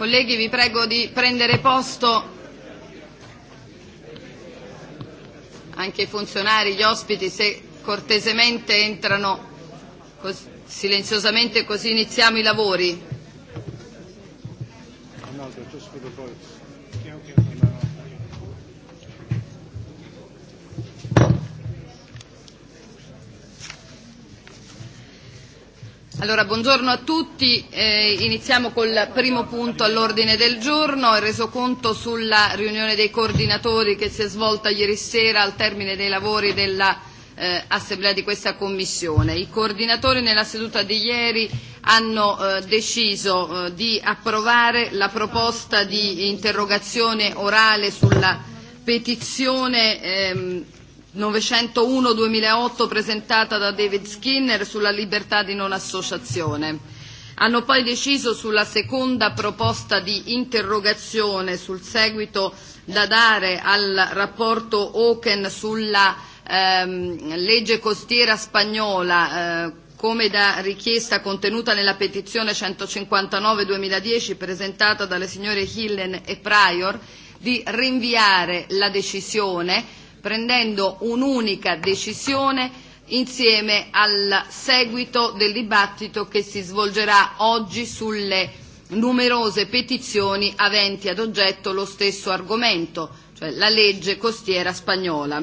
Colleghi, vi prego di prendere posto. Anche i funzionari, gli ospiti, se cortesemente entrano silenziosamente così iniziamo i lavori. Allora, buongiorno a tutti. Eh, iniziamo col primo punto all'ordine del giorno, il resoconto sulla riunione dei coordinatori che si è svolta ieri sera al termine dei lavori dell'assemblea eh, di questa Commissione. I coordinatori nella seduta di ieri hanno eh, deciso eh, di approvare la proposta di interrogazione orale sulla petizione ehm, 901-2008 presentata da David Skinner sulla libertà di non associazione. Hanno poi deciso sulla seconda proposta di interrogazione sul seguito da dare al rapporto Oken sulla ehm, legge costiera spagnola eh, come da richiesta contenuta nella petizione 159-2010 presentata dalle signore Hillen e Pryor, di rinviare la decisione prendendo un'unica decisione insieme al seguito del dibattito che si svolgerà oggi sulle numerose petizioni aventi ad oggetto lo stesso argomento, cioè la legge costiera spagnola.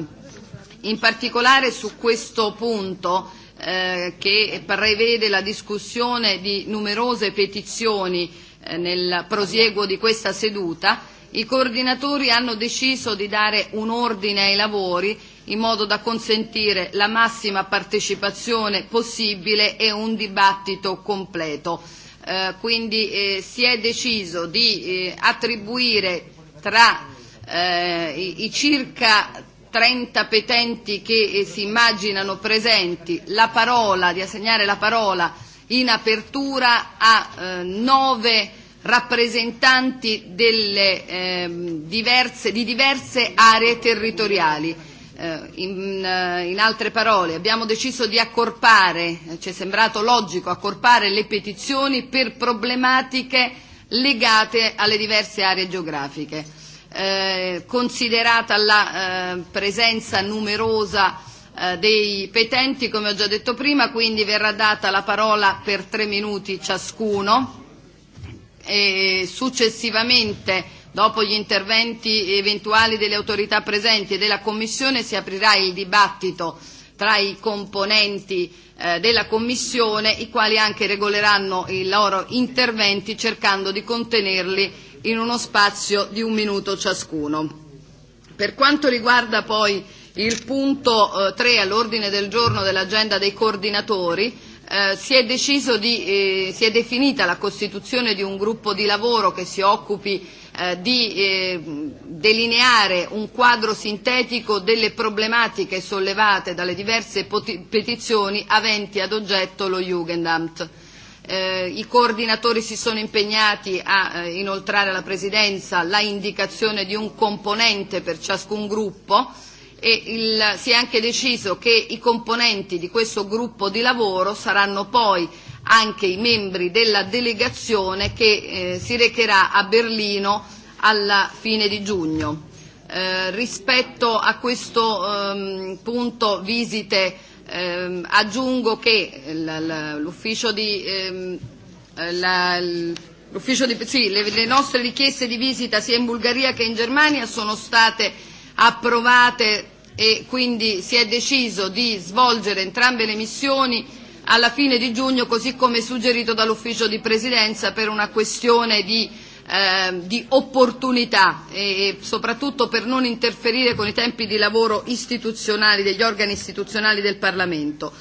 In particolare su questo punto eh, che prevede la discussione di numerose petizioni eh, nel prosieguo di questa seduta, I coordinatori hanno deciso di dare un ordine ai lavori in modo da consentire la massima partecipazione possibile e un dibattito completo. Eh, quindi eh, si è deciso di eh, attribuire tra eh, i, i circa 30 petenti che si immaginano presenti la parola, di assegnare la parola in apertura a eh, 9 rappresentanti delle, ehm, diverse, di diverse aree territoriali. Eh, in, in altre parole, abbiamo deciso di accorpare, ci è sembrato logico accorpare le petizioni per problematiche legate alle diverse aree geografiche. Eh, considerata la eh, presenza numerosa dei petenti, come ho già detto prima, quindi verrà data la parola per tre minuti ciascuno e successivamente Dopo gli interventi eventuali delle autorità presenti e della Commissione si aprirà il dibattito tra i componenti eh, della Commissione, i quali anche regoleranno i loro interventi cercando di contenerli in uno spazio di un minuto ciascuno. Per quanto riguarda poi il punto eh, 3 all'ordine del giorno dell'agenda dei coordinatori, eh, si, è deciso di, eh, si è definita la costituzione di un gruppo di lavoro che si occupi eh, di eh, delineare un quadro sintetico delle problematiche sollevate dalle diverse petizioni aventi ad oggetto lo Jugendamt. Eh, I coordinatori si sono impegnati a eh, inoltrare alla Presidenza la indicazione di un componente per ciascun gruppo e il, si è anche deciso che i componenti di questo gruppo di lavoro saranno poi anche i membri della delegazione che eh, si recherà a Berlino alla fine di giugno. Eh, rispetto a questo ehm, punto visite ehm, aggiungo che l'ufficio di, ehm, la, di sì, le, le nostre richieste di visita sia in Bulgaria che in Germania sono state approvate e quindi si è deciso di svolgere entrambe le missioni alla fine di giugno così come suggerito dall'ufficio di presidenza per una questione di, eh, di opportunità e soprattutto per non interferire con i tempi di lavoro istituzionali degli organi istituzionali del Parlamento.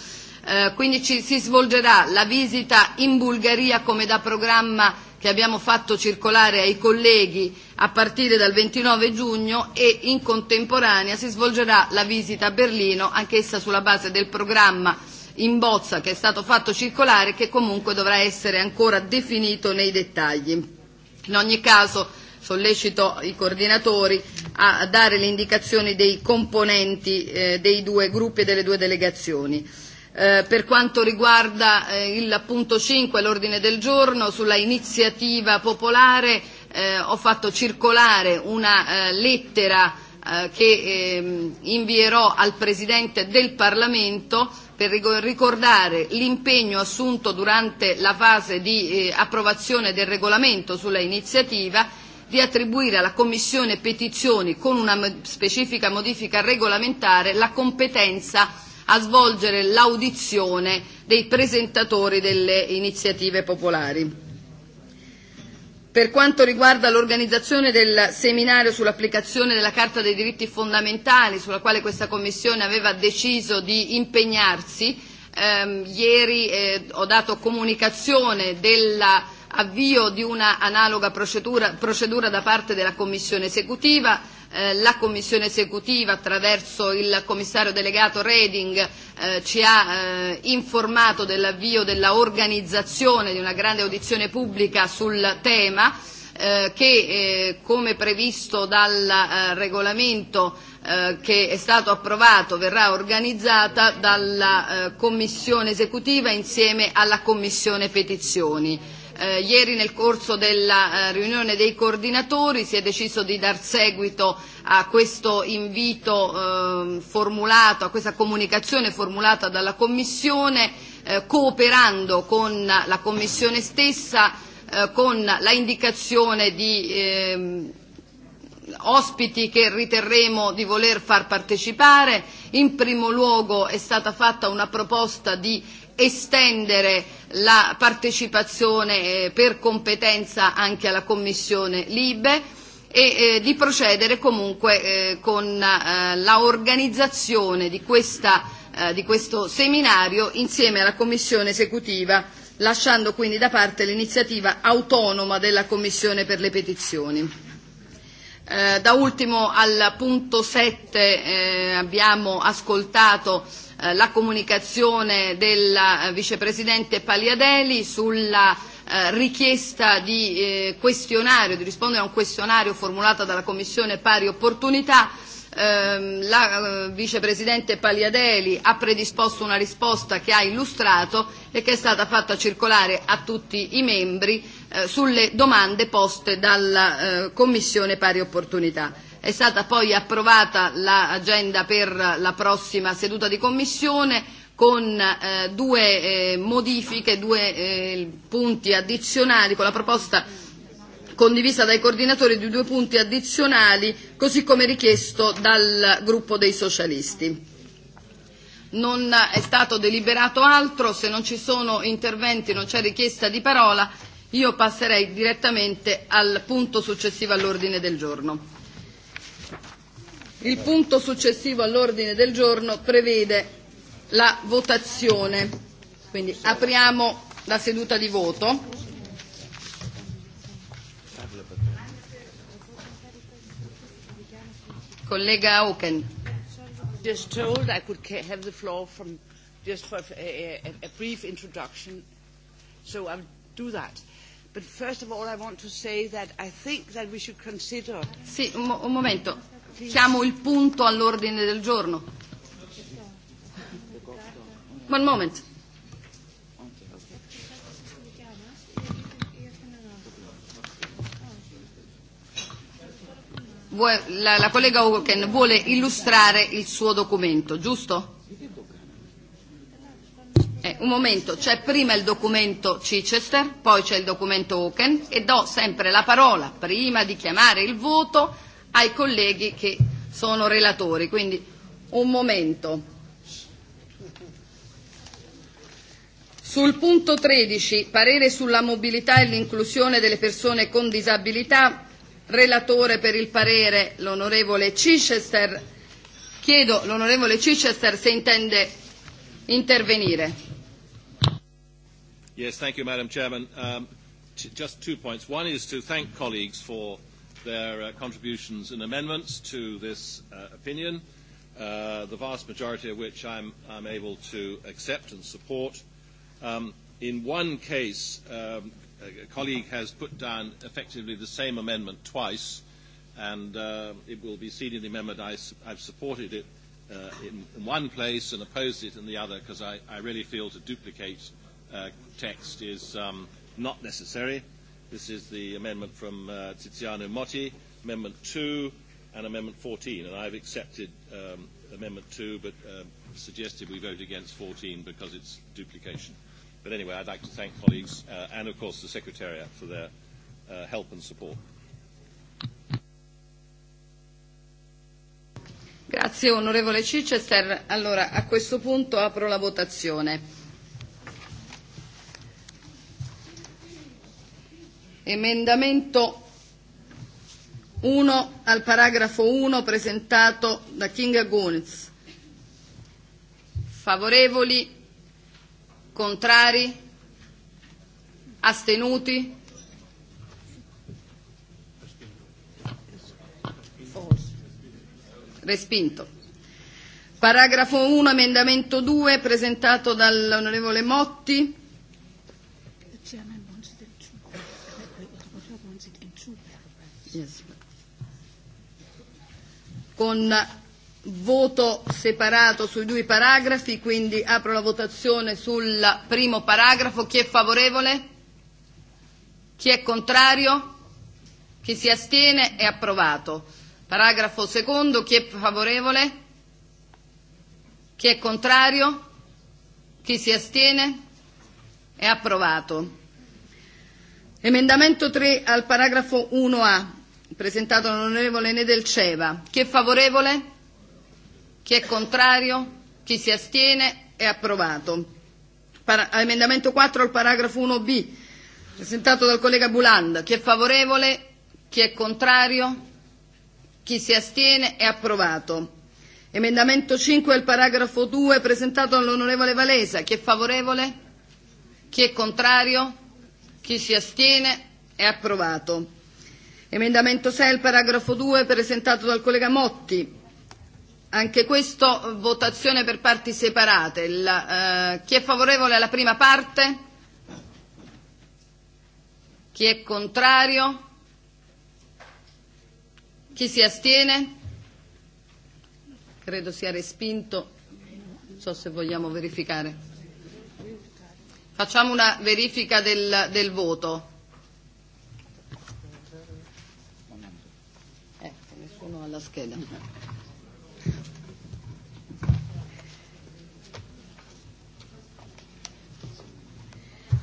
Eh, quindi ci, si svolgerà la visita in Bulgaria come da programma che abbiamo fatto circolare ai colleghi a partire dal 29 giugno e in contemporanea si svolgerà la visita a Berlino, anch'essa sulla base del programma in bozza che è stato fatto circolare e che comunque dovrà essere ancora definito nei dettagli. In ogni caso sollecito i coordinatori a dare le indicazioni dei componenti eh, dei due gruppi e delle due delegazioni. Eh, per quanto riguarda eh, il punto 5, l'ordine del giorno, sulla iniziativa popolare eh, ho fatto circolare una eh, lettera eh, che eh, invierò al Presidente del Parlamento per ricordare l'impegno assunto durante la fase di eh, approvazione del regolamento sulla iniziativa di attribuire alla Commissione petizioni con una specifica modifica regolamentare la competenza a svolgere l'audizione dei presentatori delle iniziative popolari. Per quanto riguarda l'organizzazione del seminario sull'applicazione della Carta dei diritti fondamentali, sulla quale questa Commissione aveva deciso di impegnarsi, ehm, ieri eh, ho dato comunicazione dell'avvio di una analoga procedura, procedura da parte della Commissione esecutiva la Commissione esecutiva attraverso il commissario delegato Reding eh, ci ha eh, informato dell'avvio dell'organizzazione di una grande audizione pubblica sul tema eh, che eh, come previsto dal eh, regolamento eh, che è stato approvato verrà organizzata dalla eh, Commissione esecutiva insieme alla Commissione petizioni Eh, ieri nel corso della eh, riunione dei coordinatori si è deciso di dar seguito a questo invito eh, formulato, a questa comunicazione formulata dalla Commissione, eh, cooperando con la Commissione stessa eh, con la indicazione di eh, ospiti che riterremo di voler far partecipare. In primo luogo è stata fatta una proposta di estendere la partecipazione per competenza anche alla Commissione Libe e eh, di procedere comunque eh, con eh, l'organizzazione di, eh, di questo seminario insieme alla Commissione esecutiva, lasciando quindi da parte l'iniziativa autonoma della Commissione per le petizioni. Eh, da ultimo al punto 7 eh, abbiamo ascoltato la comunicazione della vicepresidente Paliadeli sulla richiesta di questionario, di rispondere a un questionario formulato dalla Commissione Pari Opportunità. La vicepresidente Paliadeli ha predisposto una risposta che ha illustrato e che è stata fatta circolare a tutti i membri sulle domande poste dalla Commissione Pari Opportunità. È stata poi approvata l'agenda per la prossima seduta di commissione con eh, due eh, modifiche, due eh, punti addizionali, con la proposta condivisa dai coordinatori di due punti addizionali, così come richiesto dal gruppo dei socialisti. Non è stato deliberato altro, se non ci sono interventi, non c'è richiesta di parola, io passerei direttamente al punto successivo all'ordine del giorno Il punto successivo all'ordine del giorno prevede la votazione. Quindi apriamo la seduta di voto. Collega Auken. Just told I could have the floor from just for a, a, a brief introduction, so I'll do that. But first of all, I want to say that I think that we should consider. Sì, un, un momento. Siamo il punto all'ordine del giorno. One moment. La, la collega Hogan vuole illustrare il suo documento, giusto? Eh, un momento, c'è prima il documento Chichester, poi c'è il documento Hogan e do sempre la parola, prima di chiamare il voto, ai colleghi che sono relatori. Quindi un momento. Sul punto 13, parere sulla mobilità e l'inclusione delle persone con disabilità, relatore per il parere l'onorevole Cicester. Chiedo l'onorevole Cicester se intende intervenire. Yes, thank you, Madam Chairman. Um, just two points. One is to thank colleagues for their uh, contributions and amendments to this uh, opinion, uh, the vast majority of which I'm, I'm able to accept and support. Um, in one case, um, a colleague has put down effectively the same amendment twice, and uh, it will be seen in the amendment I, I've supported it uh, in, in one place and opposed it in the other because I, I really feel to duplicate uh, text is um, not necessary. This is the amendment from uh, Tiziano Motti, Amendment 2 and Amendment 14. And I've accepted um, Amendment 2 but uh, suggested we vote against 14 because it's duplication. But anyway, I'd like to thank colleagues uh, and, of course, the Secretariat for their uh, help and support. Grazie onorevole Cicester. Allora, a questo punto apro la votazione. Emendamento 1 al paragrafo 1 presentato da Kinga Gunz. Favorevoli? Contrari? Astenuti? Respinto. Paragrafo 1, emendamento 2, presentato dall'onorevole Motti. con voto separato sui due paragrafi, quindi apro la votazione sul primo paragrafo. Chi è favorevole? Chi è contrario? Chi si astiene? È approvato. Paragrafo secondo. Chi è favorevole? Chi è contrario? Chi si astiene? È approvato. Emendamento 3 al paragrafo 1A presentato l'onorevole Nedelceva. Chi è favorevole? Chi è contrario? Chi si astiene? È approvato. Para- emendamento 4 al paragrafo 1b, presentato dal collega Buland. Chi è favorevole? Chi è contrario? Chi si astiene? È approvato. Emendamento 5 al paragrafo 2, presentato dall'onorevole Valesa. Chi è favorevole? Chi è contrario? Chi si astiene? È approvato. Emendamento 6 paragrafo 2 presentato dal collega Motti. Anche questo votazione per parti separate. Il, eh, chi è favorevole alla prima parte? Chi è contrario? Chi si astiene? Credo sia respinto. Non so se vogliamo verificare. Facciamo una verifica del, del voto. на скеля.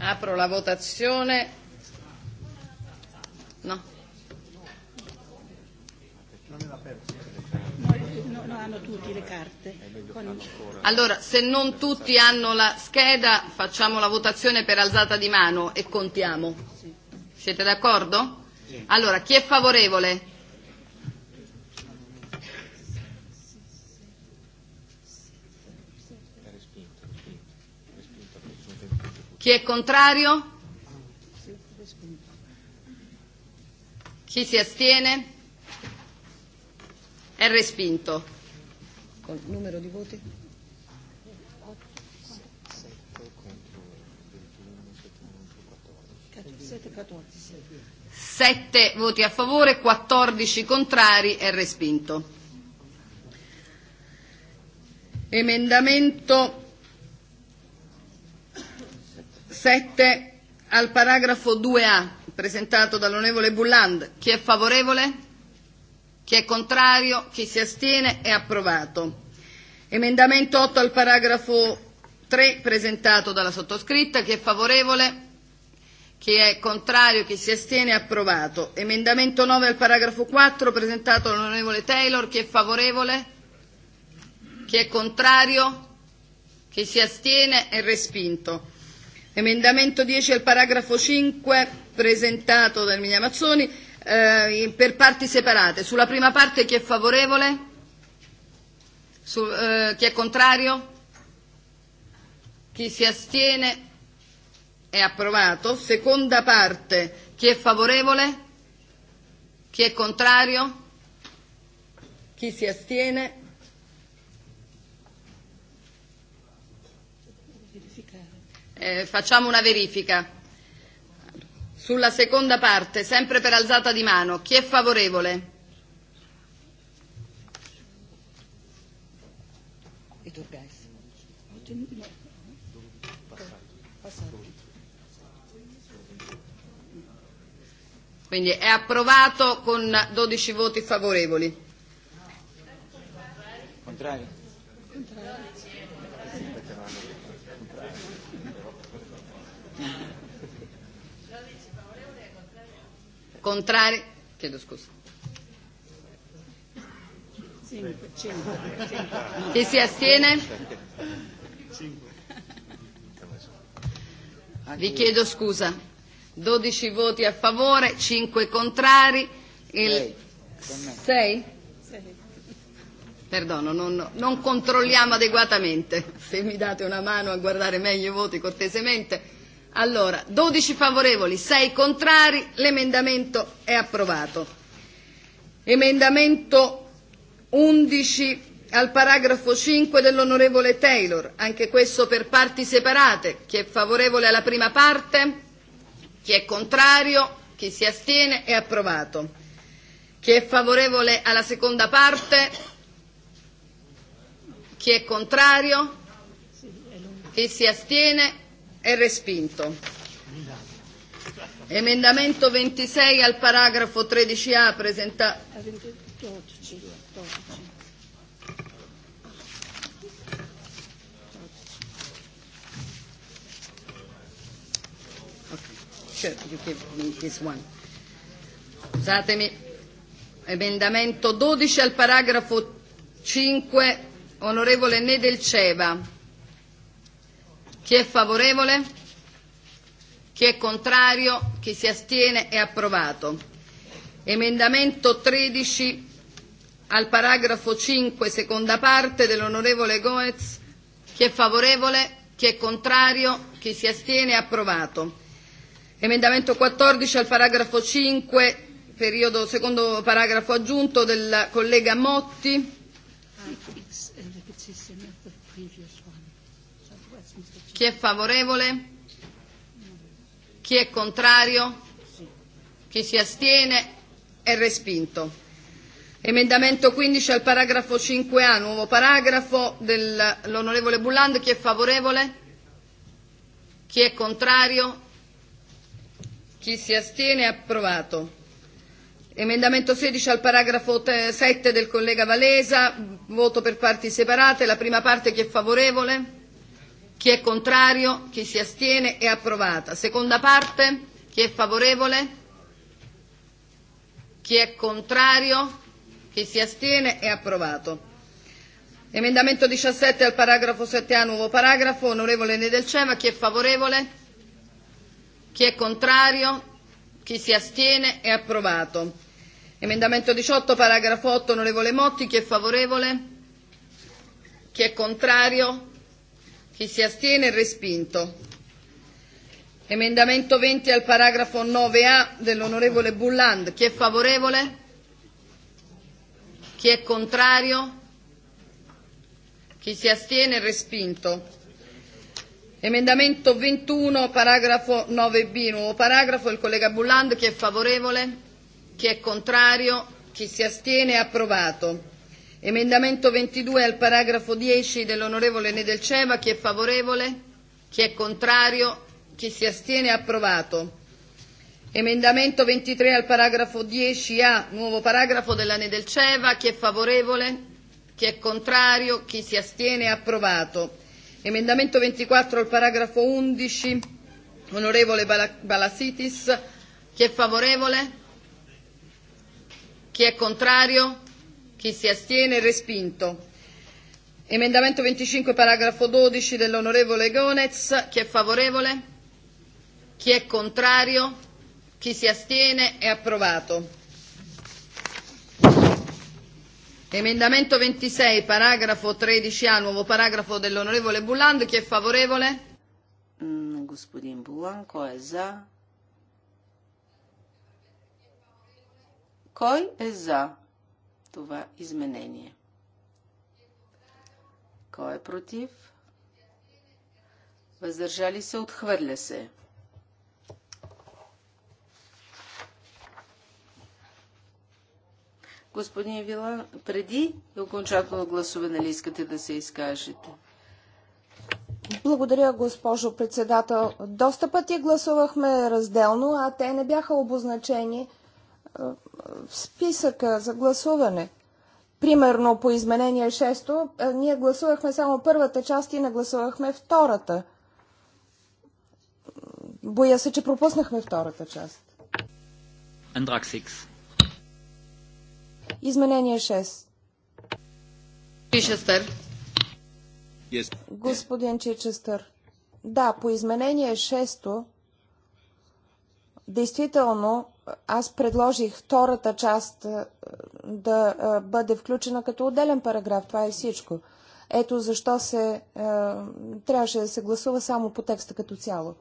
Apro la votazione. No. Non hanno tutti le carte. Allora, se non tutti hanno la scheda, facciamo la votazione per alzata di mano e contiamo. Siete d'accordo? Allora, chi è favorevole? Chi è contrario? Chi si astiene? È respinto. Con numero di voti? Sette voti a favore, 14 contrari, è respinto. Emendamento 7 al paragrafo 2A, presentato dall'onorevole Bulland. Chi è favorevole? Chi è contrario? Chi si astiene? È approvato. Emendamento 8 al paragrafo 3, presentato dalla sottoscritta. Chi è favorevole? Chi è contrario? Chi si astiene? È approvato. Emendamento 9 al paragrafo 4, presentato dall'onorevole Taylor. Chi è favorevole? Chi è contrario? Chi si astiene? È respinto. Emendamento 10 al paragrafo 5 presentato da Emilia Mazzoni eh, per parti separate. Sulla prima parte chi è favorevole? Su, eh, chi è contrario? Chi si astiene? È approvato. Seconda parte. Chi è favorevole? Chi è contrario? Chi si astiene? eh, facciamo una verifica. Sulla seconda parte, sempre per alzata di mano, chi è favorevole? Quindi è approvato con 12 voti favorevoli. Contrario. Contrario. Contrari? Chiedo scusa. Chi si astiene? Vi chiedo scusa. 12 voti a favore, 5 contrari. Il 6? Perdono, non, non controlliamo adeguatamente. Se mi date una mano a guardare meglio i voti cortesemente. Allora, 12 favorevoli, 6 contrari, l'emendamento è approvato. Emendamento 11 al paragrafo 5 dell'onorevole Taylor, anche questo per parti separate. Chi è favorevole alla prima parte? Chi è contrario? Chi si astiene? È approvato. Chi è favorevole alla seconda parte? Chi è contrario? Chi si astiene? È respinto. Emendamento 26 al paragrafo 13A presenta... Scusatemi. Emendamento 12 al paragrafo 5, onorevole Nedelceva. Chi è favorevole? Chi è contrario? Chi si astiene? È approvato. Emendamento 13 al paragrafo 5, seconda parte dell'onorevole Goetz. Chi è favorevole? Chi è contrario? Chi si astiene? È approvato. Emendamento 14 al paragrafo 5, periodo, secondo paragrafo aggiunto del collega Motti. Chi è favorevole? Chi è contrario? Chi si astiene? È respinto. Emendamento 15 al paragrafo 5A, nuovo paragrafo dell'onorevole Bulland. Chi è favorevole? Chi è contrario? Chi si astiene? Approvato. Emendamento 16 al paragrafo 7 del collega Valesa, voto per parti separate. La prima parte chi è favorevole? Chi è contrario? Chi si astiene? È approvata. Seconda parte? Chi è favorevole? Chi è contrario? Chi si astiene? È approvato. Emendamento 17 al paragrafo 7a, nuovo paragrafo. Onorevole Nedelceva, chi è favorevole? Chi è contrario? Chi si astiene? È approvato. Emendamento 18, paragrafo 8, onorevole Motti, chi è favorevole? Chi è contrario? Chi si astiene? Respinto. Emendamento 20 al paragrafo 9A dell'onorevole Bulland. Chi è favorevole? Chi è contrario? Chi si astiene? Respinto. Emendamento 21, paragrafo 9b, nuovo paragrafo, il collega Bulland. Chi è favorevole? Chi è contrario? Chi si astiene? Approvato. Emendamento 22 al paragrafo 10 dell'onorevole Nedelceva, chi è favorevole? Chi è contrario? Chi si astiene? Approvato. Emendamento 23 al paragrafo 10a, nuovo paragrafo della Nedelceva, chi è favorevole? Chi è contrario? Chi si astiene? Approvato. Emendamento 24 al paragrafo 11, onorevole Balasitis, chi è favorevole? Chi è contrario? Chi si astiene? Respinto. Emendamento 25, paragrafo 12 dell'onorevole Gonez. Chi è favorevole? Chi è contrario? Chi si astiene? È approvato. Emendamento 26, paragrafo 13a, nuovo paragrafo dell'onorevole Bulland. Chi è favorevole? Господин Булан, кой е за? Кой е за? това изменение. Кой е против? Въздържали се, отхвърля се. Господин Вила, преди окончателно гласуване нали искате да се изкажете? Благодаря, госпожо председател. Доста пъти гласувахме разделно, а те не бяха обозначени списъка за гласуване. Примерно по изменение 6, е, ние гласувахме само първата част и не гласувахме втората. Боя се, че пропуснахме втората част. Андрак 6. Изменение 6. Чичестър. Yes. Господин Чичестър. Да, по изменение 6 действително аз предложих втората част е, да е, бъде включена като отделен параграф. Това е всичко. Ето защо се, е, трябваше да се гласува само по текста като цяло.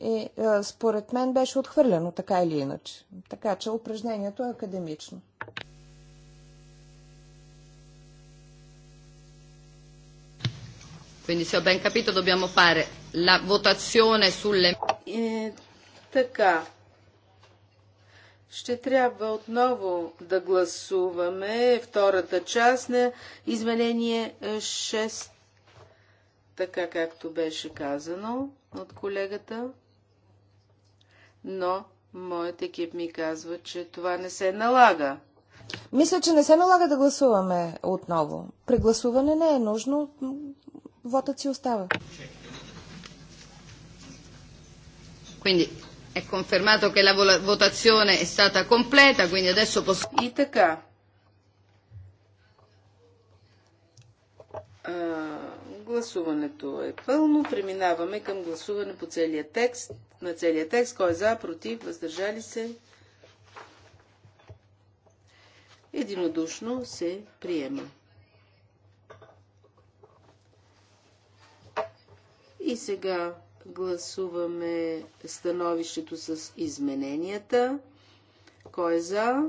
И е, според мен беше отхвърлено, така или иначе. Така че упражнението е академично. Quindi se ho ben capito dobbiamo fare la votazione sulle... Eh, така, ще трябва отново да гласуваме втората част на изменение 6, е, така както беше казано от колегата. Но моят екип ми казва, че това не се налага. Мисля, че не се налага да гласуваме отново. Прегласуване не е нужно. Вотът си остава. Quindi е confermato che la votazione è stata completa, quindi adesso posso... И така. А, гласуването е пълно. Преминаваме към гласуване по целия текст. На целия текст. Кой е за, против, въздържали се? Единодушно се приема. И сега Гласуваме становището с измененията. Кой е за?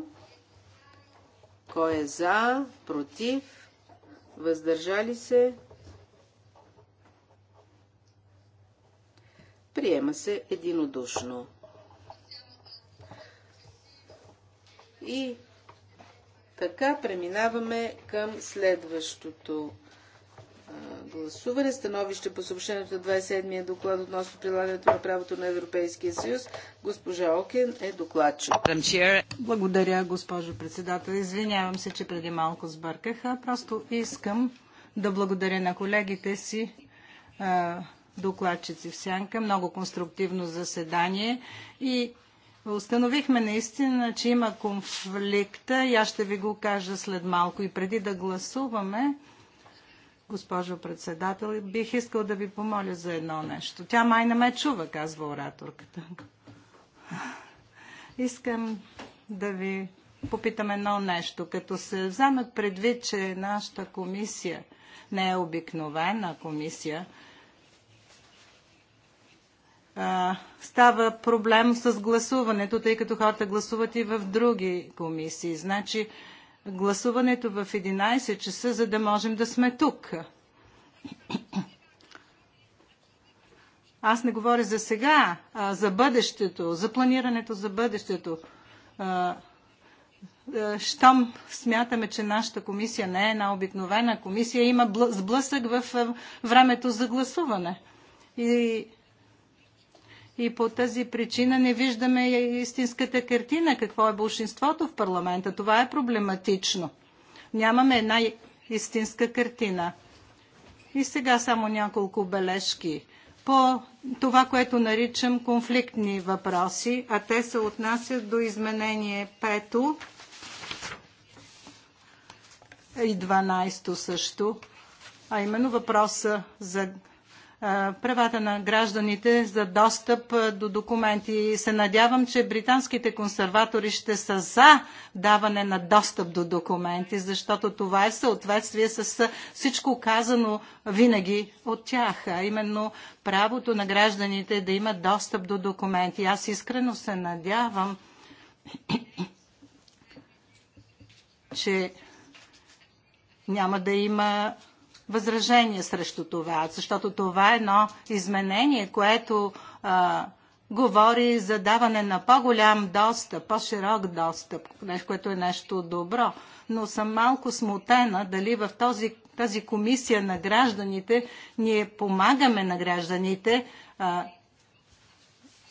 Кой е за? Против? Въздържали се? Приема се единодушно. И така преминаваме към следващото гласуване становище по съобщението на 27-я доклад относно прилагането на правото на Европейския съюз. Госпожа Окен е докладчик. Благодаря, госпожо председател. Извинявам се, че преди малко сбъркаха. Просто искам да благодаря на колегите си, докладчици в Сянка. Много конструктивно заседание и Установихме наистина, че има конфликта и аз ще ви го кажа след малко. И преди да гласуваме, Госпожо председател, бих искал да ви помоля за едно нещо. Тя май не ме чува, казва ораторката. Искам да ви попитам едно нещо. Като се вземат предвид, че нашата комисия не е обикновена комисия, става проблем с гласуването, тъй като хората гласуват и в други комисии. Значи, гласуването в 11 часа, за да можем да сме тук. Аз не говоря за сега, а за бъдещето, за планирането за бъдещето. Щом смятаме, че нашата комисия не е една обикновена комисия, има сблъсък в времето за гласуване. И и по тази причина не виждаме истинската картина, какво е бълшинството в парламента. Това е проблематично. Нямаме една истинска картина. И сега само няколко бележки по това, което наричам конфликтни въпроси, а те се отнасят до изменение пето. и 12 също, а именно въпроса за правата на гражданите за достъп до документи. И се надявам, че британските консерватори ще са за даване на достъп до документи, защото това е съответствие с всичко казано винаги от тях, а именно правото на гражданите да имат достъп до документи. Аз искрено се надявам, че няма да има възражения срещу това, защото това е едно изменение, което а, говори за даване на по-голям достъп, по-широк достъп, нещо, което е нещо добро. Но съм малко смутена дали в този, тази комисия на гражданите ние помагаме на гражданите а,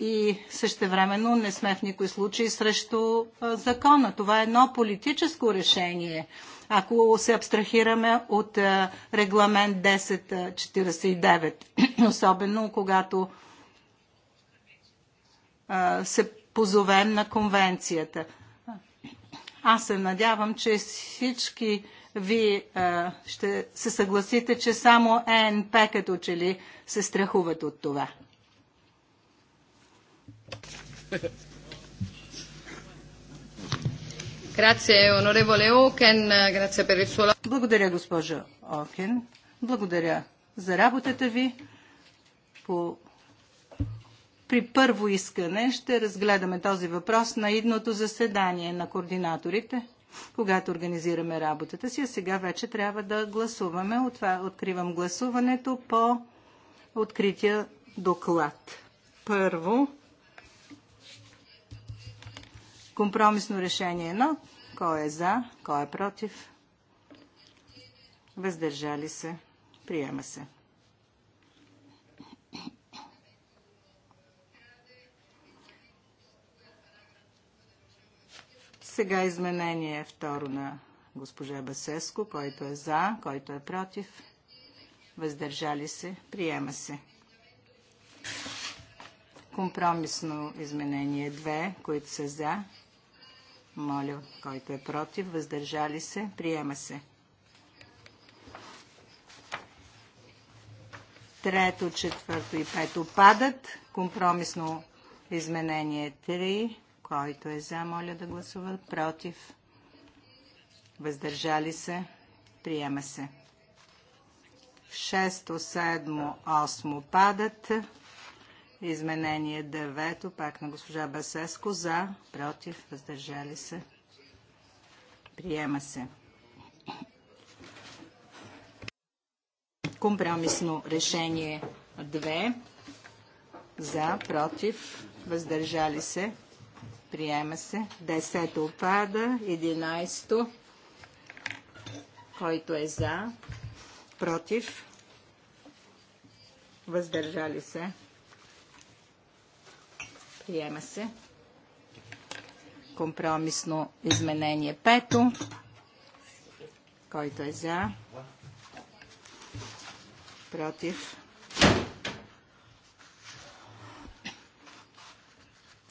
и същевременно не сме в никой случай срещу а, закона. Това е едно политическо решение. А, ако се абстрахираме от е, регламент 1049, особено когато е, се позовем на конвенцията. Аз се надявам, че всички ви е, ще се съгласите, че само ЕНП като че ли се страхуват от това. Благодаря, госпожо Окен. Благодаря за работата ви. По... При първо искане ще разгледаме този въпрос на идното заседание на координаторите, когато организираме работата си. А сега вече трябва да гласуваме. От това откривам гласуването по открития доклад. Първо, Компромисно решение 1. Кой е за? Кой е против? Въздържали се. Приема се. Сега изменение второ на госпожа Басеско, който е за, който е против. Въздържали се. Приема се. Компромисно изменение 2, които са за, моля, който е против, въздържали се, приема се. Трето, четвърто и пето падат. Компромисно изменение 3. Който е за, моля да гласува. Против. Въздържали се. Приема се. Шесто, седмо, осмо падат. Изменение 9, пак на госпожа Басеско, за, против, въздържали се. Приема се. Компромисно решение 2, за, против, въздържали се. Приема се. 10 опада, 11 който е за, против, въздържали се. Приема се. Компромисно изменение пето. Който е за? Против?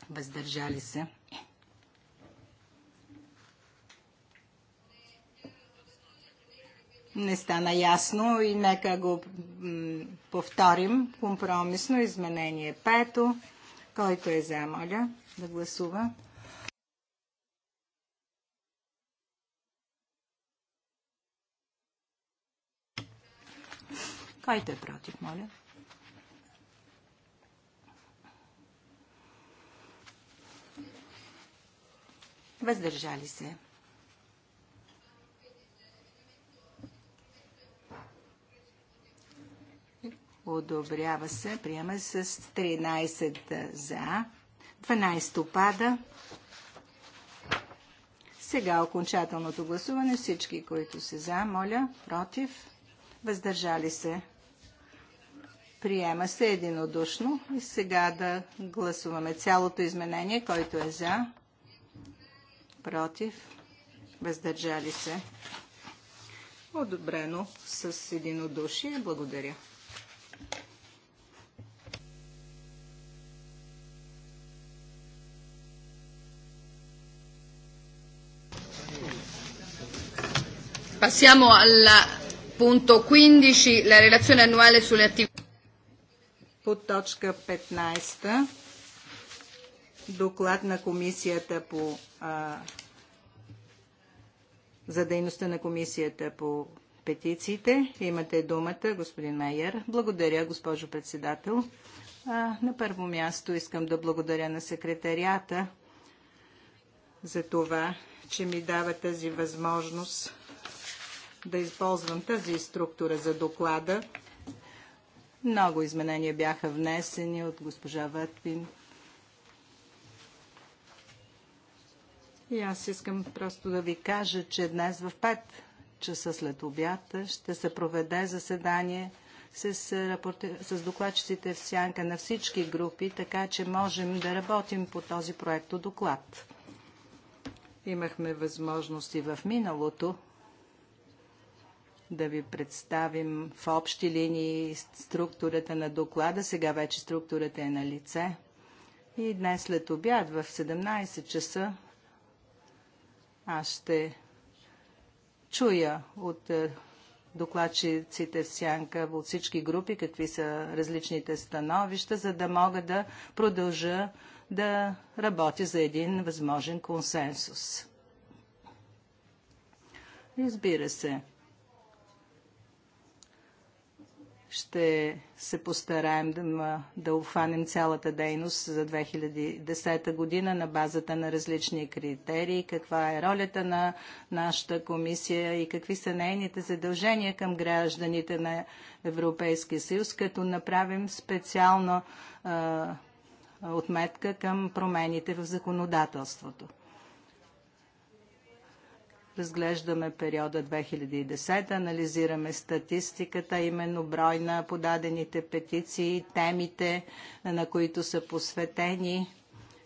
Въздържали се. не стана ясно и нека го повторим. Компромисно изменение пето. Който е за, моля да гласува. Който е против, моля? Въздържали се. Одобрява се. Приема с 13 за. 12 опада. Сега окончателното гласуване. Всички, които са за, моля, против, въздържали се. Приема се единодушно. И сега да гласуваме цялото изменение, който е за, против, въздържали се. Одобрено с единодушие. Благодаря. Passiamo al punto 15, la relazione annuale sulle attività. По точка 15, доклад на комисията по а, за дейността на комисията по петициите. Имате думата, господин Майер. Благодаря, госпожо председател. А, на първо място искам да благодаря на секретарията за това, че ми дава тази възможност да използвам тази структура за доклада. Много изменения бяха внесени от госпожа Ветпин. И аз искам просто да ви кажа, че днес в 5 часа след обята ще се проведе заседание с, рапорти... с докладчиците в сянка на всички групи, така че можем да работим по този проекто доклад. Имахме възможности в миналото да ви представим в общи линии структурата на доклада. Сега вече структурата е на лице. И днес след обяд в 17 часа аз ще чуя от е, докладчиците в сянка от всички групи, какви са различните становища, за да мога да продължа да работя за един възможен консенсус. Разбира се, ще се постараем да, да обхванем цялата дейност за 2010 година на базата на различни критерии, каква е ролята на нашата комисия и какви са нейните задължения към гражданите на Европейския съюз, като направим специална а, отметка към промените в законодателството разглеждаме периода 2010, анализираме статистиката, именно брой на подадените петиции, темите, на които са посветени,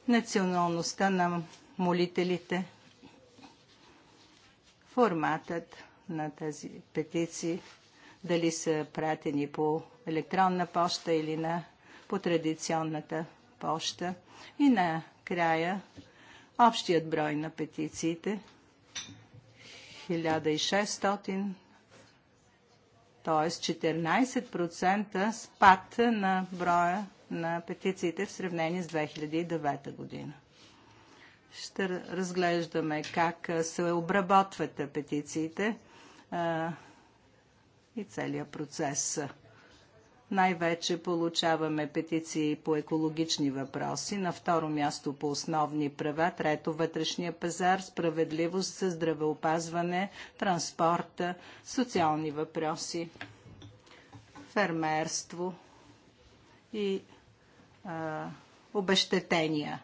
националността на молителите, форматът на тези петиции, дали са пратени по електронна поща или на, по традиционната поща. И накрая общият брой на петициите – 1600, т.е. 14% спад на броя на петициите в сравнение с 2009 година. Ще разглеждаме как се обработват петициите а, и целият процес най-вече получаваме петиции по екологични въпроси, на второ място по основни права, трето вътрешния пазар, справедливост, здравеопазване, транспорта, социални въпроси, фермерство и а, обещетения.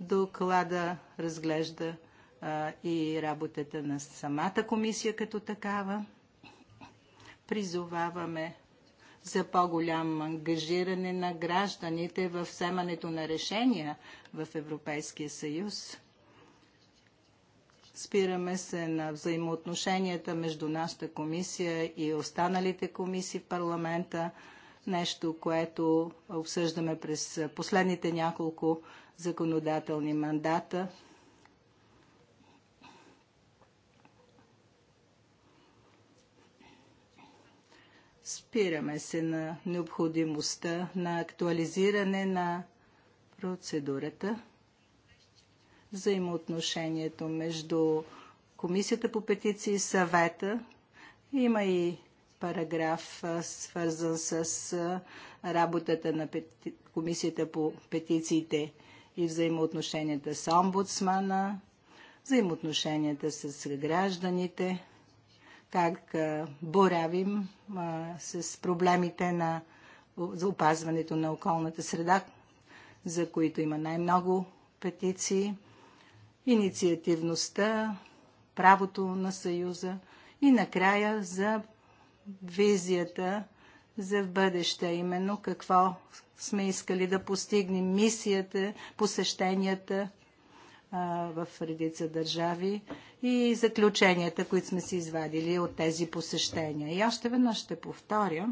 Доклада разглежда а, и работата на самата комисия като такава. Призоваваме за по-голям ангажиране на гражданите в вземането на решения в Европейския съюз. Спираме се на взаимоотношенията между нашата комисия и останалите комисии в парламента, нещо, което обсъждаме през последните няколко законодателни мандата. Спираме се на необходимостта на актуализиране на процедурата, взаимоотношението между Комисията по петиции и съвета. Има и параграф, свързан с работата на пети... Комисията по петициите и взаимоотношенията с омбудсмана, взаимоотношенията с гражданите как боравим с проблемите на, за опазването на околната среда, за които има най-много петиции, инициативността, правото на Съюза и накрая за визията за бъдеще, именно какво сме искали да постигнем, мисията, посещенията в редица държави и заключенията, които сме си извадили от тези посещения. И още веднъж ще повторя,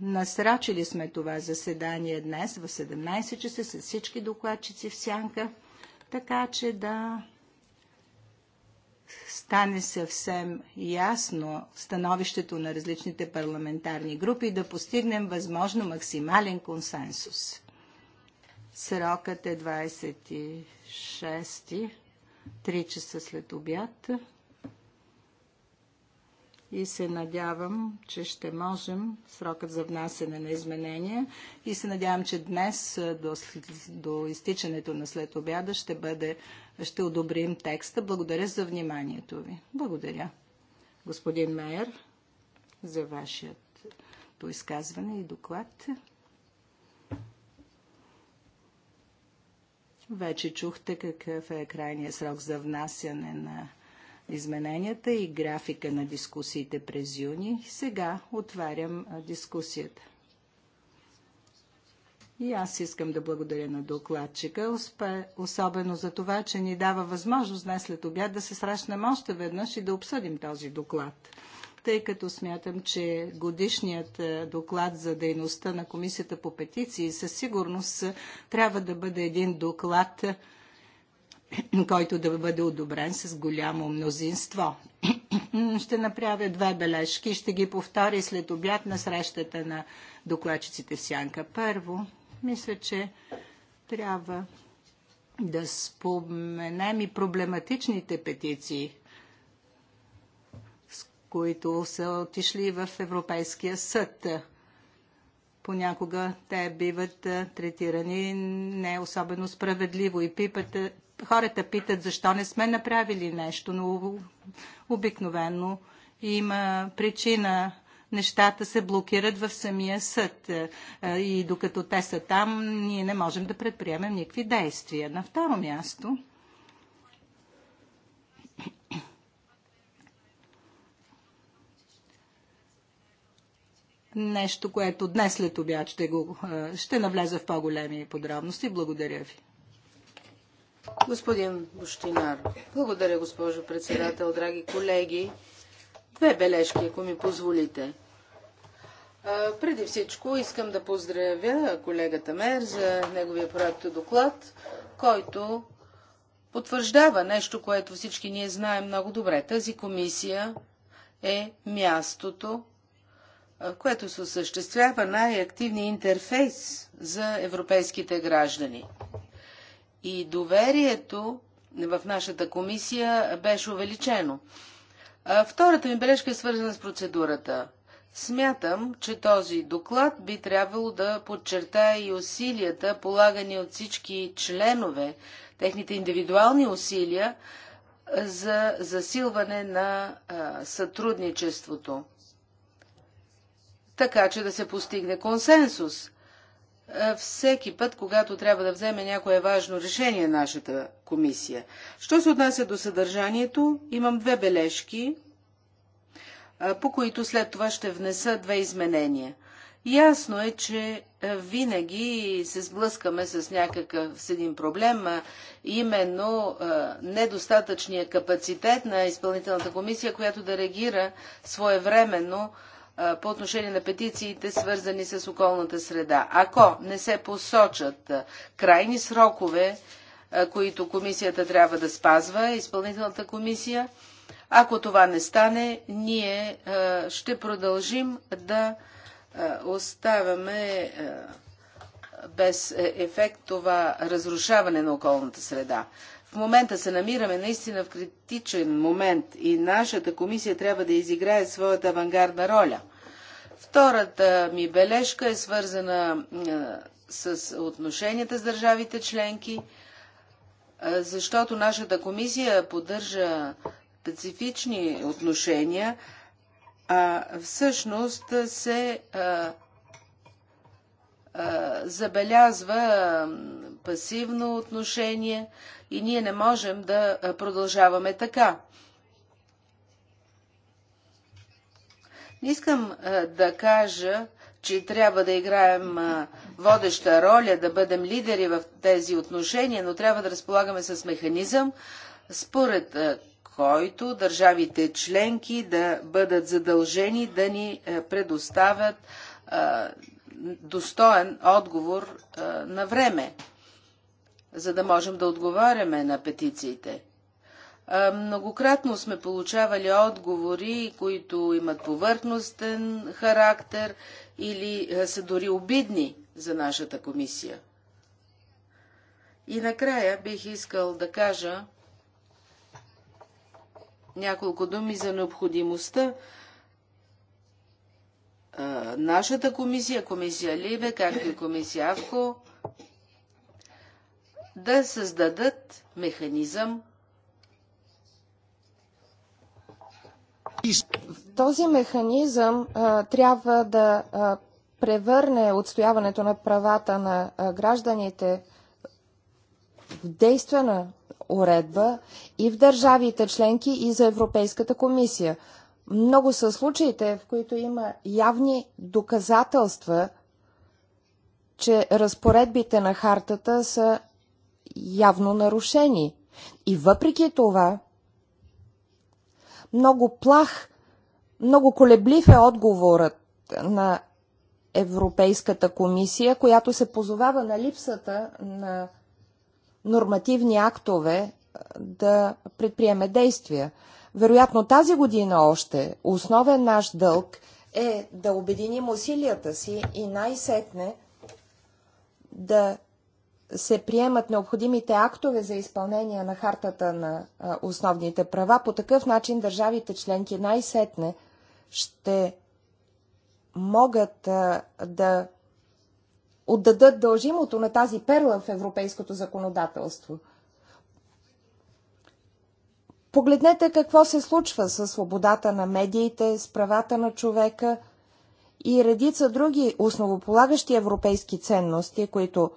Насрачили сме това заседание днес в 17 часа с всички докладчици в сянка, така че да стане съвсем ясно становището на различните парламентарни групи да постигнем възможно максимален консенсус. Срокът е 26 3 часа след обяд и се надявам, че ще можем срокът за внасене на изменения и се надявам, че днес до, до изтичането на след обяда ще, бъде, ще одобрим текста. Благодаря за вниманието ви. Благодаря, господин Мейер, за вашият изказване и доклад. Вече чухте какъв е крайният срок за внасяне на измененията и графика на дискусиите през юни. Сега отварям дискусията. И аз искам да благодаря на докладчика, особено за това, че ни дава възможност днес след обяд да се срещнем още веднъж и да обсъдим този доклад. Тъй като смятам, че годишният доклад за дейността на Комисията по петиции със сигурност трябва да бъде един доклад, който да бъде одобрен с голямо мнозинство. Ще направя две бележки ще ги повторя след обяд на срещата на докладчиците в Сянка. Първо, мисля, че трябва да споменем и проблематичните петиции, с които са отишли в Европейския съд. Понякога те биват третирани не особено справедливо и пипата, хората питат защо не сме направили нещо, но обикновено има причина. Нещата се блокират в самия съд е, е, и докато те са там, ние не можем да предприемем никакви действия. На второ място, нещо, което днес след обяд ще, го, е, ще навлеза в по-големи подробности. Благодаря ви. Господин Бощинар, благодаря, госпожо председател, драги колеги. Две бележки, ако ми позволите. преди всичко искам да поздравя колегата Мер за неговия проект доклад, който потвърждава нещо, което всички ние знаем много добре. Тази комисия е мястото, което се осъществява най-активния интерфейс за европейските граждани. И доверието в нашата комисия беше увеличено. Втората ми бележка е свързана с процедурата. Смятам, че този доклад би трябвало да подчертае и усилията, полагани от всички членове, техните индивидуални усилия за засилване на сътрудничеството, така че да се постигне консенсус е, всеки път, когато трябва да вземе някое важно решение нашата комисия. Що се отнася до съдържанието, имам две бележки, е, по които след това ще внеса две изменения. Ясно е, че е, винаги се сблъскаме с някакъв с един проблем, именно недостатъчния капацитет на изпълнителната комисия, която да реагира своевременно по отношение на петициите, свързани с околната среда. Ако не се посочат крайни срокове, които комисията трябва да спазва, изпълнителната комисия, ако това не стане, ние ще продължим да оставяме без е, ефект това разрушаване на околната среда. В момента се намираме наистина в критичен момент и нашата комисия трябва да изиграе своята авангардна роля. Втората ми бележка е свързана с отношенията с държавите членки, защото нашата комисия поддържа специфични отношения, а всъщност се а, а, забелязва пасивно отношение и ние не можем да продължаваме така. Не искам да кажа, че трябва да играем водеща роля, да бъдем лидери в тези отношения, но трябва да разполагаме с механизъм, според който държавите членки да бъдат задължени да ни предоставят достоен отговор на време за да можем да отговаряме на петициите. Многократно сме получавали отговори, които имат повърхностен характер или са дори обидни за нашата комисия. И накрая бих искал да кажа няколко думи за необходимостта нашата комисия, комисия Либе, както и комисия Авко, да създадат механизъм. Този механизъм а, трябва да а, превърне отстояването на правата на а, гражданите в действена уредба и в държавите членки и за Европейската комисия. Много са случаите, в които има явни доказателства, че разпоредбите на хартата са явно нарушени. И въпреки това, много плах, много колеблив е отговорът на Европейската комисия, която се позовава на липсата на нормативни актове да предприеме действия. Вероятно тази година още основен наш дълг е да обединим усилията си и най-сетне да се приемат необходимите актове за изпълнение на хартата на основните права, по такъв начин държавите членки най-сетне ще могат да отдадат дължимото на тази перла в европейското законодателство. Погледнете какво се случва с свободата на медиите, с правата на човека и редица други основополагащи европейски ценности, които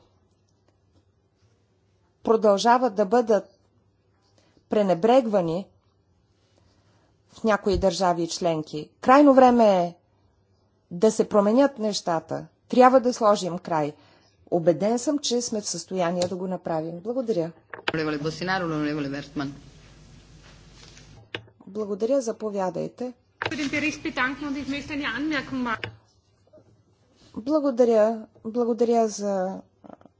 продължават да бъдат пренебрегвани в някои държави и членки. Крайно време е да се променят нещата. Трябва да сложим край. Обеден съм, че сме в състояние да го направим. Благодаря. Благодаря, заповядайте. Благодаря, благодаря за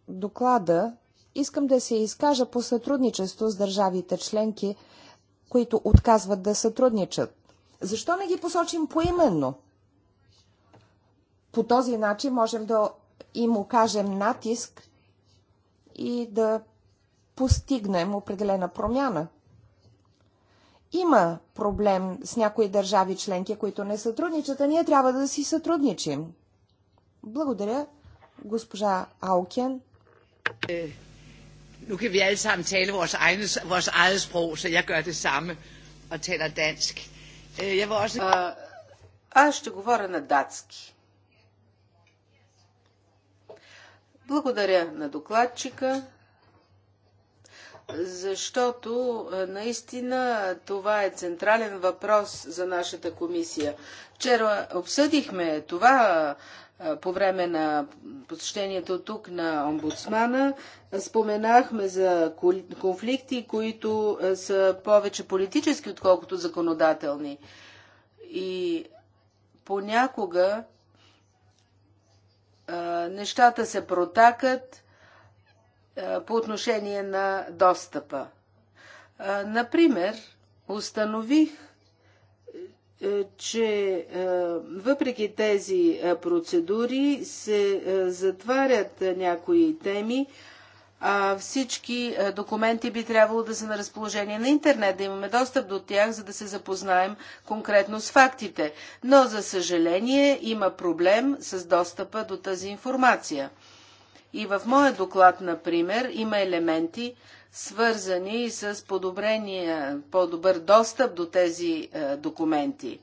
доклада. Искам да се изкажа по сътрудничество с държавите членки, които отказват да сътрудничат. Защо не ги посочим поименно? По този начин можем да им окажем натиск и да постигнем определена промяна. Има проблем с някои държави членки, които не сътрудничат, а ние трябва да си сътрудничим. Благодаря, госпожа Аукен. Е, Nu kan vi alle sammen tale vores, egne, vores eget sprog, så jeg gør det samme og taler dansk. Jeg vil også... аз ще говоря на датски. Благодаря на докладчика защото е, наистина това е централен въпрос за нашата комисия. Вчера обсъдихме това е, по време на посещението тук на омбудсмана. Споменахме за конфликти, които е, са повече политически, отколкото законодателни. И понякога нещата се протакат, е, по отношение на достъпа. Е, например, установих, е, че въпреки тези процедури се затварят някои теми, а всички документи би трябвало да са на разположение на интернет, да имаме достъп до тях, за да се запознаем конкретно с фактите. Но, за съжаление, има проблем с достъпа до тази информация. И в моя доклад, например, има елементи, свързани с подобрения, по-добър достъп до тези е, документи.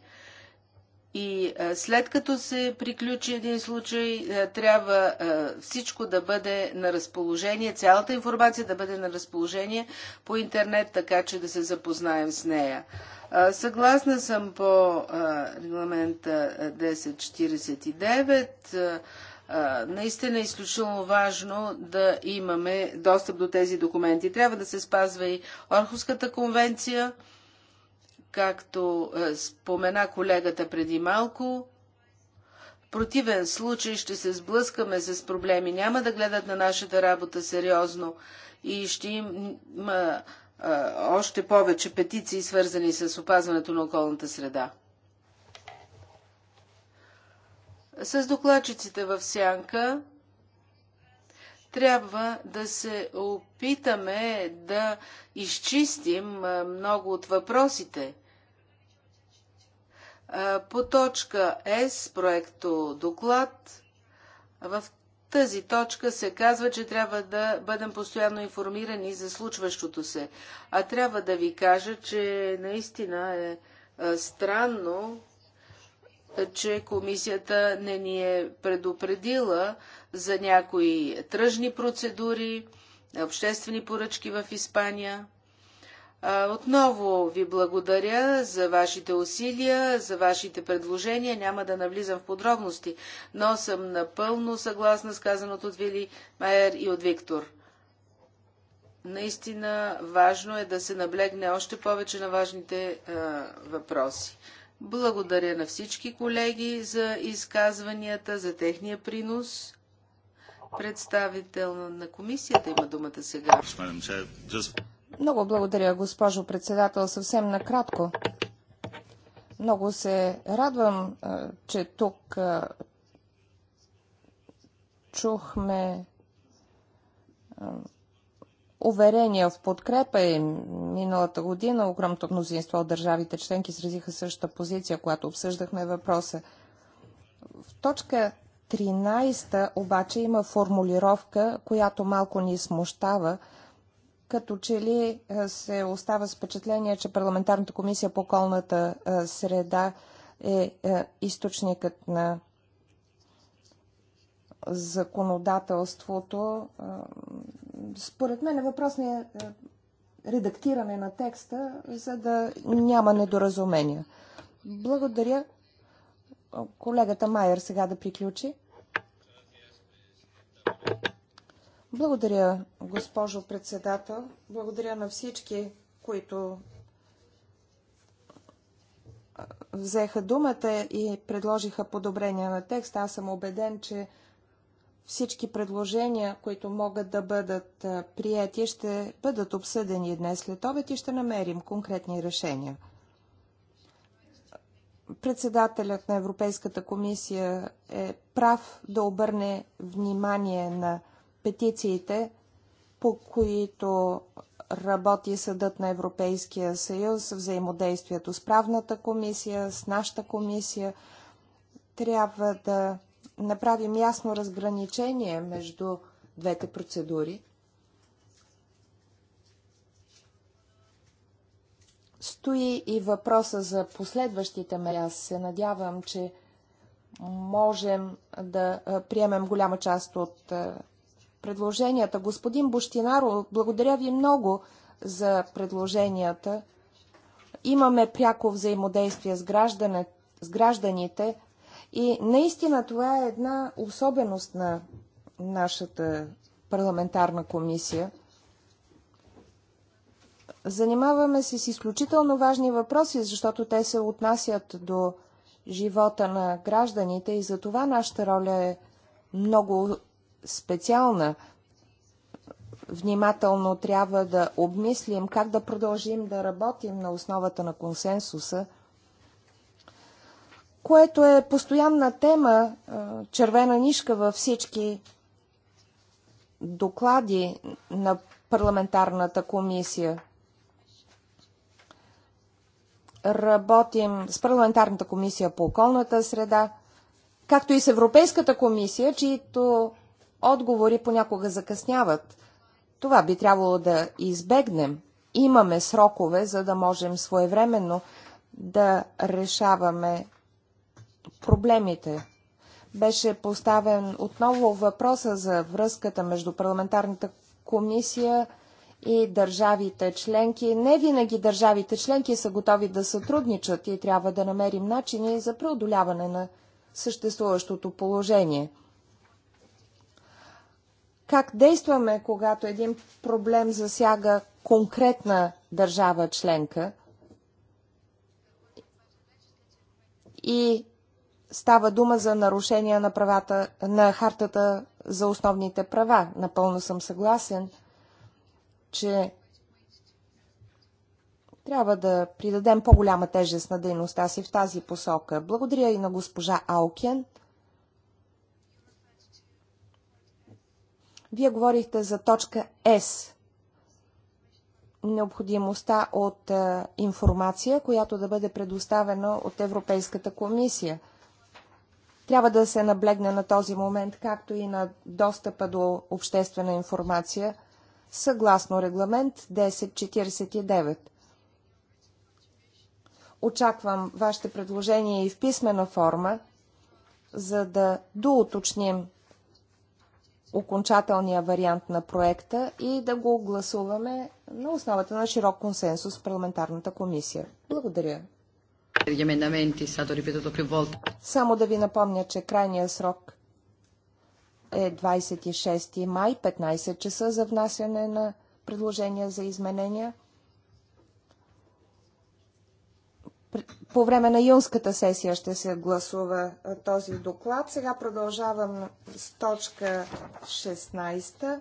И е, след като се приключи един случай, е, трябва всичко да бъде на разположение, цялата информация да бъде на разположение по интернет, така че да се запознаем с нея. Съгласна съм по регламента 1049 Наистина е изключително важно да имаме достъп до тези документи. Трябва да се спазва и Орховската конвенция, както е, спомена колегата преди малко. В противен случай ще се сблъскаме с проблеми. Няма да гледат на нашата работа сериозно и ще има още повече петиции, свързани с опазването на околната среда. С докладчиците в сянка трябва да се опитаме да изчистим много от въпросите. По точка С, проекто доклад, в тази точка се казва, че трябва да бъдем постоянно информирани за случващото се. А трябва да ви кажа, че наистина е странно, че комисията не ни е предупредила за някои тръжни процедури, обществени поръчки в Испания. Отново ви благодаря за вашите усилия, за вашите предложения. Няма да навлизам в подробности, но съм напълно съгласна с казаното от Вили Майер и от Виктор. Наистина важно е да се наблегне още повече на важните а, въпроси. Благодаря на всички колеги за изказванията, за техния принос. Представител на комисията има думата сега. Много благодаря, госпожо председател. Съвсем накратко. Много се радвам, че тук чухме уверения в подкрепа и Миналата година огромното мнозинство от държавите членки сразиха същата позиция, когато обсъждахме въпроса. В точка 13 обаче има формулировка, която малко ни смущава, като че ли е, се остава с впечатление, че парламентарната комисия по околната е, среда е, е източникът на законодателството според мен е въпрос на е, редактиране на текста, за да няма недоразумения. Благодаря. Колегата Майер сега да приключи. Благодаря, госпожо председател. Благодаря на всички, които взеха думата и предложиха подобрения на текста. Аз съм убеден, че всички предложения, които могат да бъдат прияти, ще бъдат обсъдени днес след обед и ще намерим конкретни решения. Председателят на Европейската комисия е прав да обърне внимание на петициите, по които работи Съдът на Европейския съюз, взаимодействието с правната комисия, с нашата комисия. Трябва да направим ясно разграничение между двете процедури. Стои и въпроса за последващите мери. Аз се надявам, че можем да приемем голяма част от предложенията. Господин Буштинаро, благодаря ви много за предложенията. Имаме пряко взаимодействие с, граждане, с гражданите и наистина това е една особеност на нашата парламентарна комисия. Занимаваме се с изключително важни въпроси, защото те се отнасят до живота на гражданите и за това нашата роля е много специална. Внимателно трябва да обмислим как да продължим да работим на основата на консенсуса – което е постоянна тема, червена нишка във всички доклади на парламентарната комисия. Работим с парламентарната комисия по околната среда, както и с Европейската комисия, чието отговори понякога закъсняват. Това би трябвало да избегнем. Имаме срокове, за да можем своевременно да решаваме проблемите. Беше поставен отново въпроса за връзката между парламентарната комисия и държавите членки. Не винаги държавите членки са готови да сътрудничат и трябва да намерим начини за преодоляване на съществуващото положение. Как действаме, когато един проблем засяга конкретна държава членка и става дума за нарушения на правата, на хартата за основните права. Напълно съм съгласен, че трябва да придадем по-голяма тежест на дейността си в тази посока. Благодаря и на госпожа Алкен. Вие говорихте за точка С. Необходимостта от е, информация, която да бъде предоставена от Европейската комисия – трябва да се наблегне на този момент, както и на достъпа до обществена информация, съгласно регламент 1049. Очаквам вашите предложения и в писмена форма, за да доуточним окончателния вариант на проекта и да го гласуваме на основата на широк консенсус в парламентарната комисия. Благодаря само да ви напомня, че крайният срок е 26 май, 15 часа за внасяне на предложения за изменения. По време на юнската сесия ще се гласува този доклад. Сега продължавам с точка 16.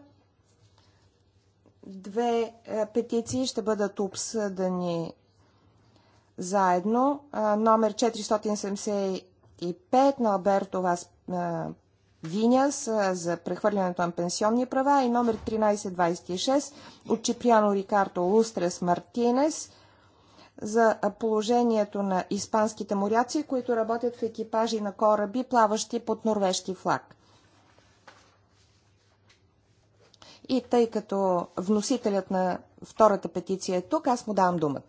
Две е, петиции ще бъдат обсъдани заедно, номер 475 на Алберто Вас Виняс за прехвърлянето на пенсионни права и номер 1326 от Чиприано Рикарто Лустрес Мартинес за положението на испанските моряци, които работят в екипажи на кораби, плаващи под норвежки флаг. И тъй като вносителят на втората петиция е тук, аз му давам думата.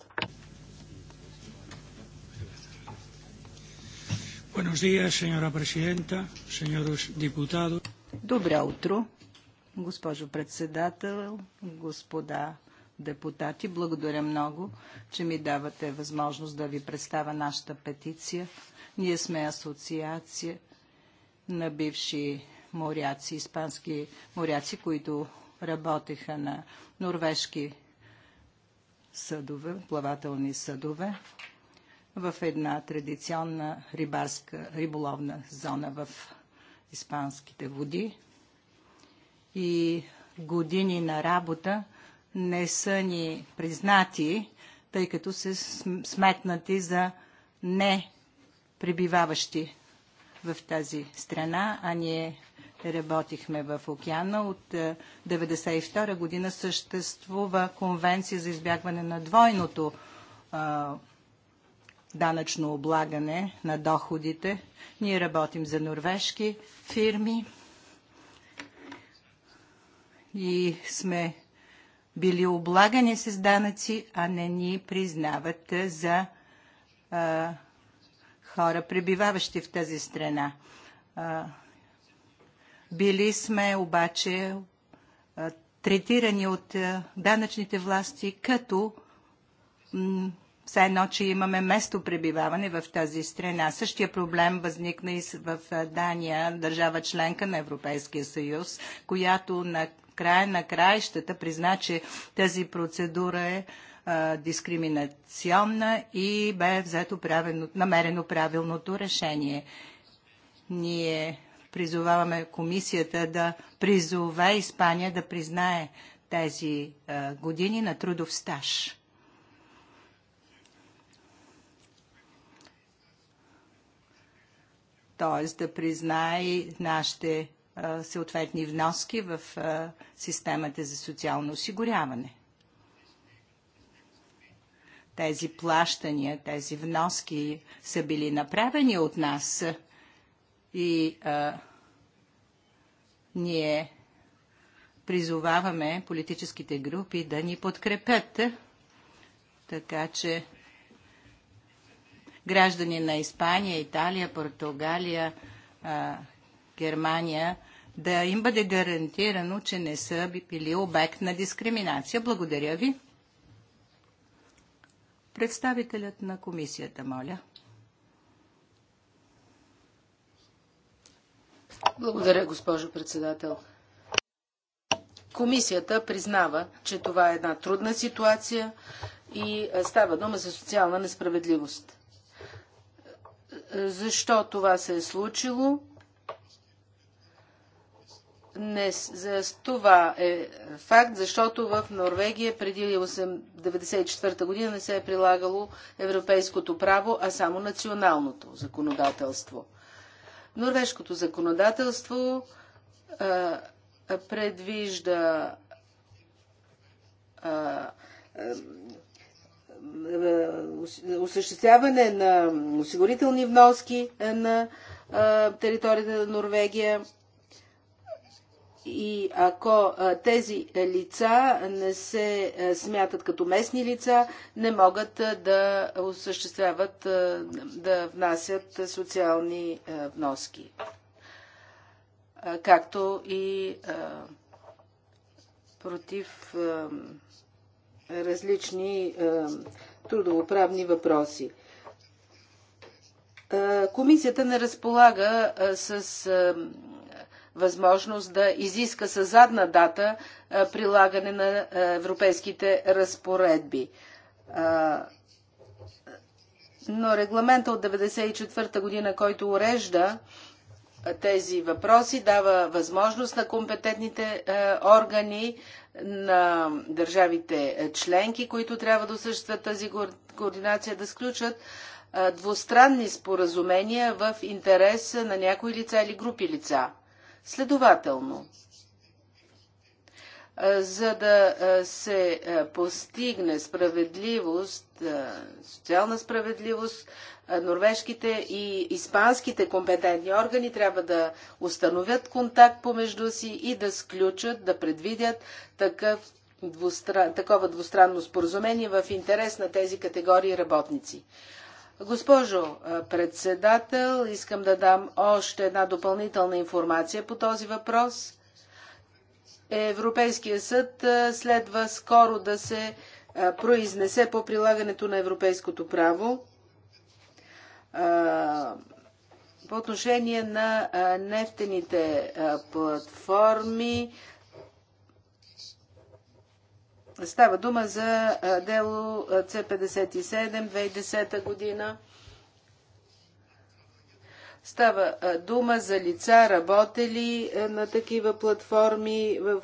Buenos días, señora presidenta, señores diputados. Добро утро, госпожо председател, господа депутати. Благодаря много, че ми давате възможност да ви представя нашата петиция. Ние сме асоциация на бивши моряци, испански моряци, които работеха на норвежки съдове, плавателни съдове в една традиционна рибарска риболовна зона в испанските води. И години на работа не са ни признати, тъй като са сметнати за не пребиваващи в тази страна, а ние работихме в океана. От 1992 е, година съществува конвенция за избягване на двойното а, данъчно облагане на доходите. Ние работим за норвежки фирми и сме били облагани с данъци, а не ни признават за а, хора, пребиваващи в тази страна. А, били сме обаче а, третирани от а, данъчните власти като все едно, че имаме место пребиваване в тази страна. Същия проблем възникна и в Дания, държава членка на Европейския съюз, която на края на краищата призна, че тази процедура е дискриминационна и бе взето правилно, намерено правилното решение. Ние призоваваме комисията да призове Испания да признае тези години на трудов стаж т.е. да признае нашите съответни вноски в системата за социално осигуряване. Тези плащания, тези вноски са били направени от нас и а, ние призоваваме политическите групи да ни подкрепят, така че граждани на Испания, Италия, Португалия, Германия, да им бъде гарантирано, че не са били обект на дискриминация. Благодаря ви. Представителят на комисията, моля. Благодаря, госпожо председател. Комисията признава, че това е една трудна ситуация и става дума за социална несправедливост. Защо това се е случило? Не, това е факт, защото в Норвегия преди 1994 година не се е прилагало европейското право, а само националното законодателство. Норвежкото законодателство а, предвижда а, е, осъществяване на осигурителни вноски е, на е, територията на Норвегия. И ако тези лица не се смятат като местни лица, не могат да осъществяват, да внасят социални вноски. Както и против различни е, трудовоправни въпроси. Е, комисията не разполага е, с възможност да изиска със задна дата прилагане на европейските разпоредби. Но регламента от 1994 година, който урежда тези въпроси, дава възможност на компетентните е, органи на държавите е, членки, които трябва да осъществят тази координация, да сключат е, двустранни споразумения в интерес на някои лица или групи лица. Следователно, за да се постигне справедливост, социална справедливост, норвежките и испанските компетентни органи трябва да установят контакт помежду си и да сключат, да предвидят такъв двустран, такова двустранно споразумение в интерес на тези категории работници. Госпожо председател, искам да дам още една допълнителна информация по този въпрос – Европейския съд следва скоро да се произнесе по прилагането на европейското право по отношение на нефтените платформи. Става дума за дело C57 2010 година. Става дума за лица, работели на такива платформи в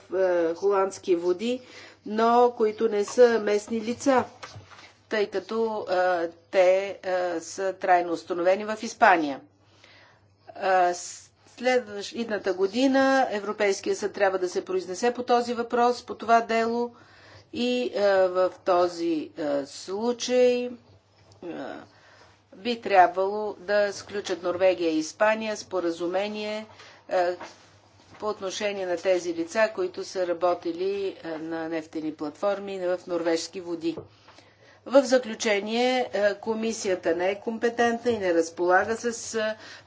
холандски води, но които не са местни лица, тъй като те са трайно установени в Испания. Следващата година Европейския съд трябва да се произнесе по този въпрос, по това дело и в този случай би трябвало да сключат Норвегия и Испания споразумение е, по отношение на тези лица, които са работили е, на нефтени платформи в норвежски води. В заключение, е, комисията не е компетентна и не разполага с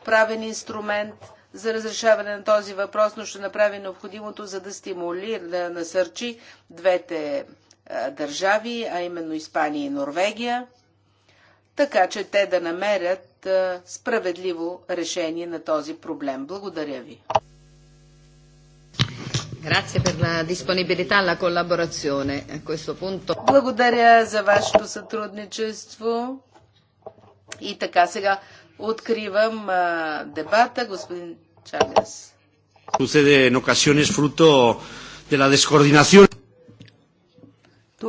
правен инструмент за разрешаване на този въпрос, но ще направи необходимото, за да стимулира, да насърчи двете държави, а именно Испания и Норвегия, така че те да намерят справедливо решение на този проблем. Благодаря ви. Благодаря за вашето сътрудничество. И така сега откривам а, дебата, господин Чагас.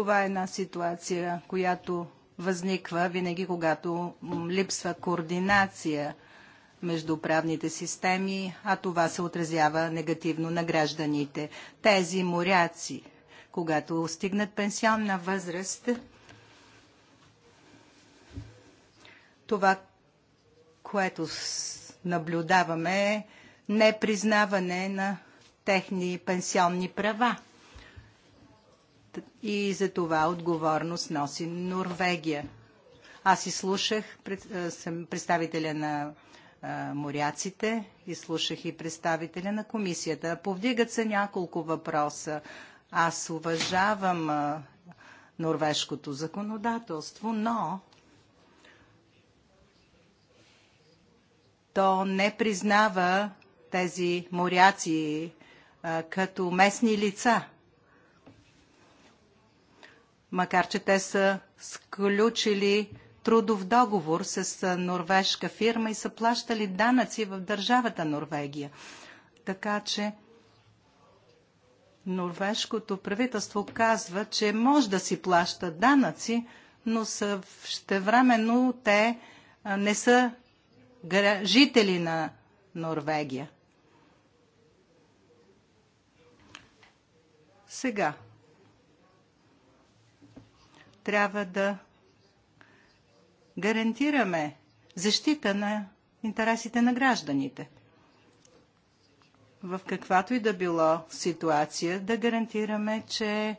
Това е една ситуация, която възниква винаги, когато липсва координация между правните системи, а това се отразява негативно на гражданите. Тези моряци, когато стигнат пенсионна възраст, това, което наблюдаваме е непризнаване на техни пенсионни права и за това отговорност носи Норвегия. Аз изслушах представителя на моряците, изслушах и представителя на комисията. Повдигат се няколко въпроса. Аз уважавам норвежкото законодателство, но то не признава тези моряци като местни лица макар че те са сключили трудов договор с норвежка фирма и са плащали данъци в държавата Норвегия. Така че норвежкото правителство казва, че може да си плаща данъци, но същевременно те не са жители на Норвегия. Сега, трябва да гарантираме защита на интересите на гражданите. В каквато и да било ситуация, да гарантираме, че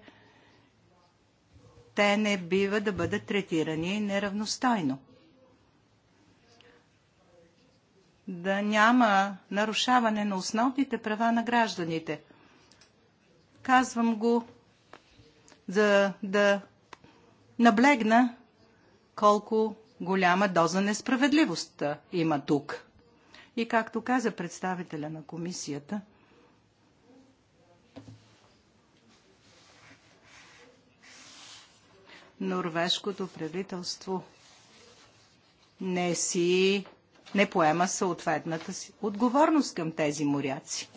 те не бива да бъдат третирани неравностойно. Да няма нарушаване на основните права на гражданите. Казвам го за да наблегна колко голяма доза несправедливост има тук. И както каза представителя на комисията, норвежкото правителство не си не поема съответната си отговорност към тези моряци.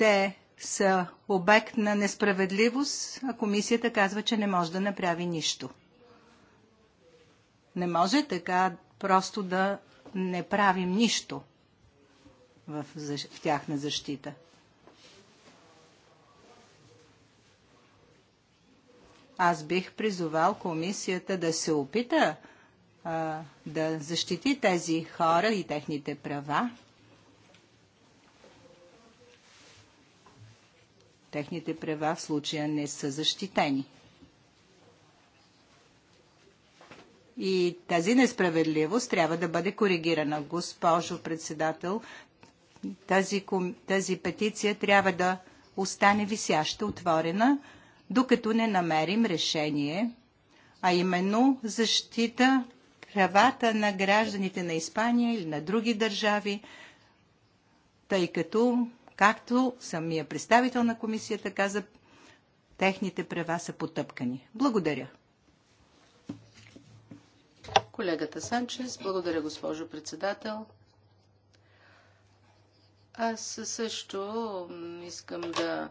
те са обект на несправедливост, а комисията казва, че не може да направи нищо. Не може така просто да не правим нищо в, в тяхна защита. Аз бих призовал комисията да се опита а, да защити тези хора и техните права Техните права в случая не са защитени. И тази несправедливост трябва да бъде коригирана. Госпожо председател, тази, тази петиция трябва да остане висяща, отворена, докато не намерим решение, а именно защита правата на гражданите на Испания или на други държави, тъй като Както самия представител на комисията каза, техните права са потъпкани. Благодаря. Колегата Санчес, благодаря госпожо председател. Аз също искам да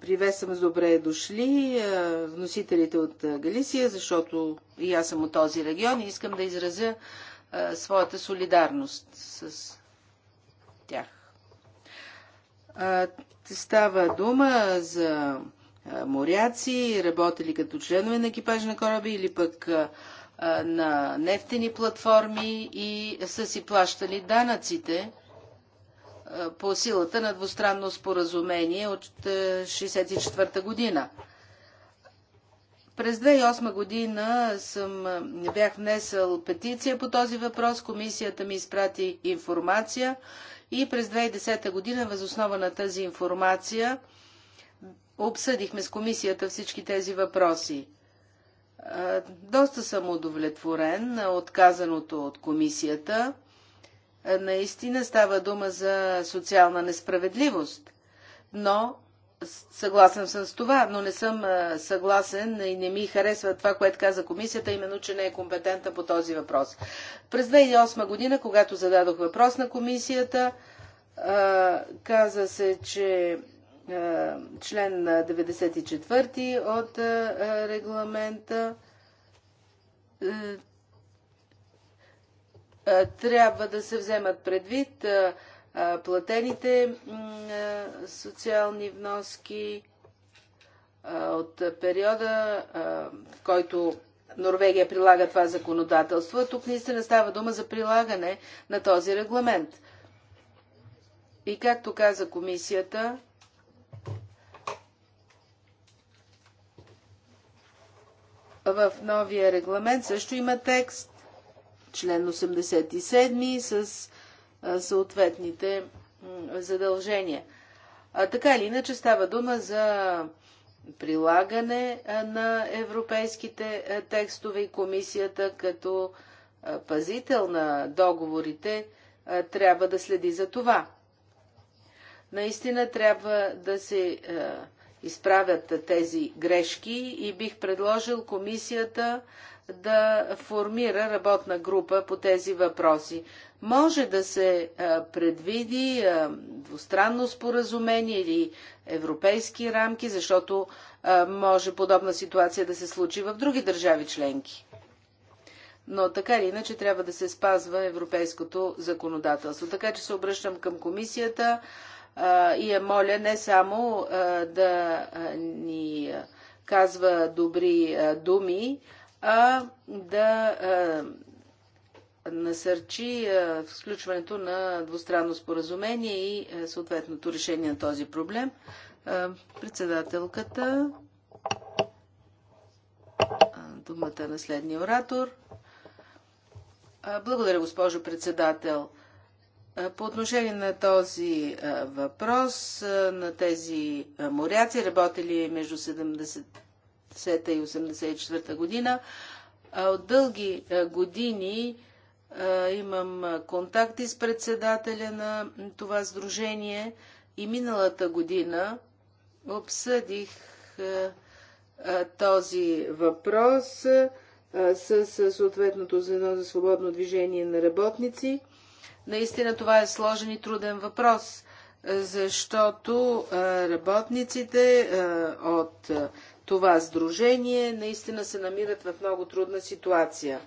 привесам с добре дошли вносителите от Галисия, защото и аз съм от този регион и искам да изразя своята солидарност с тях. Става дума за моряци, работили като членове на екипаж на кораби или пък на нефтени платформи и са си плащали данъците по силата на двустранно споразумение от 1964 година. През 2008 година съм, бях внесъл петиция по този въпрос. Комисията ми изпрати информация и през 2010 година, възоснова на тази информация, обсъдихме с комисията всички тези въпроси. Доста съм удовлетворен от казаното от комисията. Наистина става дума за социална несправедливост, но Съгласен съм с това, но не съм съгласен и не ми харесва това, което каза комисията, именно, че не е компетентна по този въпрос. През 2008 година, когато зададох въпрос на комисията, каза се, че член 94 от регламента е, е, трябва да се вземат предвид платените социални вноски от периода, в който Норвегия прилага това законодателство. Тук наистина става дума за прилагане на този регламент. И както каза комисията, в новия регламент също има текст, член 87, с съответните задължения. А, така или иначе става дума за прилагане на европейските текстове и комисията като пазител на договорите трябва да следи за това. Наистина трябва да се изправят тези грешки и бих предложил комисията да формира работна група по тези въпроси може да се предвиди двустранно споразумение или европейски рамки, защото може подобна ситуация да се случи в други държави членки. Но така или иначе трябва да се спазва европейското законодателство. Така че се обръщам към комисията и я моля не само да ни казва добри думи, а да насърчи е, включването на двустранно споразумение и е, съответното решение на този проблем. Е, председателката думата на следния оратор. Благодаря, госпожо председател. По отношение на този въпрос, на тези моряци, работили между 70-та и 84-та година, от дълги години Имам контакти с председателя на това сдружение и миналата година обсъдих този въпрос с съответното звено за свободно движение на работници. Наистина това е сложен и труден въпрос, защото работниците от това сдружение наистина се намират в много трудна ситуация.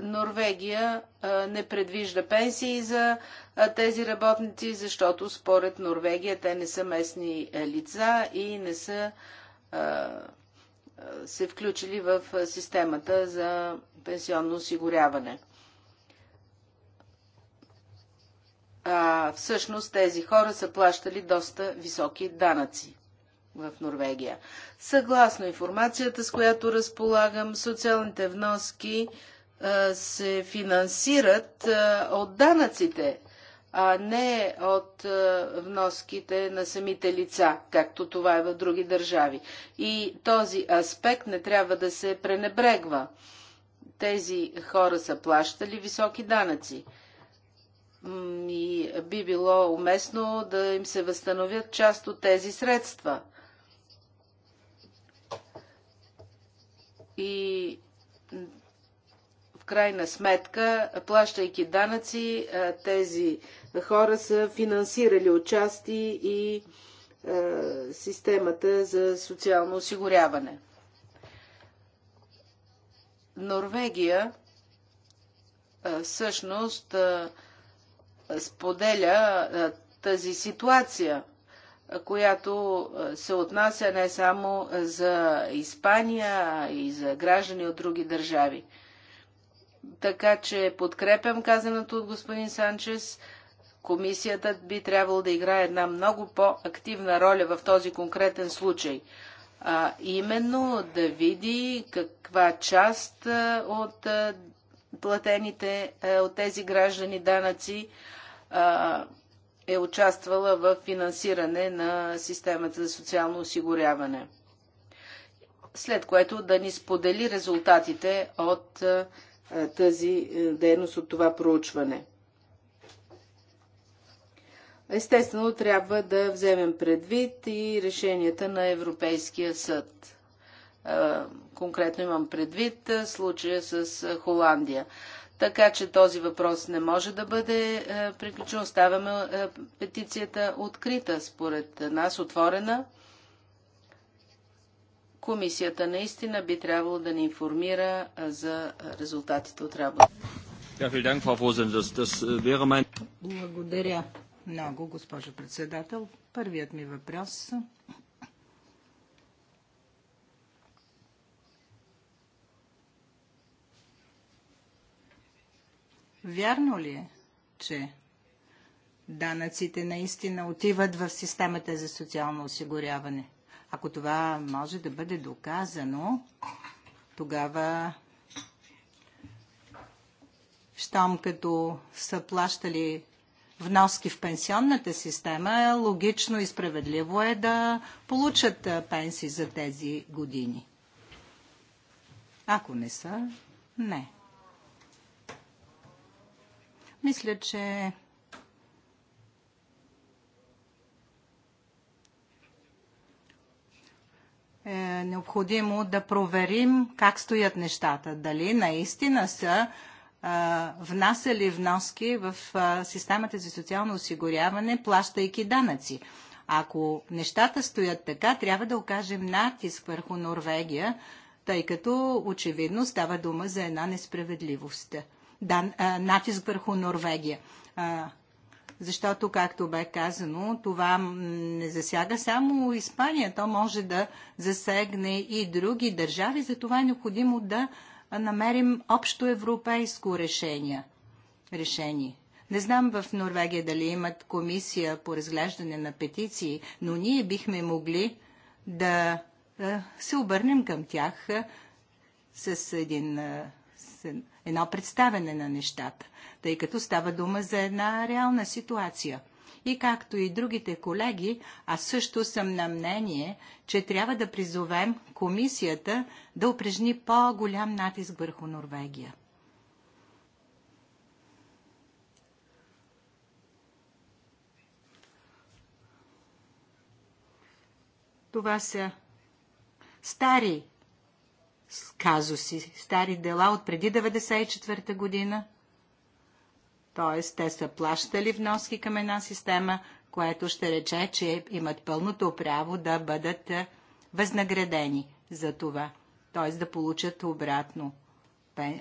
Норвегия не предвижда пенсии за тези работници, защото според Норвегия те не са местни е, лица и не са се включили в системата за пенсионно осигуряване. А, всъщност тези хора са плащали доста високи данъци в Норвегия. Съгласно информацията, с която разполагам, социалните вноски се финансират от данъците, а не от вноските на самите лица, както това е в други държави. И този аспект не трябва да се пренебрегва. Тези хора са плащали високи данъци. И би било уместно да им се възстановят част от тези средства. И в крайна сметка, плащайки данъци, тези хора са финансирали отчасти и системата за социално осигуряване. Норвегия всъщност споделя тази ситуация, която се отнася не само за Испания, а и за граждани от други държави. Така че подкрепям казаното от господин Санчес. Комисията би трябвало да играе една много по-активна роля в този конкретен случай. А, именно да види каква част а, от а, платените а, е, от тези граждани данъци а, е участвала в финансиране на системата за социално осигуряване. След което да ни сподели резултатите от а, тази е, дейност от това проучване. Естествено, трябва да вземем предвид и решенията на Европейския съд. Конкретно имам предвид случая с Холандия. Така че този въпрос не може да бъде е, приключен. Оставяме е, петицията открита, според нас отворена комисията наистина би трябвало да ни информира за резултатите от работа. Äh, Благодаря много, госпожо председател. Първият ми въпрос Вярно ли е, че данъците наистина отиват в системата за социално осигуряване? Ако това може да бъде доказано, тогава щом като са плащали вноски в пенсионната система, логично и справедливо е да получат пенсии за тези години. Ако не са, не. Мисля, че е необходимо да проверим как стоят нещата. Дали наистина са е, внасяли вноски в е, системата за социално осигуряване, плащайки данъци. Ако нещата стоят така, трябва да окажем натиск върху Норвегия, тъй като очевидно става дума за една несправедливост. Е, натиск върху Норвегия защото, както бе казано, това не засяга само Испания, то може да засегне и други държави, това е необходимо да намерим общо европейско решение. решение. Не знам в Норвегия дали имат комисия по разглеждане на петиции, но ние бихме могли да е, се обърнем към тях е, с един е, едно представене на нещата, тъй като става дума за една реална ситуация. И както и другите колеги, аз също съм на мнение, че трябва да призовем комисията да упражни по-голям натиск върху Норвегия. Това са стари казуси, стари дела от преди 1994 година. Т.е. те са плащали вноски към една система, което ще рече, че имат пълното право да бъдат е, възнаградени за това. Т.е. да получат обратно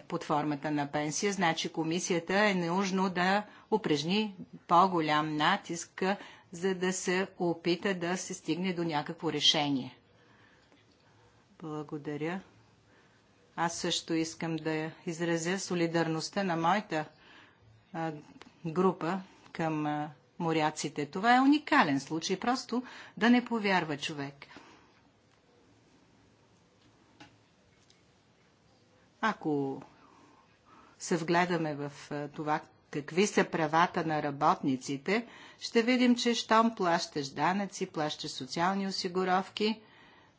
под формата на пенсия. Значи комисията е нужно да упражни по-голям натиск, е, за да се опита да се стигне до някакво решение. Благодаря. Аз също искам да изразя солидарността на моята група към моряците. Това е уникален случай, просто да не повярва човек. Ако се вгледаме в това, какви са правата на работниците, ще видим, че щом плащаш данъци, плащаш социални осигуровки –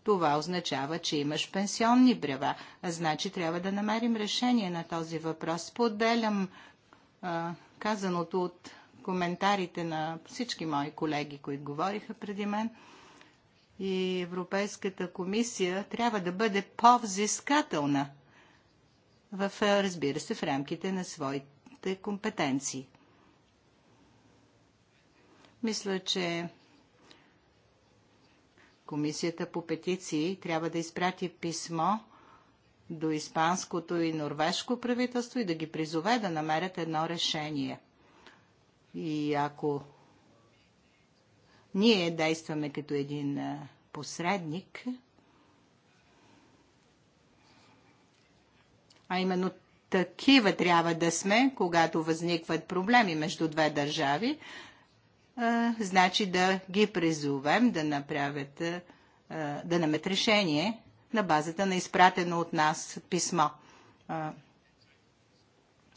това означава, че имаш пенсионни права. Значи трябва да намерим решение на този въпрос. Поделям а, казаното от коментарите на всички мои колеги, които говориха преди мен. И Европейската комисия трябва да бъде по-взискателна, в, разбира се, в рамките на своите компетенции. Мисля, че Комисията по петиции трябва да изпрати писмо до испанското и норвежко правителство и да ги призове да намерят едно решение. И ако ние действаме като един посредник, а именно такива трябва да сме, когато възникват проблеми между две държави, значи да ги призовем да направят, да намет решение на базата на изпратено от нас писмо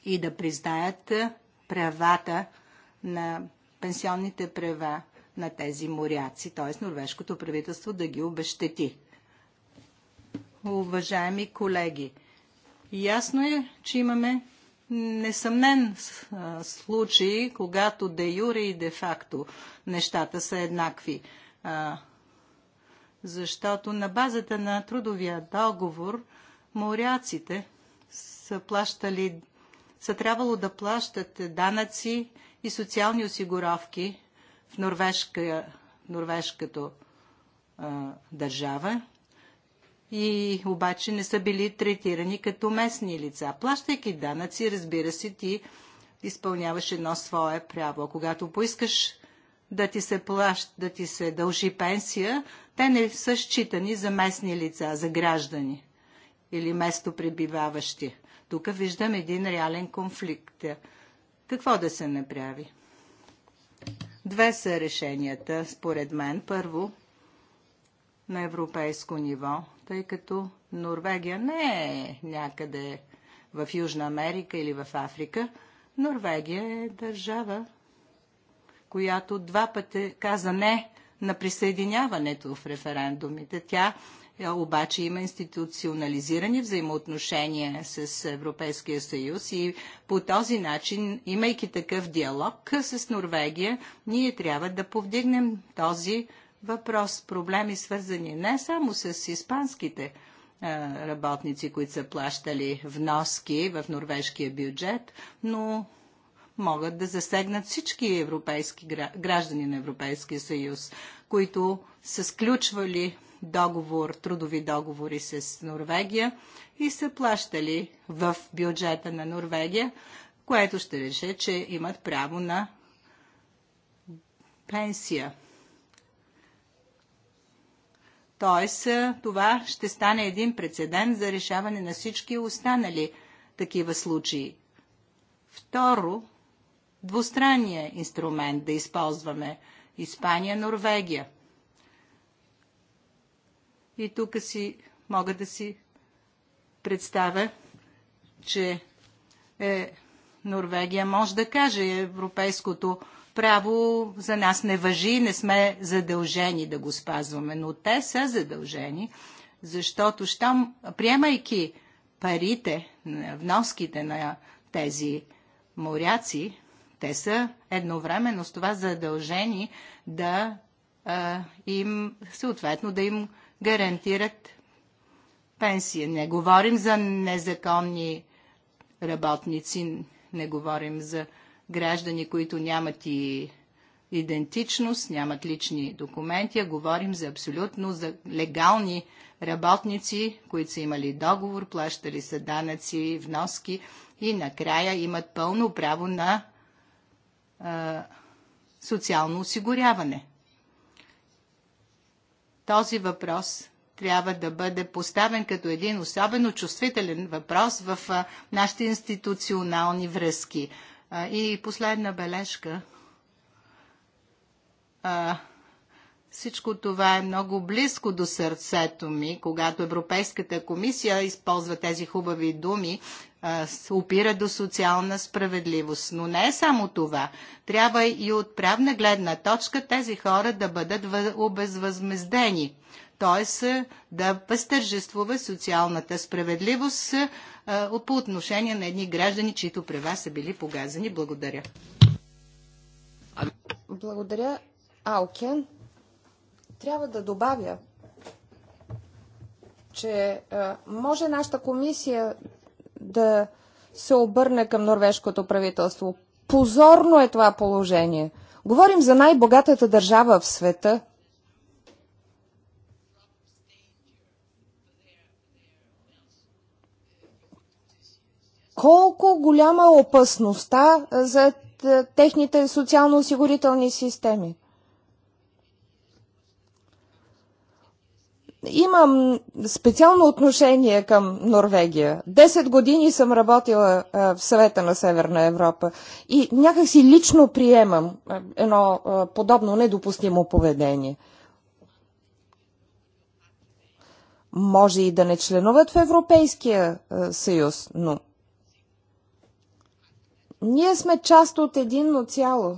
и да признаят правата на пенсионните права на тези моряци, т.е. норвежкото правителство да ги обещети. Уважаеми колеги, ясно е, че имаме несъмнен случай, когато де юре и де факто нещата са еднакви. Защото на базата на трудовия договор моряците са плащали, са трябвало да плащат данъци и социални осигуровки в, Норвежка, норвежкато а, държава и обаче не са били третирани като местни лица. Плащайки данъци, разбира се, ти изпълняваш едно свое право. Когато поискаш да ти се плащ, да ти се дължи пенсия, те не са считани за местни лица, за граждани или место пребиваващи. Тук виждам един реален конфликт. Какво да се направи? Две са решенията, според мен. Първо, на европейско ниво, тъй като Норвегия не е някъде в Южна Америка или в Африка. Норвегия е държава, която два пъти каза не на присъединяването в референдумите. Тя е, обаче има институционализирани взаимоотношения с Европейския съюз и по този начин, имайки такъв диалог с Норвегия, ние трябва да повдигнем този въпрос, проблеми свързани не само с испанските е, работници, които са плащали вноски в норвежкия бюджет, но могат да засегнат всички европейски граждани на Европейския съюз, които са сключвали договор, трудови договори с Норвегия и са плащали в бюджета на Норвегия, което ще реше, че имат право на пенсия. Тоест, това ще стане един прецедент за решаване на всички останали такива случаи. Второ, двустранния инструмент да използваме Испания, Норвегия. И тук си мога да си представя, че е, Норвегия може да каже европейското право за нас не въжи, не сме задължени да го спазваме, но те са задължени, защото щом, приемайки парите, вноските на тези моряци, те са едновременно с това задължени да а, им, съответно, да им гарантират пенсия. Не говорим за незаконни работници, не говорим за граждани, които нямат и идентичност, нямат лични документи, а говорим за абсолютно за легални работници, които са имали договор, плащали са данъци, вноски и накрая имат пълно право на а, социално осигуряване. Този въпрос трябва да бъде поставен като един особено чувствителен въпрос в а, нашите институционални връзки. И последна бележка. Всичко това е много близко до сърцето ми, когато Европейската комисия използва тези хубави думи, опира до социална справедливост. Но не е само това. Трябва и от правна гледна точка тези хора да бъдат обезвъзмездени т.е. да възтържествува социалната справедливост е, е, по отношение на едни граждани, чието права са били погазани. Благодаря. Благодаря, Алкен. Трябва да добавя, че е, може нашата комисия да се обърне към норвежкото правителство. Позорно е това положение. Говорим за най-богатата държава в света. колко голяма е опасността за техните социално-осигурителни системи. Имам специално отношение към Норвегия. Десет години съм работила в съвета на Северна Европа и някак си лично приемам едно подобно недопустимо поведение. Може и да не членуват в Европейския съюз, но ние сме част от единно цяло.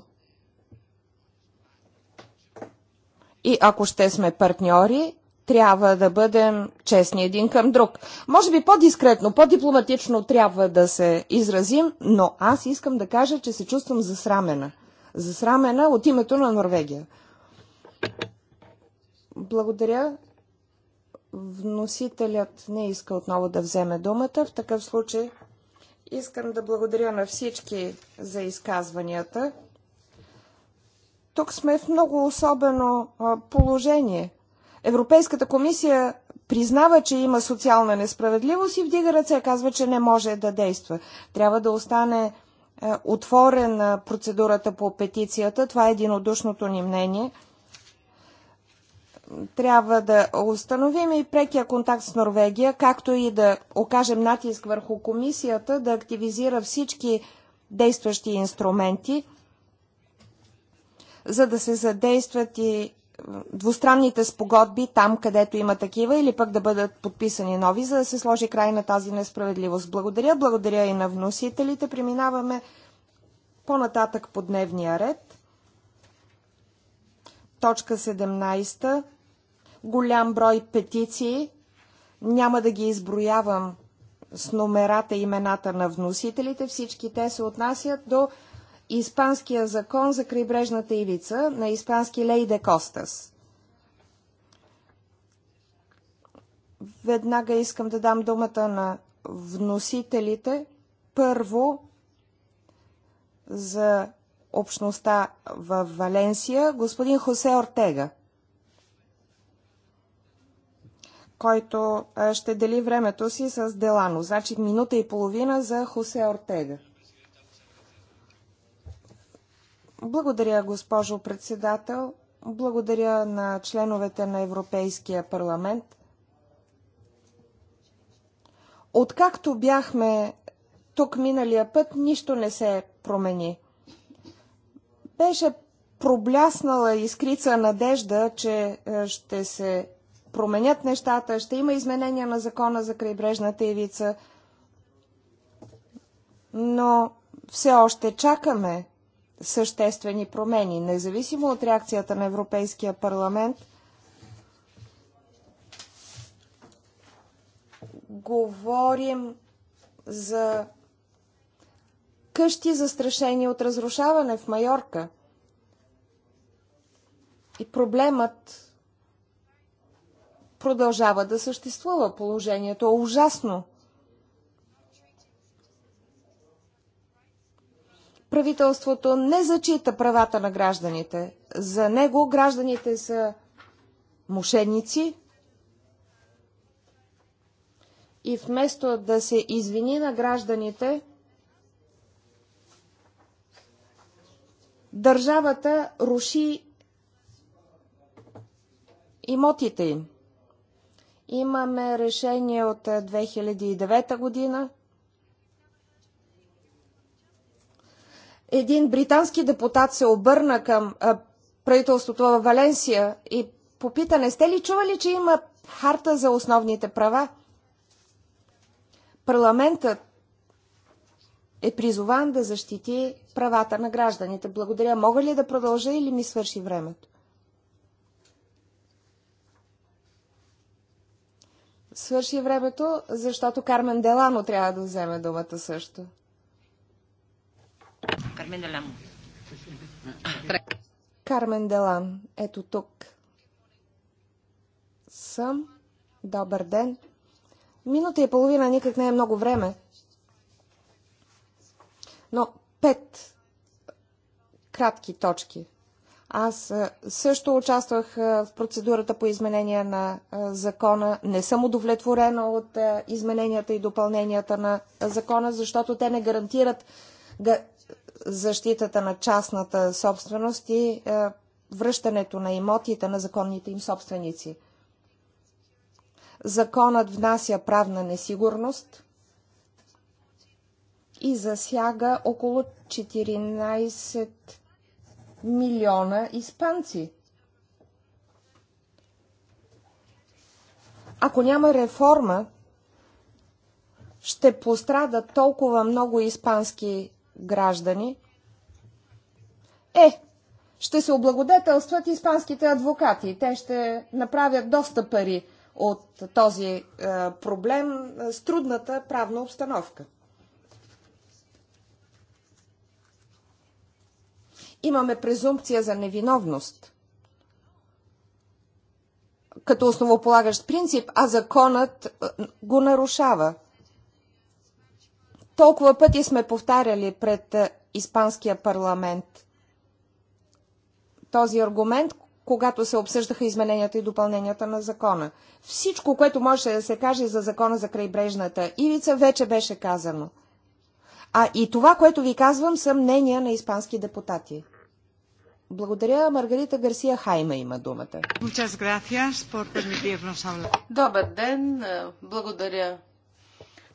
И ако ще сме партньори, трябва да бъдем честни един към друг. Може би по-дискретно, по-дипломатично трябва да се изразим, но аз искам да кажа, че се чувствам засрамена. Засрамена от името на Норвегия. Благодаря. Вносителят не иска отново да вземе думата. В такъв случай Искам да благодаря на всички за изказванията. Тук сме в много особено положение. Европейската комисия признава, че има социална несправедливост и вдига ръце, казва, че не може да действа. Трябва да остане отворена процедурата по петицията. Това е единодушното ни мнение – трябва да установим и прекия контакт с Норвегия, както и да окажем натиск върху комисията да активизира всички действащи инструменти, за да се задействат и двустранните спогодби там, където има такива, или пък да бъдат подписани нови, за да се сложи край на тази несправедливост. Благодаря, благодаря и на вносителите. Преминаваме по-нататък по дневния ред. Точка 17 голям брой петиции. Няма да ги изброявам с номерата и имената на вносителите. Всички те се отнасят до Испанския закон за крайбрежната ивица на испански Лейде Костас. Веднага искам да дам думата на вносителите. Първо за общността в Валенсия, господин Хосе Ортега. който ще дели времето си с Делано. Значи минута и половина за Хосе Ортега. Благодаря, госпожо председател. Благодаря на членовете на Европейския парламент. Откакто бяхме тук миналия път, нищо не се промени. Беше пробляснала искрица надежда, че ще се променят нещата, ще има изменения на закона за крайбрежната ивица, но все още чакаме съществени промени, независимо от реакцията на Европейския парламент. Говорим за къщи застрашени от разрушаване в Майорка. И проблемът продължава да съществува. Положението е ужасно. Правителството не зачита правата на гражданите. За него гражданите са мошеници. И вместо да се извини на гражданите, държавата руши имотите им. Имаме решение от 2009 е, година. Един британски депутат се обърна към е, правителството в Валенсия и попита, не сте ли чували, че има харта за основните права? Парламентът е призован да защити правата на гражданите. Благодаря. Мога ли да продължа или ми свърши времето? свърши времето, защото Кармен Делано трябва да вземе думата също. Кармен Делано. Кармен Делан, ето тук. Съм. Добър ден. Минута и половина никак не е много време. Но пет кратки точки – аз също участвах в процедурата по изменение на закона. Не съм удовлетворена от измененията и допълненията на закона, защото те не гарантират защитата на частната собственост и връщането на имотите на законните им собственици. Законът внася правна несигурност и засяга около 14 милиона испанци. Ако няма реформа, ще пострадат толкова много испански граждани. Е, ще се облагодетелстват испанските адвокати. Те ще направят доста пари от този е, проблем с трудната правна обстановка. имаме презумпция за невиновност като основополагащ принцип, а законът е, го нарушава. Толкова пъти сме повтаряли пред е, Испанския парламент този аргумент, когато се обсъждаха измененията и допълненията на закона. Всичко, което може да се каже за закона за крайбрежната ивица, вече беше казано – а и това, което ви казвам, са мнения на испански депутати. Благодаря. Маргарита Гарсия Хайма има думата. Добър ден. Благодаря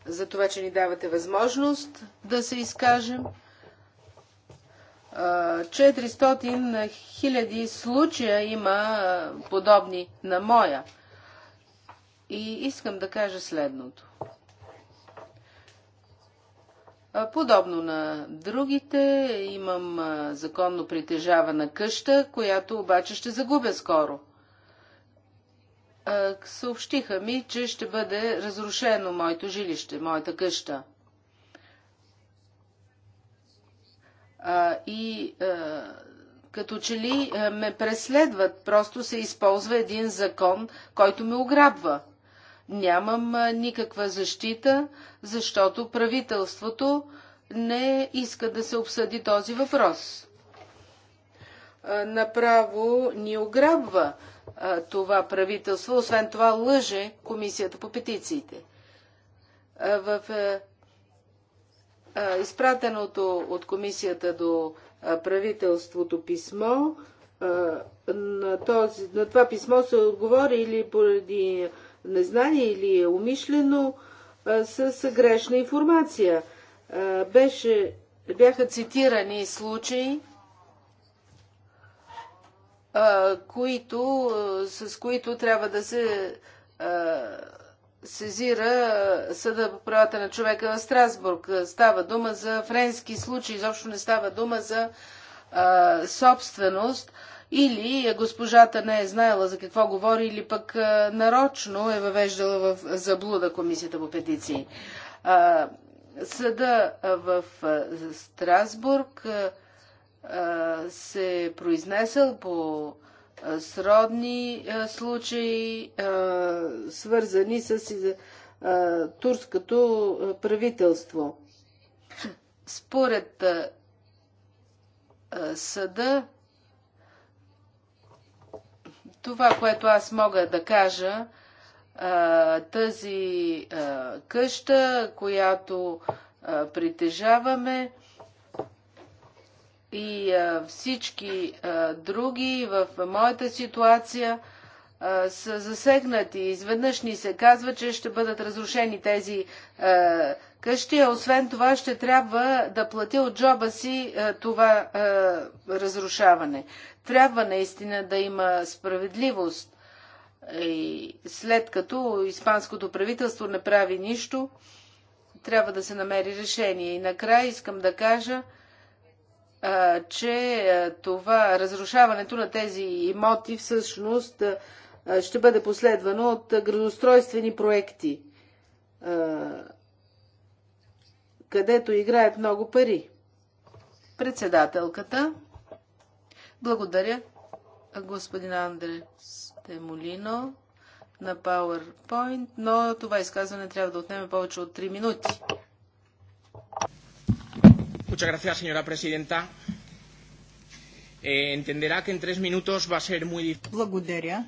за това, че ни давате възможност да се изкажем. 400 хиляди случая има подобни на моя. И искам да кажа следното. Подобно на другите, имам законно притежавана къща, която обаче ще загубя скоро. Съобщиха ми, че ще бъде разрушено моето жилище, моята къща. И като че ли ме преследват, просто се използва един закон, който ме ограбва. Нямам никаква защита, защото правителството не иска да се обсъди този въпрос. Направо ни ограбва това правителство, освен това лъже Комисията по петициите. В изпратеното от комисията до правителството писмо, на, този, на това писмо се отговори или поради незнание или е умишлено с грешна информация. Беше, бяха цитирани случаи, които, с които трябва да се сезира Съда по правата на човека в Страсбург. Става дума за френски случаи, изобщо не става дума за а, собственост, или госпожата не е знаела за какво говори, или пък нарочно е въвеждала в заблуда комисията по петиции. Съда в Страсбург се е произнесъл по сродни случаи, свързани с турското правителство. Според съда, това, което аз мога да кажа, тази къща, която притежаваме и всички други в моята ситуация са засегнати. Изведнъж ни се казва, че ще бъдат разрушени тези къщи, а освен това ще трябва да платя от джоба си е, това е, разрушаване. Трябва наистина да има справедливост. И след като испанското правителство не прави нищо, трябва да се намери решение. И накрая искам да кажа, е, че това разрушаването на тези имоти всъщност ще бъде последвано от градостройствени проекти където играят много пари. Председателката. Благодаря, господин Андре Стемолино на PowerPoint, но това изказване трябва да отнеме повече от 3 минути. Muchas gracias, señora presidenta. Eh, entenderá que en tres minutos va a ser muy difícil. Благодаря.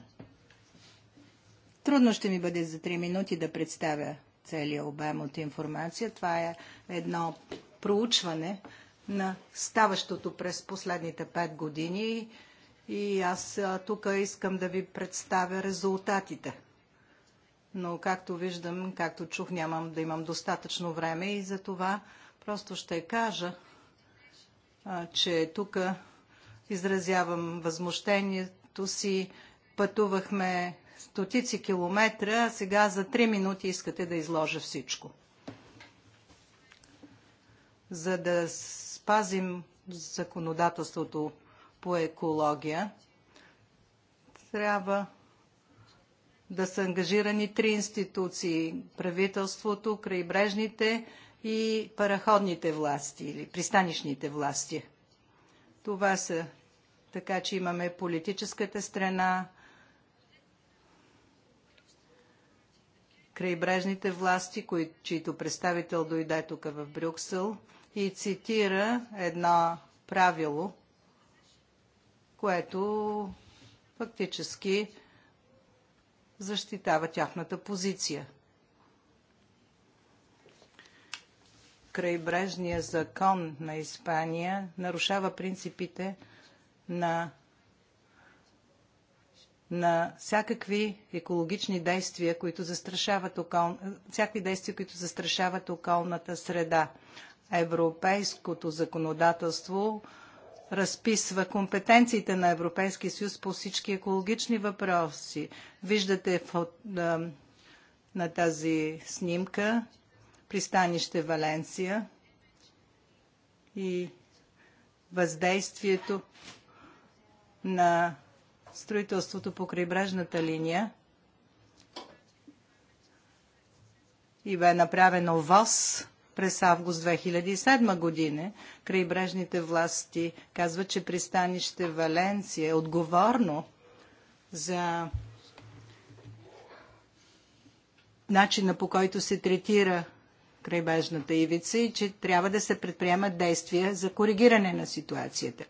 Трудно ще ми бъде за три минути да представя целия обем от информация. Това е едно проучване на ставащото през последните пет години и аз тук искам да ви представя резултатите. Но както виждам, както чух, нямам да имам достатъчно време и за това просто ще кажа, че тук изразявам възмущението си. Пътувахме стотици километра, а сега за три минути искате да изложа всичко. За да спазим законодателството по екология, трябва да са ангажирани три институции – правителството, крайбрежните и параходните власти или пристанищните власти. Това са така, че имаме политическата страна, крайбрежните власти, кои, чието представител дойде тук в Брюксел и цитира едно правило, което фактически защитава тяхната позиция. Крайбрежният закон на Испания нарушава принципите на на всякакви екологични действия, които застрашават, окол... всякакви действия, които застрашават околната среда. Европейското законодателство разписва компетенциите на Европейския съюз по всички екологични въпроси. Виждате в, на, на тази снимка пристанище Валенсия и въздействието на строителството по крайбрежната линия и бе направено ВОЗ през август 2007 година. Крайбрежните власти казват, че пристанище Валенция е отговорно за начина по който се третира крайбрежната ивица и че трябва да се предприемат действия за коригиране на ситуацията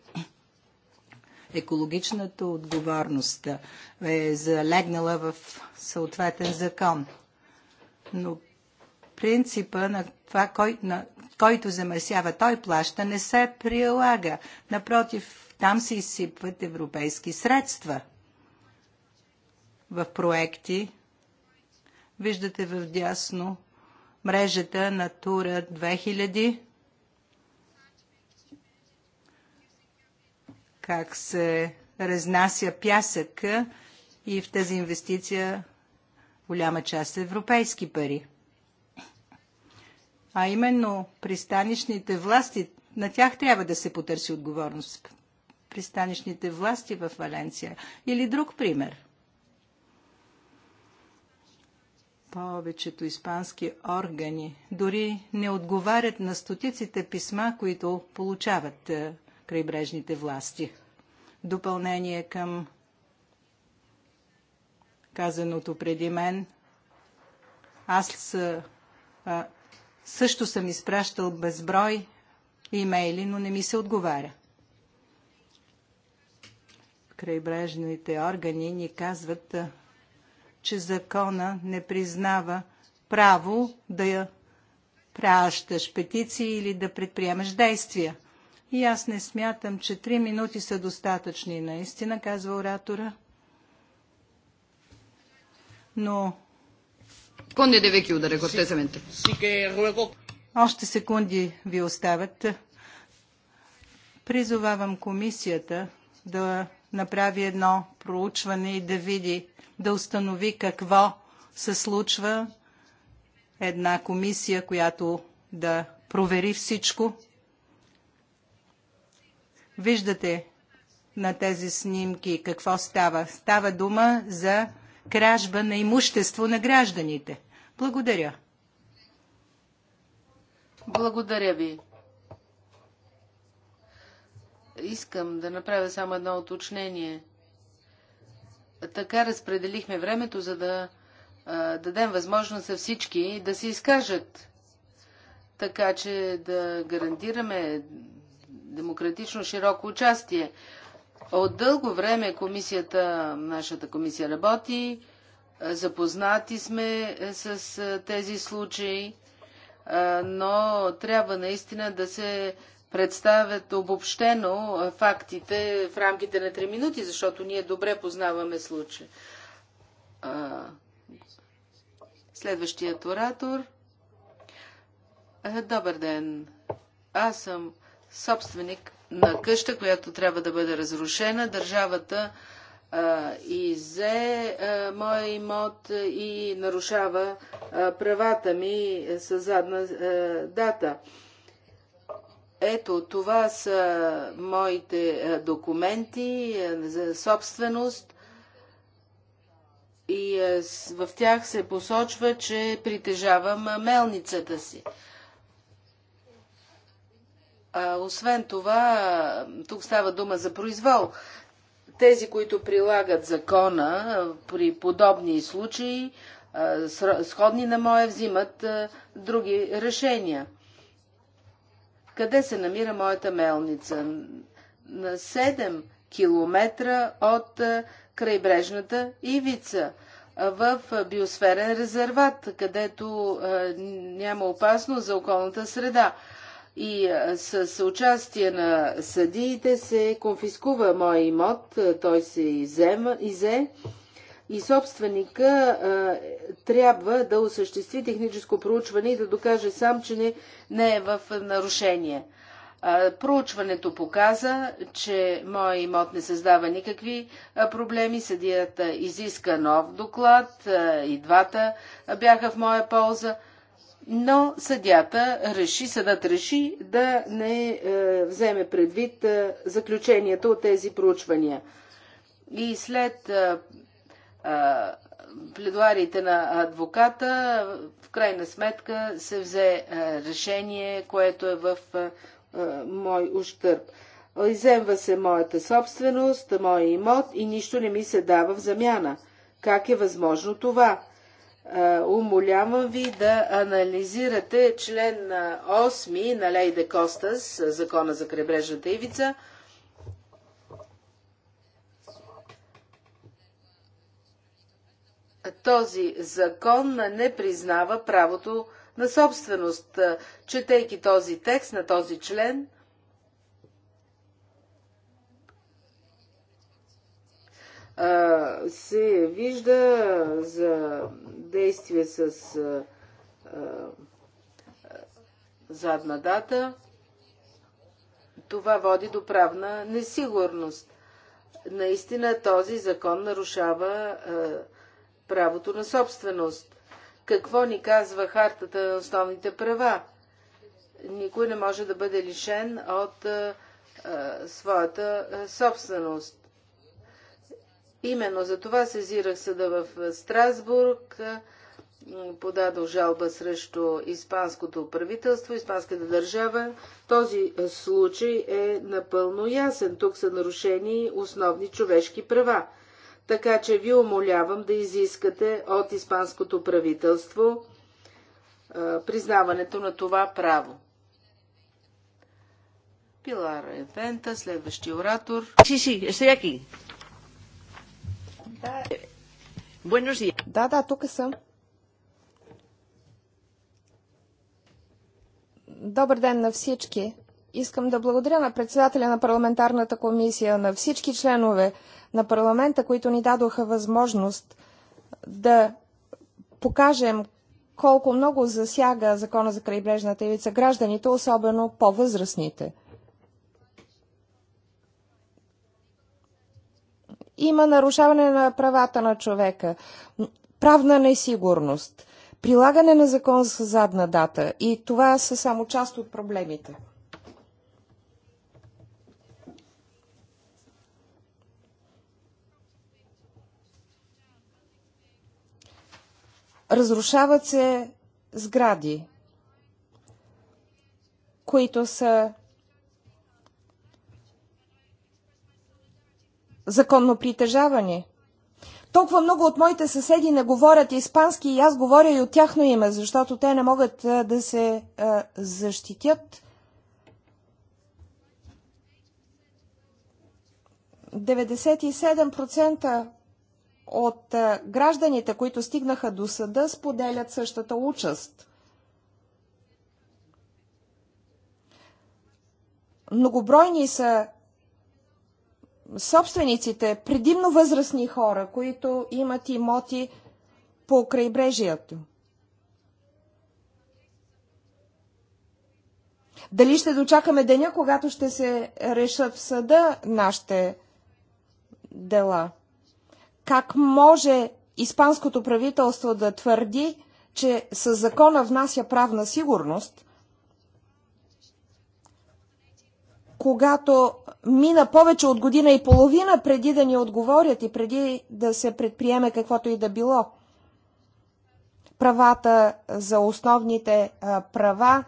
екологичната отговорност е залегнала в съответен закон. Но принципа на това, кой, на, който замърсява, той плаща, не се прилага. Напротив, там се изсипват европейски средства в проекти. Виждате в дясно мрежата Натура 2000 как се разнася пясък и в тази инвестиция голяма част е европейски пари. А именно пристанищните власти, на тях трябва да се потърси отговорност. Пристанищните власти в Валенция. Или друг пример. Повечето испански органи дори не отговарят на стотиците писма, които получават е, крайбрежните власти. Допълнение към казаното преди мен. Аз а, също съм изпращал безброй имейли, но не ми се отговаря. Крайбрежните органи ни казват, а, че закона не признава право да я пращаш петиции или да предприемаш действия. И аз не смятам, че три минути са достатъчни, наистина, казва оратора. Но... Секунди ударе, кортезаменте. Още секунди ви оставят. Призовавам комисията да направи едно проучване и да види, да установи какво се случва една комисия, която да провери всичко Виждате на тези снимки какво става. Става дума за кражба на имущество на гражданите. Благодаря. Благодаря ви. Искам да направя само едно уточнение. Така разпределихме времето, за да а, дадем възможност за всички да се изкажат. Така че да гарантираме демократично широко участие. От дълго време комисията, нашата комисия работи, запознати сме с тези случаи, но трябва наистина да се представят обобщено фактите в рамките на 3 минути, защото ние добре познаваме случая. Следващият оратор. Добър ден. Аз съм собственик на къща, която трябва да бъде разрушена. Държавата а, изе а, моя имот и нарушава а, правата ми е, с задна а, дата. Ето, това са моите документи за собственост и в тях се посочва, че притежавам мелницата си. Освен това, тук става дума за произвол. Тези, които прилагат закона при подобни случаи, сходни на мое взимат други решения. Къде се намира моята мелница? На 7 километра от крайбрежната ивица в биосферен резерват, където няма опасност за околната среда и с участие на съдиите се конфискува моя имот, той се изема, изе и собственика а, трябва да осъществи техническо проучване и да докаже сам, че не, не е в нарушение. А, проучването показа, че моя имот не създава никакви а, проблеми. Съдията изиска нов доклад. А, и двата бяха в моя полза но съдята реши, съдът реши да не е, вземе предвид е, заключението от тези проучвания. И след е, е, пледуарите на адвоката, в крайна сметка се взе е, решение, което е в е, е мой ущърп. Иземва се моята собственост, моя имот и нищо не ми се дава в замяна. Как е възможно това? Умолявам ви да анализирате член 8 на Лейде Костас, закона за крайбрежната ивица. Този закон не признава правото на собственост. Четейки този текст на този член, се вижда за действие с задна дата, това води до правна несигурност. Наистина този закон нарушава правото на собственост. Какво ни казва хартата на основните права? Никой не може да бъде лишен от своята собственост. Именно за това сезирах съда в Страсбург, подадох жалба срещу испанското правителство, испанската държава. Този случай е напълно ясен. Тук са нарушени основни човешки права. Така че ви умолявам да изискате от испанското правителство признаването на това право. Пилара Евента, следващия оратор. Си, си, estoy да. Да, да, тук е съм. Добър ден на всички. Искам да благодаря на председателя на парламентарната комисия, на всички членове на парламента, които ни дадоха възможност да покажем колко много засяга закона за крайбрежната ивица гражданите, особено по-възрастните. има нарушаване на правата на човека, правна несигурност, прилагане на закон с задна дата и това са само част от проблемите. Разрушават се сгради, които са законно притежаване. Толкова много от моите съседи не говорят испански и аз говоря и от тяхно име, защото те не могат да се защитят. 97% от гражданите, които стигнаха до съда, споделят същата участ. Многобройни са собствениците, предимно възрастни хора, които имат имоти по крайбрежието. Дали ще дочакаме деня, когато ще се решат в съда нашите дела? Как може испанското правителство да твърди, че със закона внася правна сигурност – когато мина повече от година и половина преди да ни отговорят и преди да се предприеме каквото и да било. Правата за основните права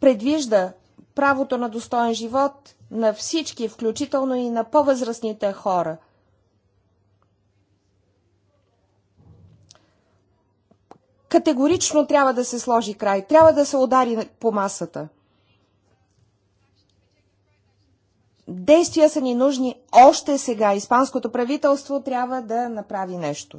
предвижда правото на достоен живот на всички, включително и на по-възрастните хора. Категорично трябва да се сложи край, трябва да се удари по масата. Действия са ни нужни още сега. Испанското правителство трябва да направи нещо.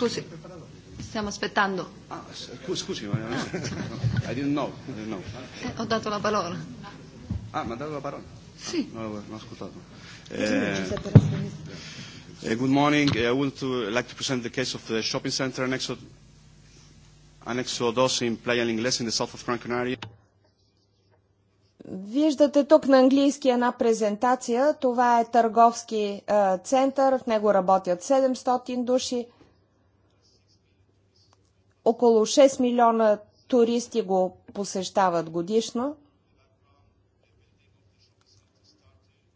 Scusi, stiamo aspettando. Ah, scusi, ma... I didn't know. I didn't know. Eh, ho dato la parola. Ah, mi ha dato la parola? Sì. Ah, non l'ho ascoltato. Eh... eh, good morning. I would to, like to present the case of the shopping center Anexo, annexo dos in Playa Ingles in the south of Gran Canaria. Виждате тук на английски една презентация. Това е търговски е, център. В него работят 700 души. Около 6 милиона туристи го посещават годишно.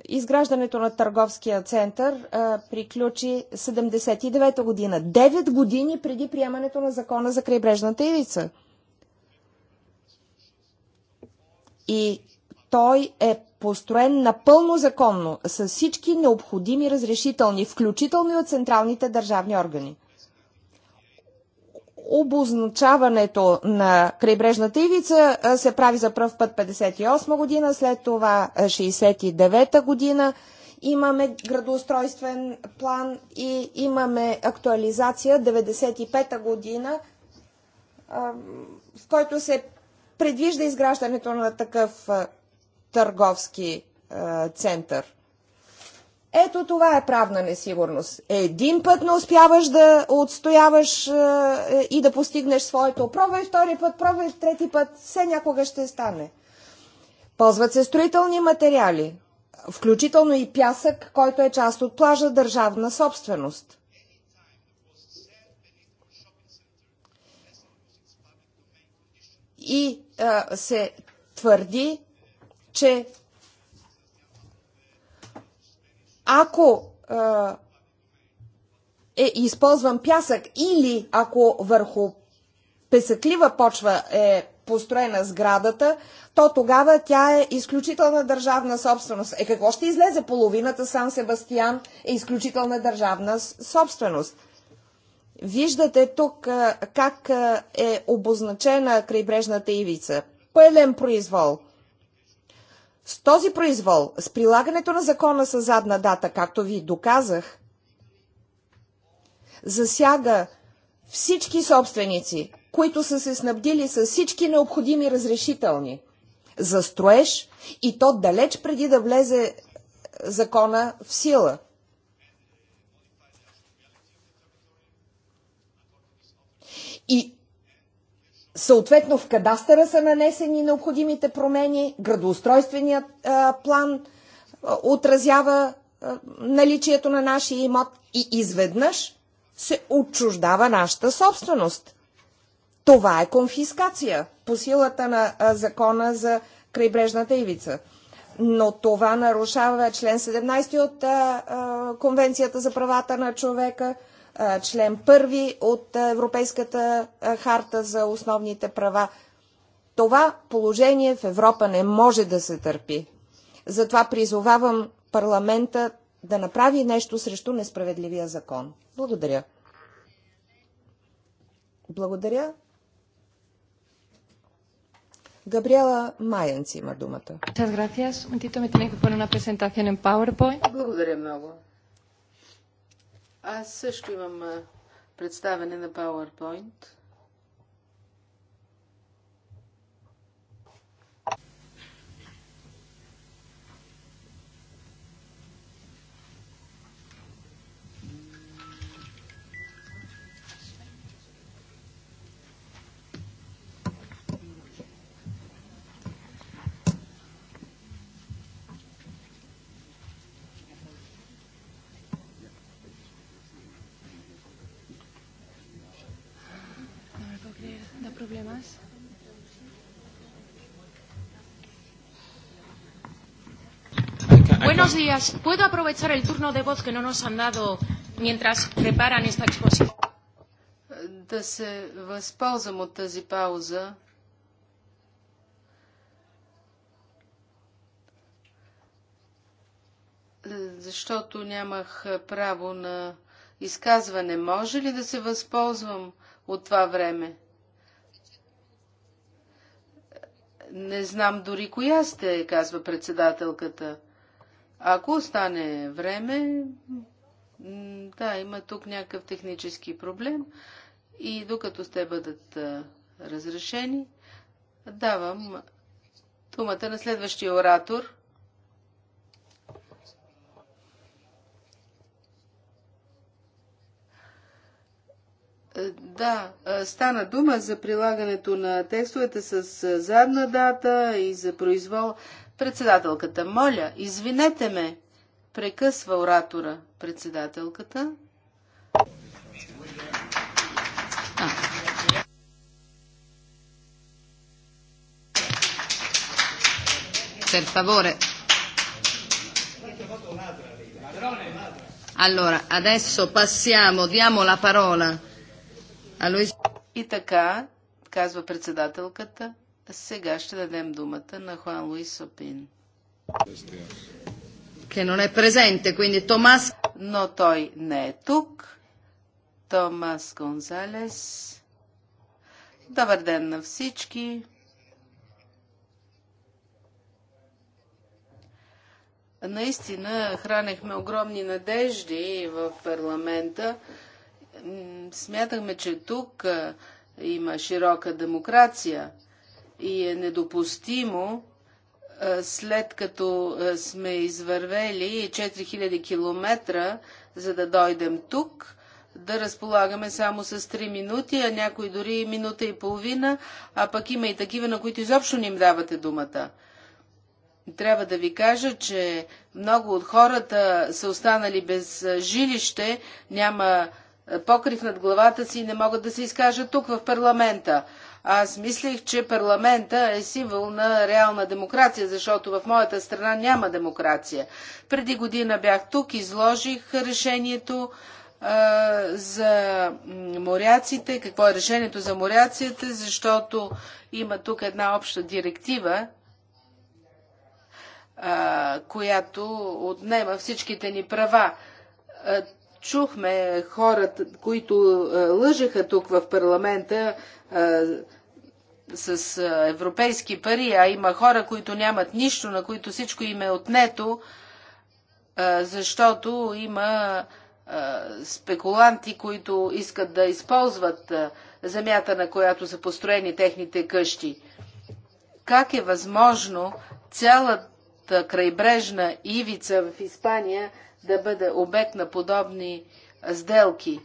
Изграждането на търговския център а, приключи 79-та година, 9 години преди приемането на закона за крайбрежната ивица. И той е построен напълно законно, с всички необходими разрешителни, включително и от централните държавни органи обозначаването на крайбрежната ивица се прави за първ път 58 година, след това 69 година. Имаме градоустройствен план и имаме актуализация 95 та година, в който се предвижда изграждането на такъв търговски център. Ето това е правна несигурност. Един път не успяваш да отстояваш е, е, и да постигнеш своето. Пробвай втори път, пробвай трети път, все някога ще стане. Ползват се строителни материали, включително и пясък, който е част от плажа държавна собственост. И е, се твърди, че ако а, е използван пясък или ако върху песъклива почва е построена сградата, то тогава тя е изключителна държавна собственост. Е какво ще излезе? Половината Сан Себастиян е изключителна държавна собственост. Виждате тук как е обозначена крайбрежната ивица. Пълен произвол – с този произвол, с прилагането на закона с задна дата, както ви доказах, засяга всички собственици, които са се снабдили с всички необходими разрешителни за строеж и то далеч преди да влезе е, закона в сила. И Съответно в кадастъра са нанесени необходимите промени, градоустройственият а, план а, отразява а, наличието на нашия имот и изведнъж се отчуждава нашата собственост. Това е конфискация по силата на а, закона за крайбрежната ивица. Но това нарушава член 17 от а, а, Конвенцията за правата на човека – член първи от Европейската харта за основните права. Това положение в Европа не може да се търпи. Затова призовавам парламента да направи нещо срещу несправедливия закон. Благодаря. Благодаря. Габриела Майенц има думата. Благодаря много. Аз също имам представене на PowerPoint. Buenos días. ¿Puedo aprovechar el turno de voz que no nos han dado mientras preparan esta exposición? Да се възползвам от тази пауза. Защото нямах право на изказване. Може ли да се възползвам от това време? Не знам дори коя сте, казва председателката. Ако остане време, да, има тук някакъв технически проблем и докато сте бъдат разрешени, давам думата на следващия оратор. Е, да, е, стана дума за прилагането на текстовете с е, задна дата и за произвол. Председателката, моля, извинете ме, прекъсва оратора председателката. А. Per favore. Allora, adesso passiamo, diamo la parola a Luis. И така, казва председателката, сега ще дадем думата на Хуан Луис Сопин. Che non è presente, quindi Но той не е тук. Томас Гонзалес. Добър ден на всички. Наистина хранехме огромни надежди в парламента. Смятахме, че тук има широка демокрация – и е недопустимо след като сме извървели 4000 км, за да дойдем тук, да разполагаме само с 3 минути, а някои дори минута и половина, а пък има и такива, на които изобщо не им давате думата. Трябва да ви кажа, че много от хората са останали без жилище, няма покрив над главата си и не могат да се изкажат тук в парламента. Аз мислих, че парламента е символ на реална демокрация, защото в моята страна няма демокрация. Преди година бях тук, изложих решението а, за моряците, какво е решението за моряците, защото има тук една обща директива, а, която отнема всичките ни права чухме хората, които лъжеха тук в парламента с европейски пари, а има хора, които нямат нищо, на които всичко им е отнето, защото има спекуланти, които искат да използват земята, на която са построени техните къщи. Как е възможно цялата крайбрежна ивица в Испания да бъде обект на подобни сделки?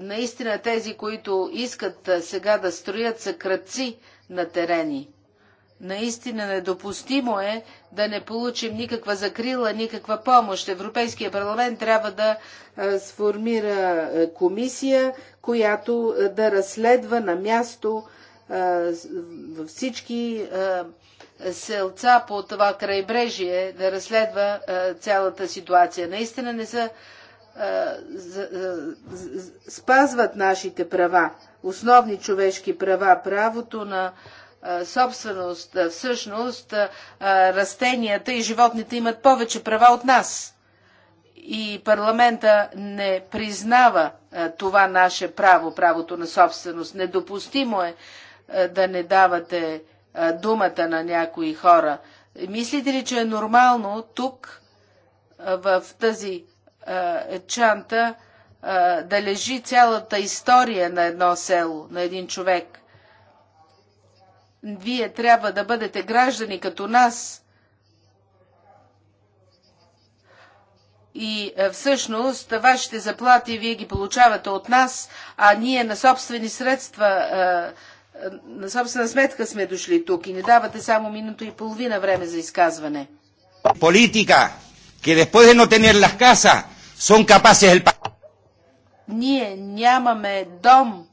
наистина тези, които искат сега да строят, са кръци на терени. Наистина недопустимо е да не получим никаква закрила, никаква помощ. Европейския парламент трябва да сформира комисия, която да разследва на място във всички селца по това крайбрежие, да разследва цялата ситуация. Наистина не са спазват нашите права, основни човешки права, правото на собственост. Всъщност растенията и животните имат повече права от нас. И парламента не признава това наше право, правото на собственост. Недопустимо е да не давате думата на някои хора. Мислите ли, че е нормално тук в тази е, чанта е, да лежи цялата история на едно село, на един човек. Вие трябва да бъдете граждани като нас. И е, всъщност вашите заплати вие ги получавате от нас, а ние на собствени средства, на собствена сметка сме дошли тук и не давате само минуто и половина време за изказване. Политика, que después de no tener las casas, son capaces el Ние нямаме дом,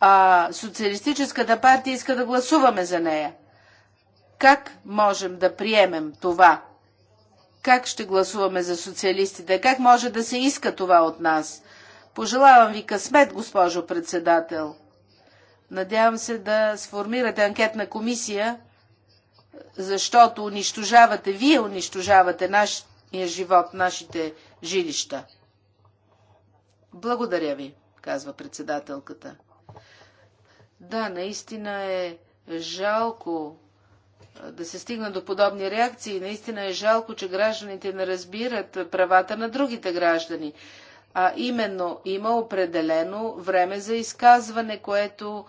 а социалистическата партия иска да гласуваме за нея. Как можем да приемем това? Как ще гласуваме за социалистите? Как може да се иска това от нас? Пожелавам ви късмет, госпожо председател. Надявам се да сформирате анкетна комисия, защото унищожавате, вие унищожавате нашите е живот, нашите жилища. Благодаря ви, казва председателката. Да, наистина е жалко да се стигна до подобни реакции. Наистина е жалко, че гражданите не разбират правата на другите граждани. А именно, има определено време за изказване, което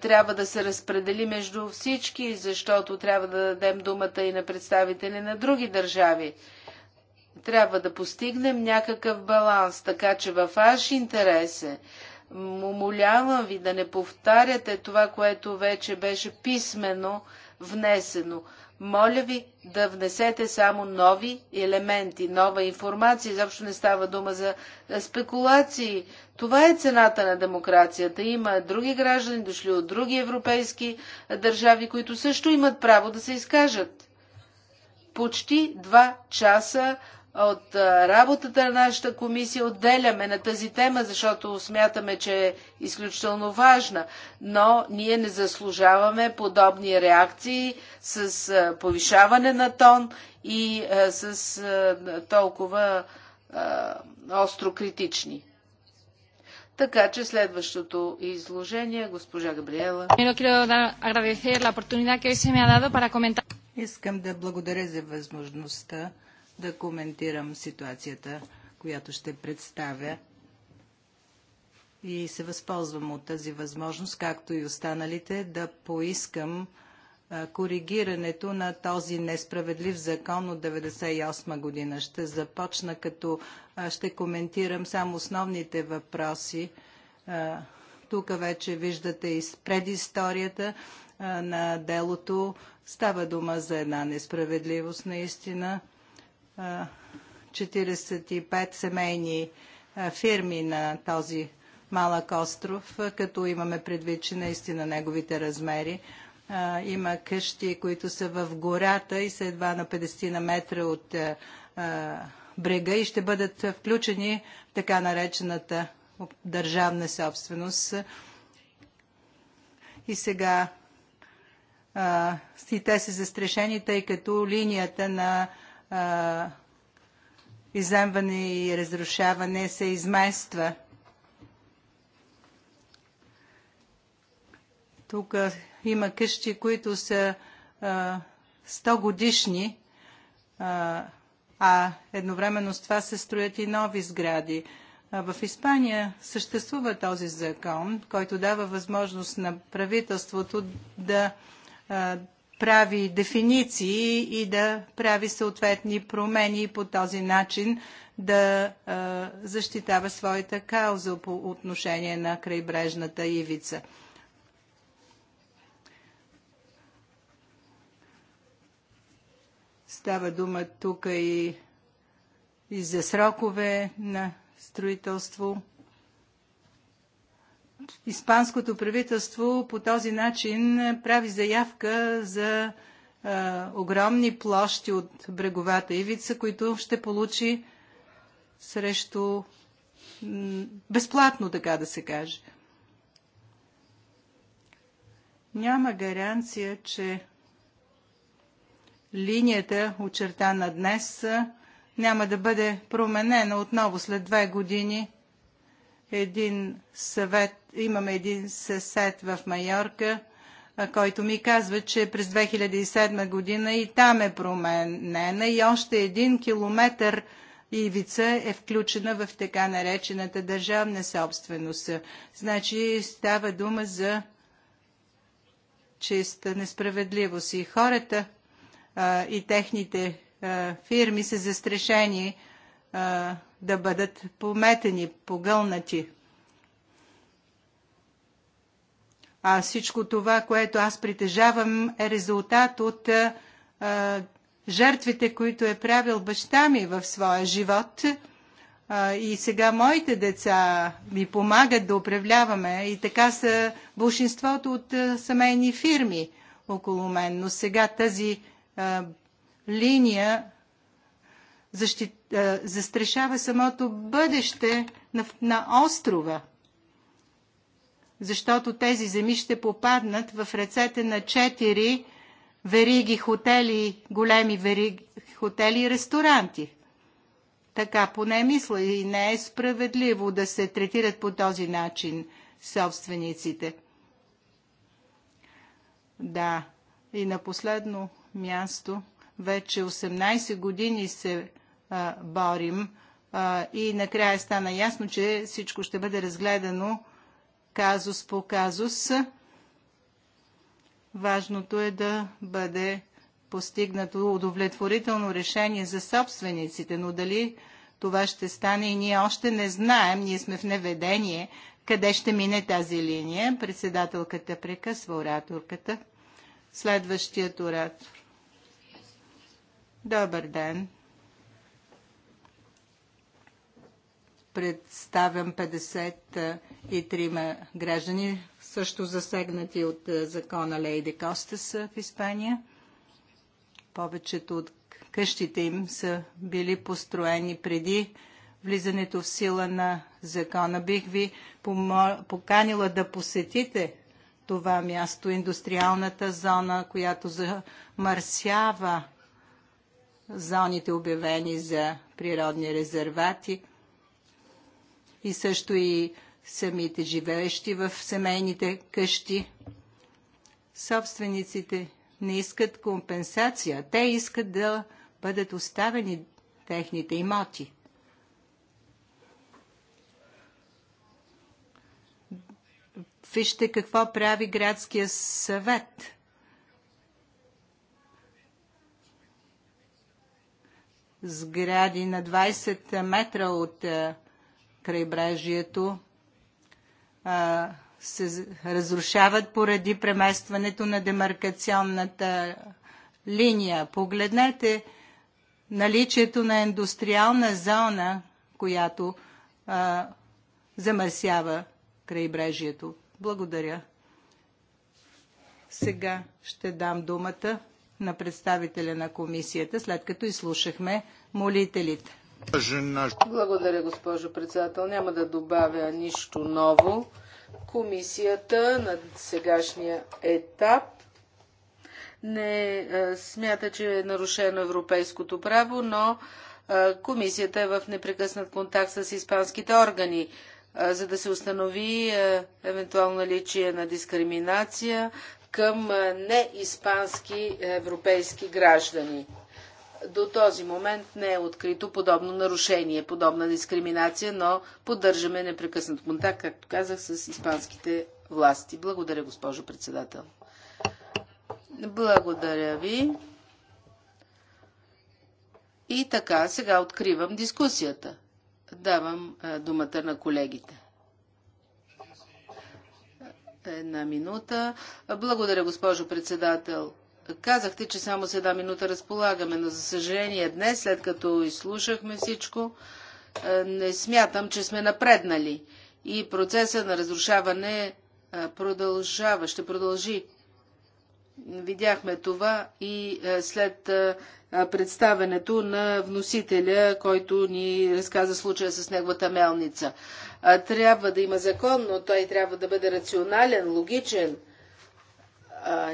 трябва да се разпредели между всички, защото трябва да дадем думата и на представители на други държави. Трябва да постигнем някакъв баланс, така че във ваш интерес е. Умолявам ви да не повтаряте това, което вече беше писменно внесено. Моля ви да внесете само нови елементи, нова информация. Изобщо не става дума за спекулации. Това е цената на демокрацията. Има други граждани, дошли от други европейски държави, които също имат право да се изкажат. Почти два часа от работата на нашата комисия отделяме на тази тема, защото смятаме, че е изключително важна, но ние не заслужаваме подобни реакции с повишаване на тон и с толкова остро критични. Така че следващото изложение, госпожа Габриела. Искам да благодаря за възможността да коментирам ситуацията, която ще представя. И се възползвам от тази възможност, както и останалите, да поискам коригирането на този несправедлив закон от 1998 година. Ще започна като ще коментирам само основните въпроси. Тук вече виждате и предисторията на делото. Става дума за една несправедливост наистина. 45 семейни фирми на този малък остров, като имаме предвид, че наистина неговите размери. Има къщи, които са в гората и са едва на 50 на метра от брега и ще бъдат включени в така наречената държавна собственост. И сега и те са застрашени, тъй като линията на а, и разрушаване се измества. Тук има къщи, които са а, 100 годишни, а, а едновременно с това се строят и нови сгради. В Испания съществува този закон, който дава възможност на правителството да прави дефиниции и да прави съответни промени и по този начин да защитава своята кауза по отношение на крайбрежната ивица. Става дума тук и, и за срокове на строителство испанското правителство по този начин прави заявка за а, огромни площи от бреговата ивица, които ще получи срещу безплатно, така да се каже. Няма гаранция, че линията, очертана днес, няма да бъде променена отново след две години – един съвет, имаме един съсед в Майорка, който ми казва, че през 2007 година и там е променена и още един километър ивица е включена в така наречената държавна собственост. Значи става дума за чиста несправедливост. И хората а, и техните а, фирми са застрашени а, да бъдат пометени, погълнати. А всичко това, което аз притежавам, е резултат от а, жертвите, които е правил баща ми в своя живот. А, и сега моите деца ми помагат да управляваме и така са большинството от а, семейни фирми около мен. Но сега тази а, линия защит... Е, застрашава самото бъдеще на, на острова. Защото тези земи ще попаднат в ръцете на четири вериги хотели, големи вериги хотели и ресторанти. Така поне мисля и не е справедливо да се третират по този начин собствениците. Да, и на последно място вече 18 години се борим. И накрая стана ясно, че всичко ще бъде разгледано казус по казус. Важното е да бъде постигнато удовлетворително решение за собствениците, но дали това ще стане и ние още не знаем, ние сме в неведение, къде ще мине тази линия. Председателката прекъсва ораторката. Следващият оратор. Добър ден! представям 53 граждани, също засегнати от е, закона Лейди Костас е, в Испания. Повечето от къщите им са били построени преди влизането в сила на закона. Бих ви поканила да посетите това място, индустриалната зона, която замърсява зоните обявени за природни резервати – и също и самите живеещи в семейните къщи. Собствениците не искат компенсация, те искат да бъдат оставени техните имоти. Вижте какво прави градския съвет. Сгради на 20 метра от крайбрежието а, се разрушават поради преместването на демаркационната линия. Погледнете наличието на индустриална зона, която а, замърсява крайбрежието. Благодаря. Сега ще дам думата на представителя на комисията, след като изслушахме молителите. Благодаря, госпожо председател. Няма да добавя нищо ново. Комисията на сегашния етап не е, смята, че е нарушено европейското право, но е, комисията е в непрекъснат контакт с испанските органи, е, за да се установи евентуално наличие на дискриминация към неиспански европейски граждани до този момент не е открито подобно нарушение, подобна дискриминация, но поддържаме непрекъснат контакт, както казах, с испанските власти. Благодаря, госпожо председател. Благодаря ви. И така, сега откривам дискусията. Давам е, думата на колегите. Една минута. Благодаря, госпожо председател. Казахте, че само с една минута разполагаме, но за съжаление днес, след като изслушахме всичко, е, не смятам, че сме напреднали и процеса на разрушаване е, продължава, ще продължи. Видяхме това и е, след представенето на вносителя, който ни разказа случая с неговата мелница. Трябва да има закон, но той трябва да бъде рационален, логичен –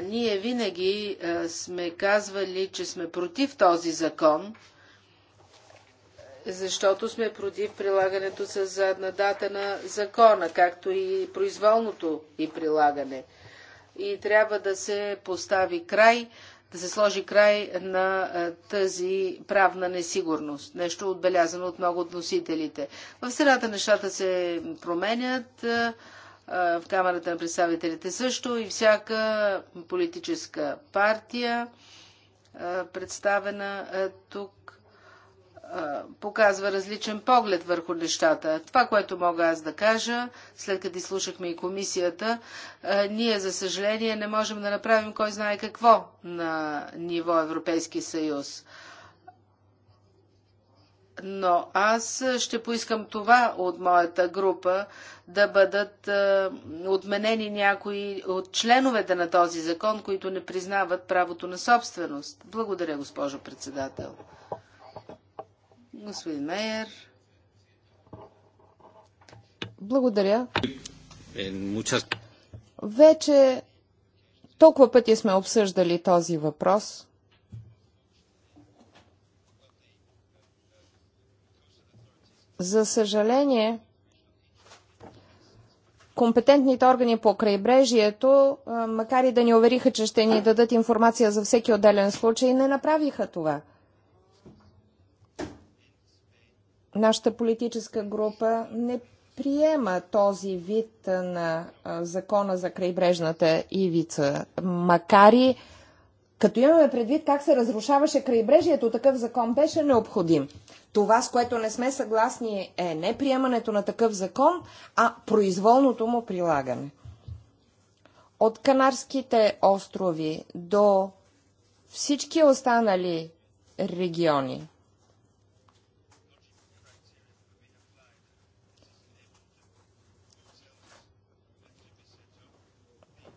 ние винаги сме казвали, че сме против този закон, защото сме против прилагането с задна дата на закона, както и произволното и прилагане. И трябва да се постави край, да се сложи край на тази правна несигурност. Нещо отбелязано от много от носителите. В средата нещата се променят в Камерата на представителите също и всяка политическа партия, представена тук, показва различен поглед върху нещата. Това, което мога аз да кажа, след като изслушахме и комисията, ние, за съжаление, не можем да направим кой знае какво на ниво Европейски съюз но аз ще поискам това от моята група да бъдат е, отменени някои от членовете на този закон, които не признават правото на собственост. Благодаря, госпожо председател. Господин Мейер. Благодаря. Е, Вече толкова пъти сме обсъждали този въпрос. За съжаление, компетентните органи по крайбрежието, макар и да ни увериха, че ще ни дадат информация за всеки отделен случай, не направиха това. Нашата политическа група не приема този вид на закона за крайбрежната ивица, макар и като имаме предвид как се разрушаваше крайбрежието, такъв закон беше необходим. Това, с което не сме съгласни, е не приемането на такъв закон, а произволното му прилагане. От Канарските острови до всички останали региони.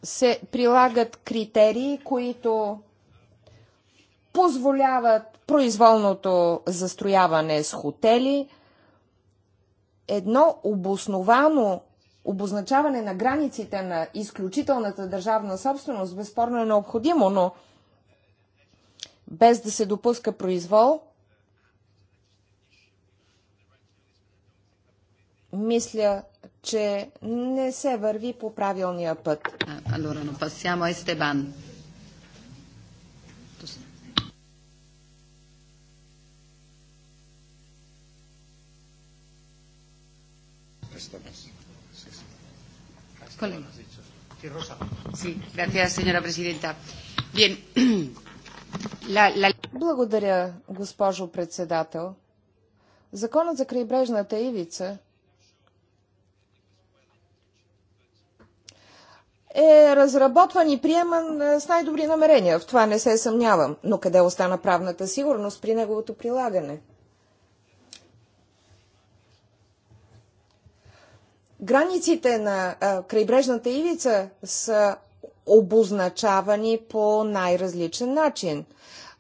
се прилагат критерии, които позволяват произволното застрояване с хотели. Едно обосновано обозначаване на границите на изключителната държавна собственост безспорно е необходимо, но без да се допуска произвол, мисля, че не се върви по правилния път. Allora, passiamo a Esteban. Благодаря, госпожо председател. Законът за крайбрежната ивица е разработван и приеман с най-добри намерения. В това не се съмнявам. Но къде остана правната сигурност при неговото прилагане? Границите на крайбрежната ивица са обозначавани по най-различен начин.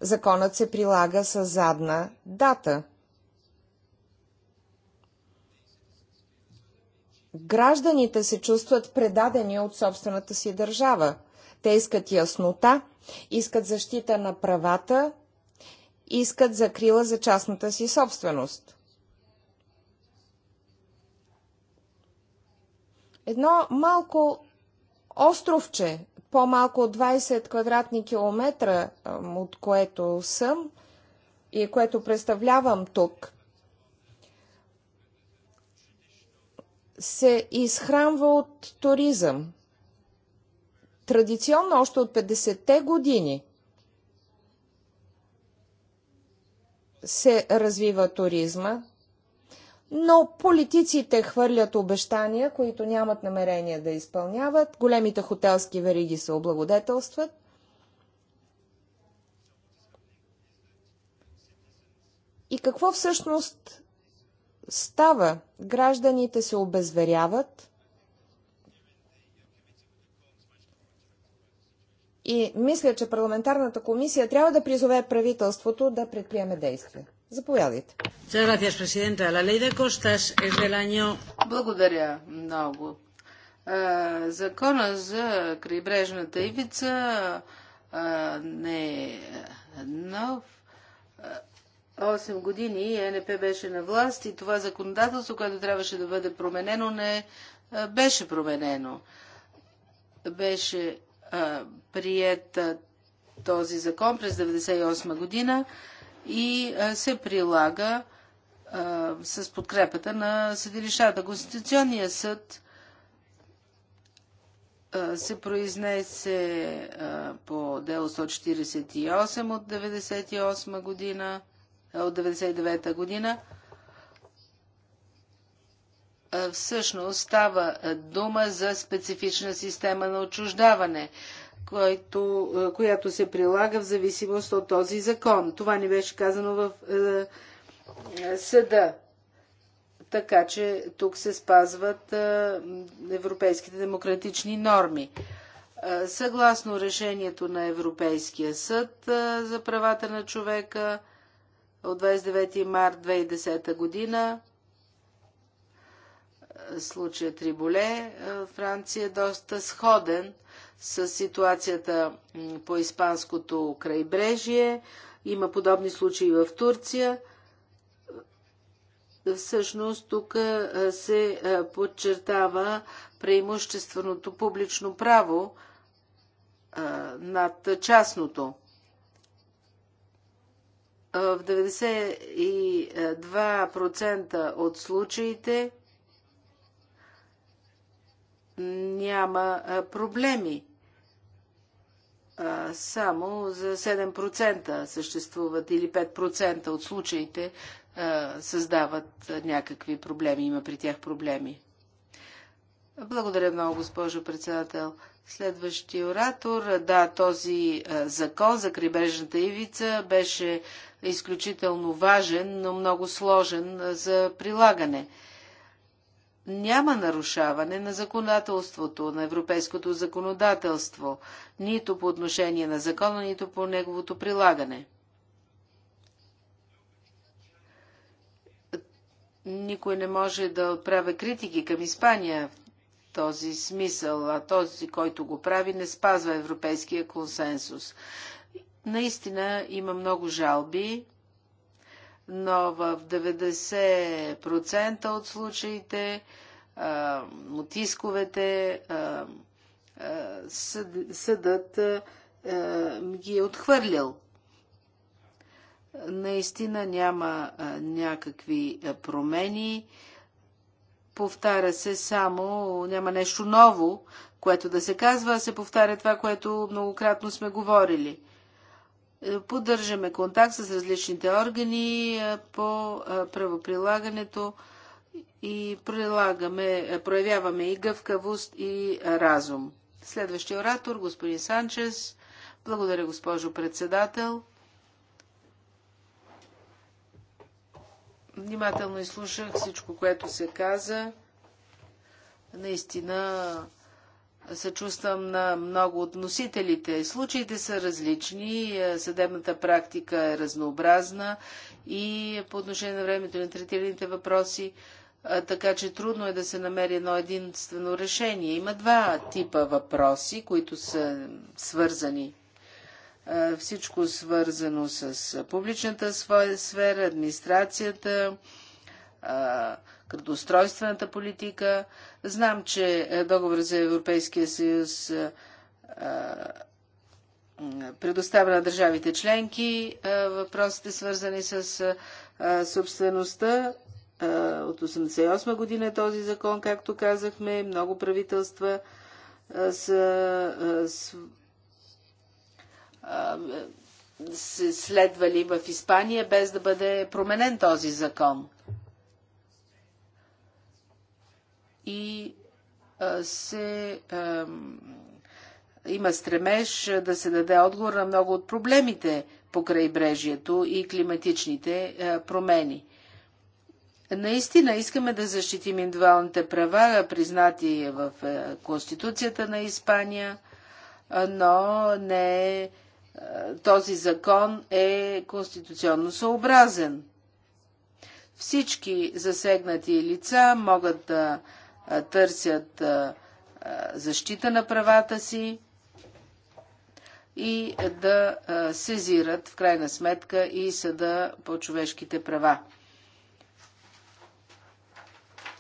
Законът се прилага с задна дата. Гражданите се чувстват предадени от собствената си държава. Те искат яснота, искат защита на правата, искат закрила за частната си собственост. Едно малко островче, по-малко от 20 квадратни километра, от което съм и което представлявам тук, се изхранва от туризъм. Традиционно още от 50-те години се развива туризма, но политиците хвърлят обещания, които нямат намерение да изпълняват. Големите хотелски вериги се облагодетелстват. И какво всъщност става? Гражданите се обезверяват и мисля, че парламентарната комисия трябва да призове правителството да предприеме действия. Заповядайте. Благодаря много. Е, закона за крайбрежната ивица е, не е нов. 8 е, години ЕНП беше на власт и това законодателство, което трябваше да бъде променено, не беше променено. Беше прият този закон през 1998 година и се прилага с подкрепата на съдилищата. Конституционният съд се произнесе по дело 148 от 98 година, от 99 година. Всъщност става дума за специфична система на отчуждаване който, е, която се прилага в зависимост от този закон. Това не беше казано в е, е, съда. Така че тук се спазват е, европейските демократични норми. Е, съгласно решението на Европейския съд е, за правата на човека от 29 март 2010 година, е, случая Триболе, Франция е доста сходен – с ситуацията по Испанското крайбрежие. Има подобни случаи в Турция. Всъщност тук се подчертава преимущественото публично право над частното. В 92% от случаите няма проблеми. Само за 7% съществуват или 5% от случаите създават някакви проблеми, има при тях проблеми. Благодаря много, госпожо председател. Следващия оратор, да, този закон за крайбрежната ивица беше изключително важен, но много сложен за прилагане няма нарушаване на законодателството, на европейското законодателство, нито по отношение на закона, нито по неговото прилагане. Никой не може да отправя критики към Испания в този смисъл, а този, който го прави, не спазва европейския консенсус. Наистина има много жалби но в 90% от случаите от исковете съдът ги е отхвърлял. Наистина няма някакви промени. Повтаря се само, няма нещо ново, което да се казва, а се повтаря това, което многократно сме говорили. Е, поддържаме контакт с различните органи е, по е, правоприлагането и прилагаме, проявяваме и гъвкавост, и разум. Следващия оратор, господин Санчес. Благодаря, госпожо председател. Внимателно изслушах всичко, което се каза. Наистина съчувствам на много от носителите. Случаите са различни, е, съдебната практика е разнообразна и по отношение на времето на третираните въпроси, е, така че трудно е да се намери едно единствено решение. Има два типа въпроси, които са свързани. Е, всичко свързано с публичната сфера, администрацията, като устройствената политика. Знам, че е, договор за Европейския съюз е, е, предоставя на държавите членки въпросите свързани с собствеността. От 1988 година е този закон, както казахме, много правителства са се следвали в Испания, без да бъде променен този закон. и се има стремеж да се даде отговор на много от проблемите по крайбрежието и климатичните промени. Наистина искаме да защитим индивидуалните права, признати в Конституцията на Испания, но не този закон е конституционно съобразен. Всички засегнати лица могат да търсят защита на правата си и да сезират в крайна сметка и съда по човешките права.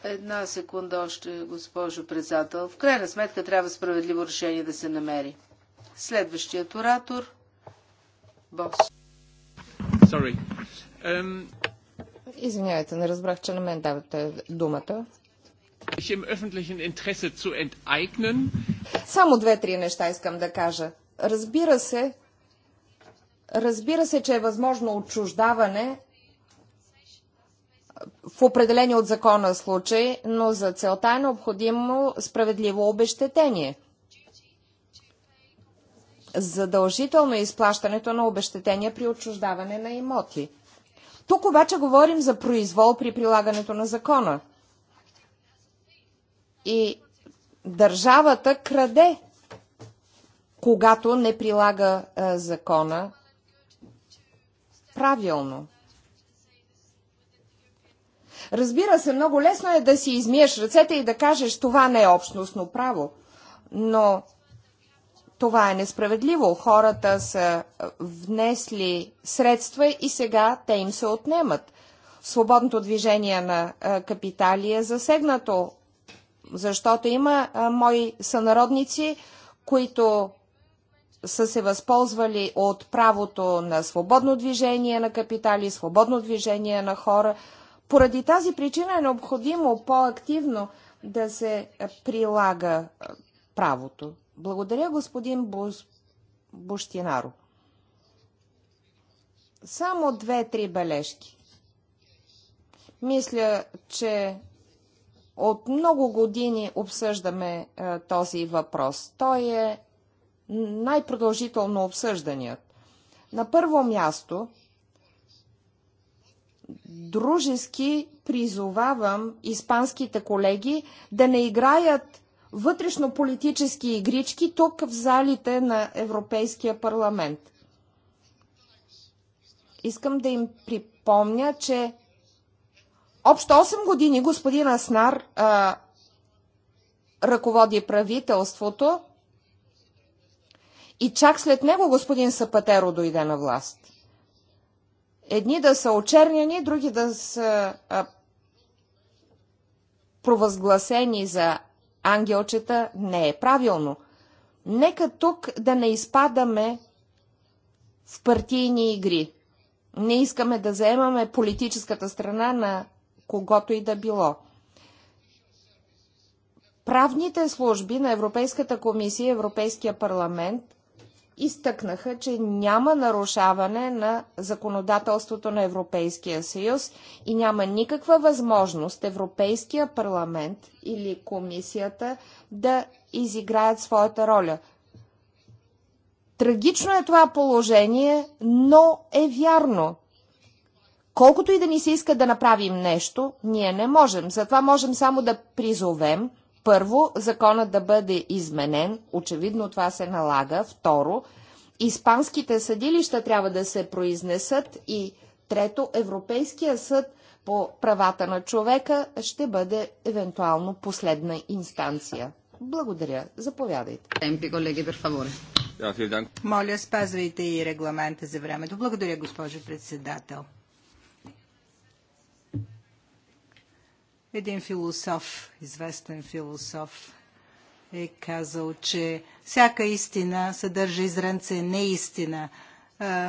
Една секунда още, госпожо председател. В крайна сметка трябва справедливо решение да се намери. Следващият оратор. Бос. Sorry. Um... Извинявайте, не разбрах, че на мен давате думата. Само две-три неща искам да кажа. Разбира се, разбира се, че е възможно отчуждаване в определени от закона случаи, но за целта е необходимо справедливо обещетение. Задължително е изплащането на обещетения при отчуждаване на имоти. Тук обаче говорим за произвол при прилагането на закона – и държавата краде, когато не прилага е, закона правилно. Разбира се, много лесно е да си измиеш ръцете и да кажеш, това не е общностно право. Но това е несправедливо. Хората са е, внесли средства и сега те им се отнемат. Свободното движение на е, капитали е засегнато защото има а, мои сънародници, които са се възползвали от правото на свободно движение на капитали, свободно движение на хора. Поради тази причина е необходимо по-активно да се прилага правото. Благодаря, господин Буш... Буштинаро. Само две-три бележки. Мисля, че от много години обсъждаме а, е, този въпрос. Той е най-продължително обсъжданият. На първо място, дружески призовавам испанските колеги да не играят вътрешно-политически игрички тук в залите на Европейския парламент. Искам да им припомня, че Общо 8 години господин Аснар а, ръководи правителството и чак след него господин Сапатеро дойде на власт. Едни да са очернени, други да са а, провъзгласени за ангелчета, не е правилно. Нека тук да не изпадаме в партийни игри. Не искаме да заемаме политическата страна на когото и да било. Правните служби на Европейската комисия и Европейския парламент изтъкнаха, че няма нарушаване на законодателството на Европейския съюз и няма никаква възможност Европейския парламент или комисията да изиграят своята роля. Трагично е това положение, но е вярно. Колкото и да ни се иска да направим нещо, ние не можем. Затова можем само да призовем, първо, закона да бъде изменен. Очевидно това се налага. Второ, испанските съдилища трябва да се произнесат и трето, Европейския съд по правата на човека ще бъде евентуално последна инстанция. Благодаря. Заповядайте. Темпи, колеги, Моля, спазвайте и регламента за времето. Благодаря, госпожо председател. Един философ, известен философ, е казал, че всяка истина съдържа изренце неистина.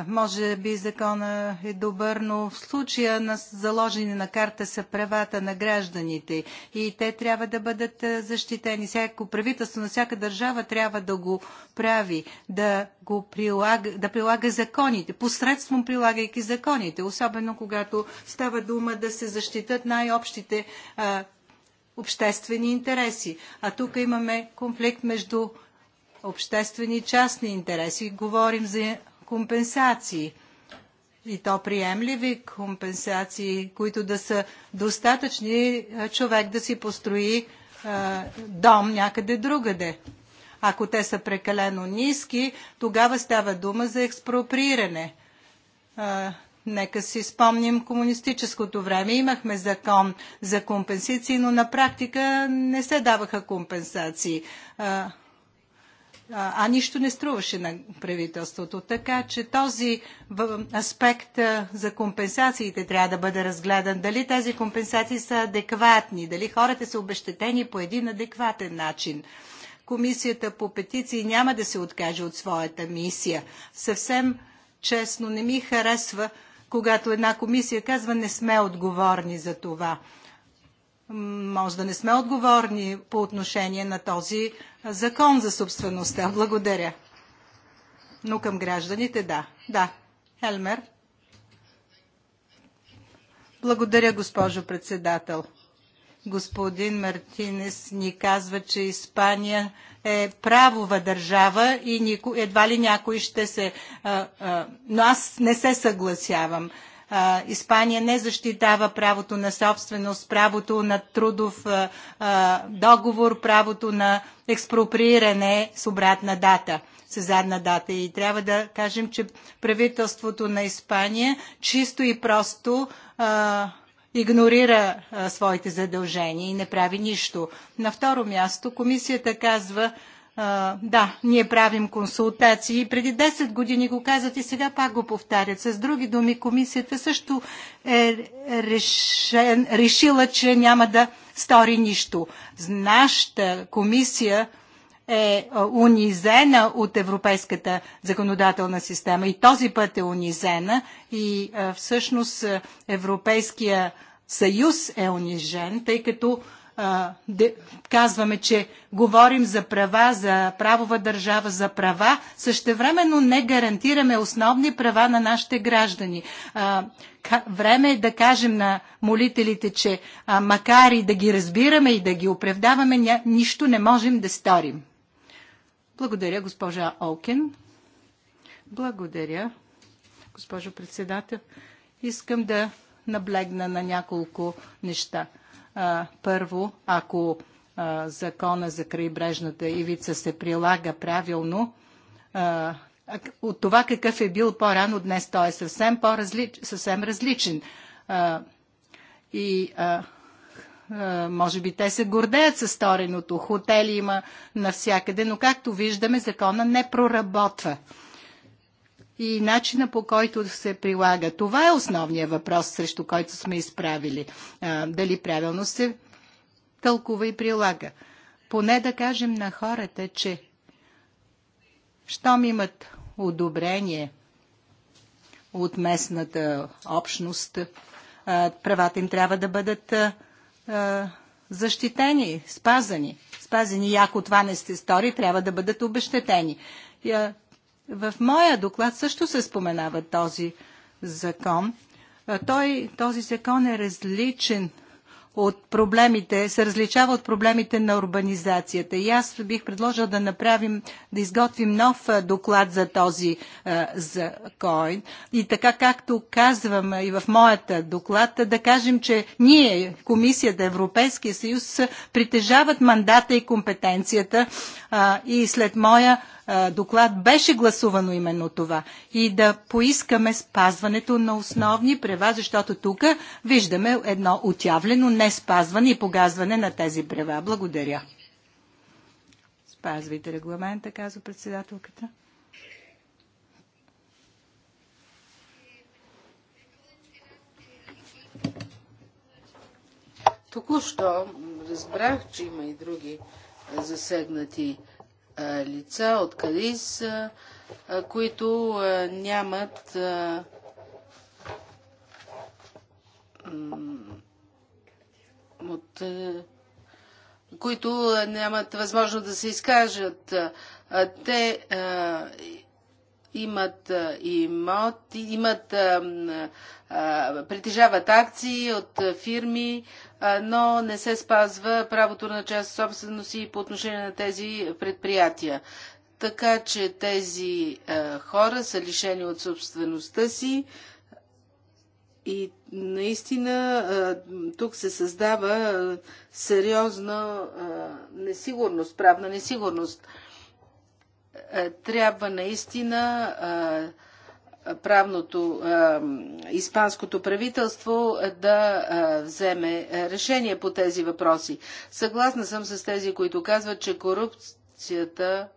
Може би закона е добър, но в случая на заложени на карта са правата на гражданите и те трябва да бъдат защитени. Всяко правителство на всяка държава трябва да го прави, да, го прилага, да прилага законите, посредством прилагайки законите, особено когато става дума да се защитат най-общите обществени интереси. А тук имаме конфликт между обществени и частни интереси. Говорим за компенсации. И то приемливи компенсации, които да са достатъчни е, човек да си построи е, дом някъде другаде. Ако те са прекалено ниски, тогава става дума за експроприиране. Е, нека си спомним комунистическото време. Имахме закон за компенсации, но на практика не се даваха компенсации а нищо не струваше на правителството. Така че този аспект за компенсациите трябва да бъде разгледан. Дали тези компенсации са адекватни, дали хората са обещетени по един адекватен начин. Комисията по петиции няма да се откаже от своята мисия. Съвсем честно не ми харесва, когато една комисия казва не сме отговорни за това може да не сме отговорни по отношение на този закон за собствеността. Благодаря. Но към гражданите да. Да. Хелмер. Благодаря, госпожо председател. Господин Мартинес ни казва, че Испания е правова държава и едва ли някой ще се... но аз не се съгласявам. Испания не защитава правото на собственост, правото на трудов договор, правото на експроприиране с обратна дата с задна дата. И трябва да кажем, че правителството на Испания чисто и просто а, игнорира а, своите задължения и не прави нищо. На второ място комисията казва, да, ние правим консултации. Преди 10 години го казват и сега пак го повтарят. С други думи, комисията също е решен, решила, че няма да стори нищо. Нашата комисия е унизена от европейската законодателна система. И този път е унизена и всъщност Европейския съюз е унижен, тъй като а, де, казваме, че говорим за права, за правова държава, за права, същевременно не гарантираме основни права на нашите граждани. А, време е да кажем на молителите, че а, макар и да ги разбираме и да ги оправдаваме, ня, нищо не можем да сторим. Благодаря, госпожа Олкен. Благодаря, госпожо председател. Искам да наблегна на няколко неща първо, ако закона за крайбрежната ивица се прилага правилно, от това какъв е бил по-рано днес, той е съвсем, по -различ, съвсем различен. И може би те се гордеят със стореното. Хотели има навсякъде, но както виждаме, закона не проработва и начина по който се прилага. Това е основният въпрос, срещу който сме изправили. А, дали правилно се тълкува и прилага. Поне да кажем на хората, че щом имат одобрение от местната общност, а, правата им трябва да бъдат а, защитени, спазани. Спазени и ако това не сте стори, трябва да бъдат обещетени. В моя доклад също се споменава този закон. Той, този закон е различен от проблемите, се различава от проблемите на урбанизацията. И аз бих предложил да направим, да изготвим нов доклад за този закон. И така както казвам и в моята доклад, да кажем, че ние, Комисията Европейския съюз, притежават мандата и компетенцията и след моя доклад беше гласувано именно това. И да поискаме спазването на основни права, защото тук виждаме едно отявлено не спазване и погазване на тези права. Благодаря. Спазвайте регламента, казва председателката. Току-що разбрах, че има и други засегнати лица от Калис, които нямат от които нямат възможност да се изкажат. Те имат имот, имат, притежават акции от фирми, но не се спазва правото на част собственост и по отношение на тези предприятия. Така че тези хора са лишени от собствеността си и наистина тук се създава сериозна несигурност, правна несигурност. Е, трябва наистина е, правното е, испанското правителство да вземе решение по тези въпроси. Съгласна съм с тези, които казват, че корупцията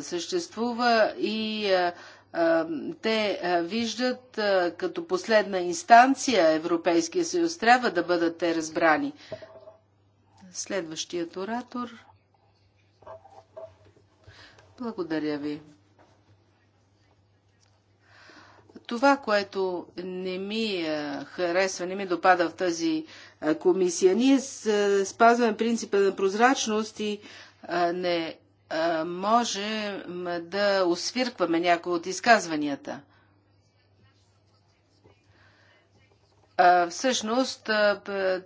съществува и те виждат като последна инстанция Европейския съюз. Трябва да бъдат те разбрани. Следващият оратор. Благодаря ви. Това, което не ми е, харесва, не ми допада в тази е, комисия. Ние е, спазваме принципа на прозрачност и не можем да освиркваме някои от изказванията. всъщност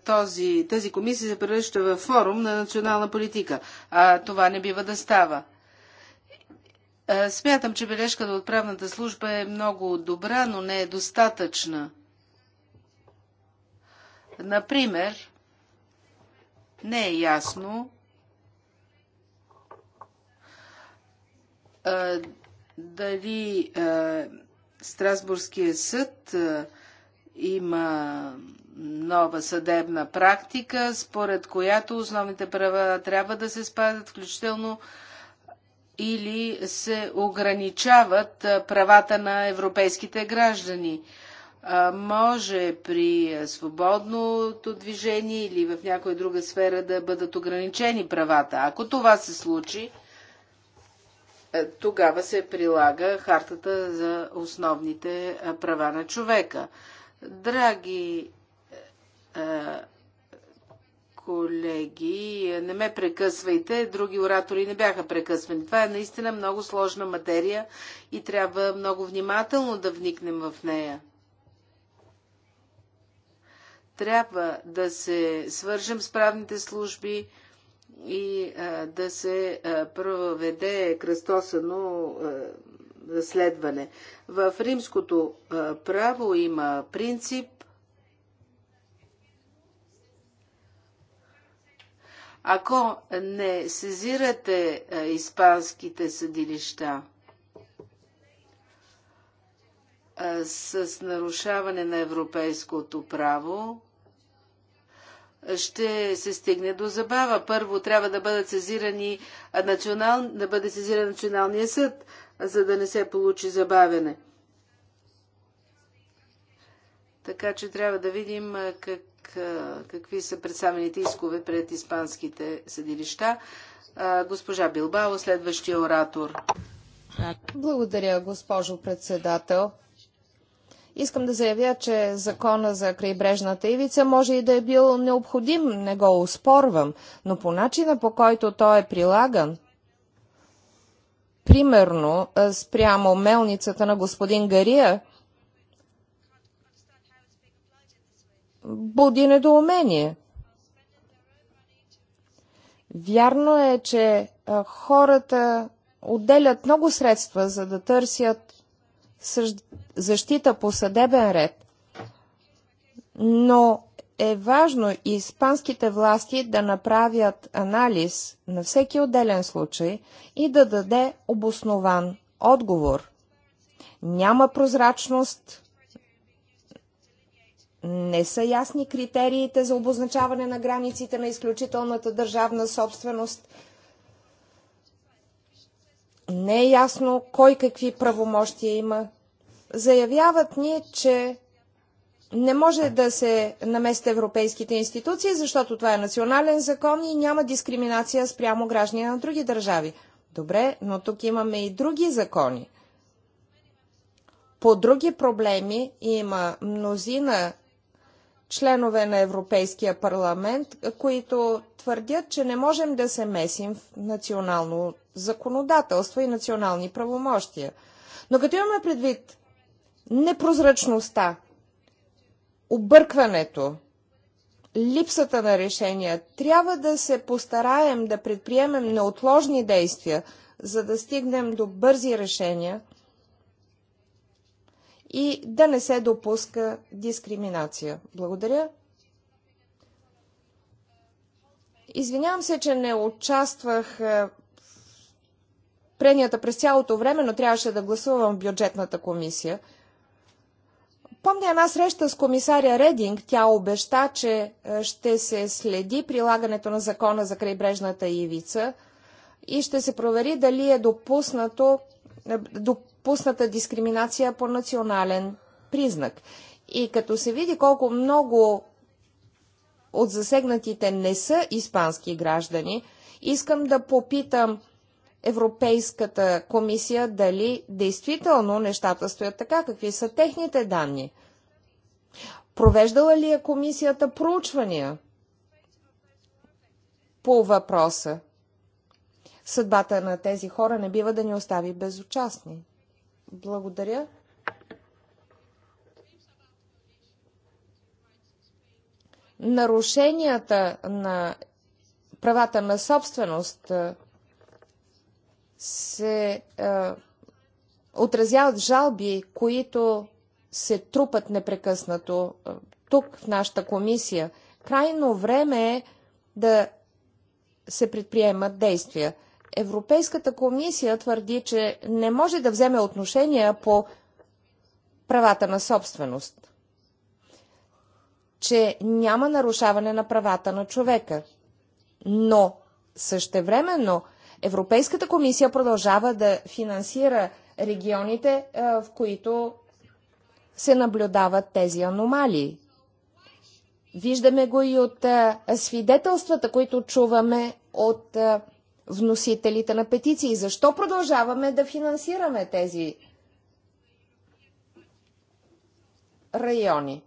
този, тази комисия се превръща в форум на национална политика. А това не бива да става. Е, смятам, че бележката от правната служба е много добра, но не е достатъчна. Например, не е ясно а, е, дали а, е, Страсбургския съд а, има нова съдебна практика, според която основните права трябва да се спазят, включително а, или се ограничават правата на европейските граждани. Може при свободното движение или в някоя друга сфера да бъдат ограничени правата. Ако това се случи, тогава се прилага хартата за основните права на човека. Драги Колеги, не ме прекъсвайте, други оратори не бяха прекъсвани. Това е наистина много сложна материя и трябва много внимателно да вникнем в нея. Трябва да се свържем с правните служби и а, да се а, проведе кръстосано а, разследване. В римското право има принцип Ако не сезирате е, испанските съдилища е, с нарушаване на европейското право, ще се стигне до забава. Първо трябва да, бъдат сезирани е, национал, да бъде сезиран Националния съд, за да не се получи забавяне. Така че трябва да видим как какви са представените искове пред испанските съдилища. Госпожа Билбао, следващия оратор. Благодаря, госпожо председател. Искам да заявя, че закона за крайбрежната ивица може и да е бил необходим, не го успорвам, но по начина по който той е прилаган, примерно спрямо мелницата на господин Гария, буди недоумение. Вярно е, че хората отделят много средства, за да търсят защита по съдебен ред, но е важно и испанските власти да направят анализ на всеки отделен случай и да даде обоснован отговор. Няма прозрачност не са ясни критериите за обозначаване на границите на изключителната държавна собственост. Не е ясно кой какви правомощия има. Заявяват ни, че не може да се наместят европейските институции, защото това е национален закон и няма дискриминация спрямо граждани на други държави. Добре, но тук имаме и други закони. По други проблеми има мнозина членове на Европейския парламент, които твърдят, че не можем да се месим в национално законодателство и национални правомощия. Но като имаме предвид непрозрачността, объркването, липсата на решения, трябва да се постараем да предприемем неотложни действия, за да стигнем до бързи решения – и да не се допуска дискриминация. Благодаря. Извинявам се, че не участвах е, в пренията през цялото време, но трябваше да гласувам в бюджетната комисия. Помня една среща с комисаря Рединг. Тя обеща, че е, ще се следи прилагането на закона за крайбрежната ивица и ще се провери дали е допуснато, е, Пусната дискриминация по национален признак. И като се види колко много от засегнатите не са испански граждани, искам да попитам Европейската комисия дали действително нещата стоят така, какви са техните данни. Провеждала ли е комисията проучвания по въпроса? Съдбата на тези хора не бива да ни остави безучастни. Благодаря. Нарушенията на правата на собственост се е, отразяват жалби, които се трупат непрекъснато тук в нашата комисия. Крайно време е да се предприемат действия. Европейската комисия твърди, че не може да вземе отношение по правата на собственост, че няма нарушаване на правата на човека. Но същевременно Европейската комисия продължава да финансира регионите, в които се наблюдават тези аномалии. Виждаме го и от свидетелствата, които чуваме от вносителите на петиции. Защо продължаваме да финансираме тези райони?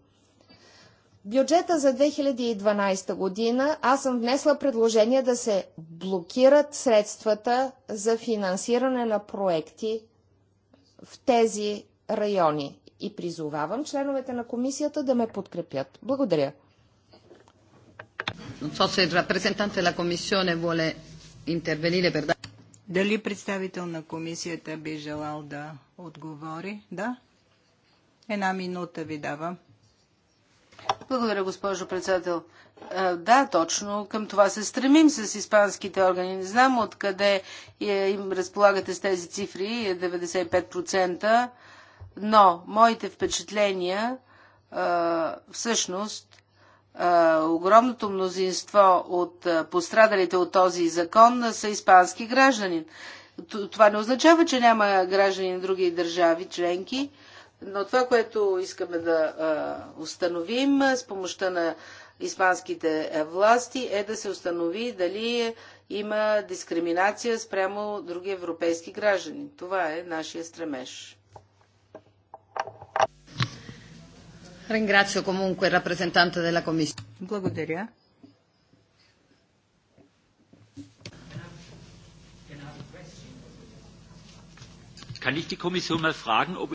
Бюджета за 2012 година аз съм внесла предложение да се блокират средствата за финансиране на проекти в тези райони. И призовавам членовете на комисията да ме подкрепят. Благодаря. Non so se il rappresentante della Commissione vuole дали представител на комисията би желал да отговори? Да. Една минута ви дава. Благодаря, госпожо председател. Да, точно към това се стремим с испанските органи. Не знам откъде е, им разполагате с тези цифри, 95%, е, но моите впечатления всъщност огромното мнозинство от пострадалите от този закон са испански граждани. Това не означава, че няма граждани на други държави членки, но това, което искаме да установим с помощта на испанските власти е да се установи дали е, има дискриминация спрямо други европейски граждани. Това е нашия стремеж. Ringrazio comunque il rappresentante della Commissione. Благодаря. Kann ich die Kommission mal fragen, ob...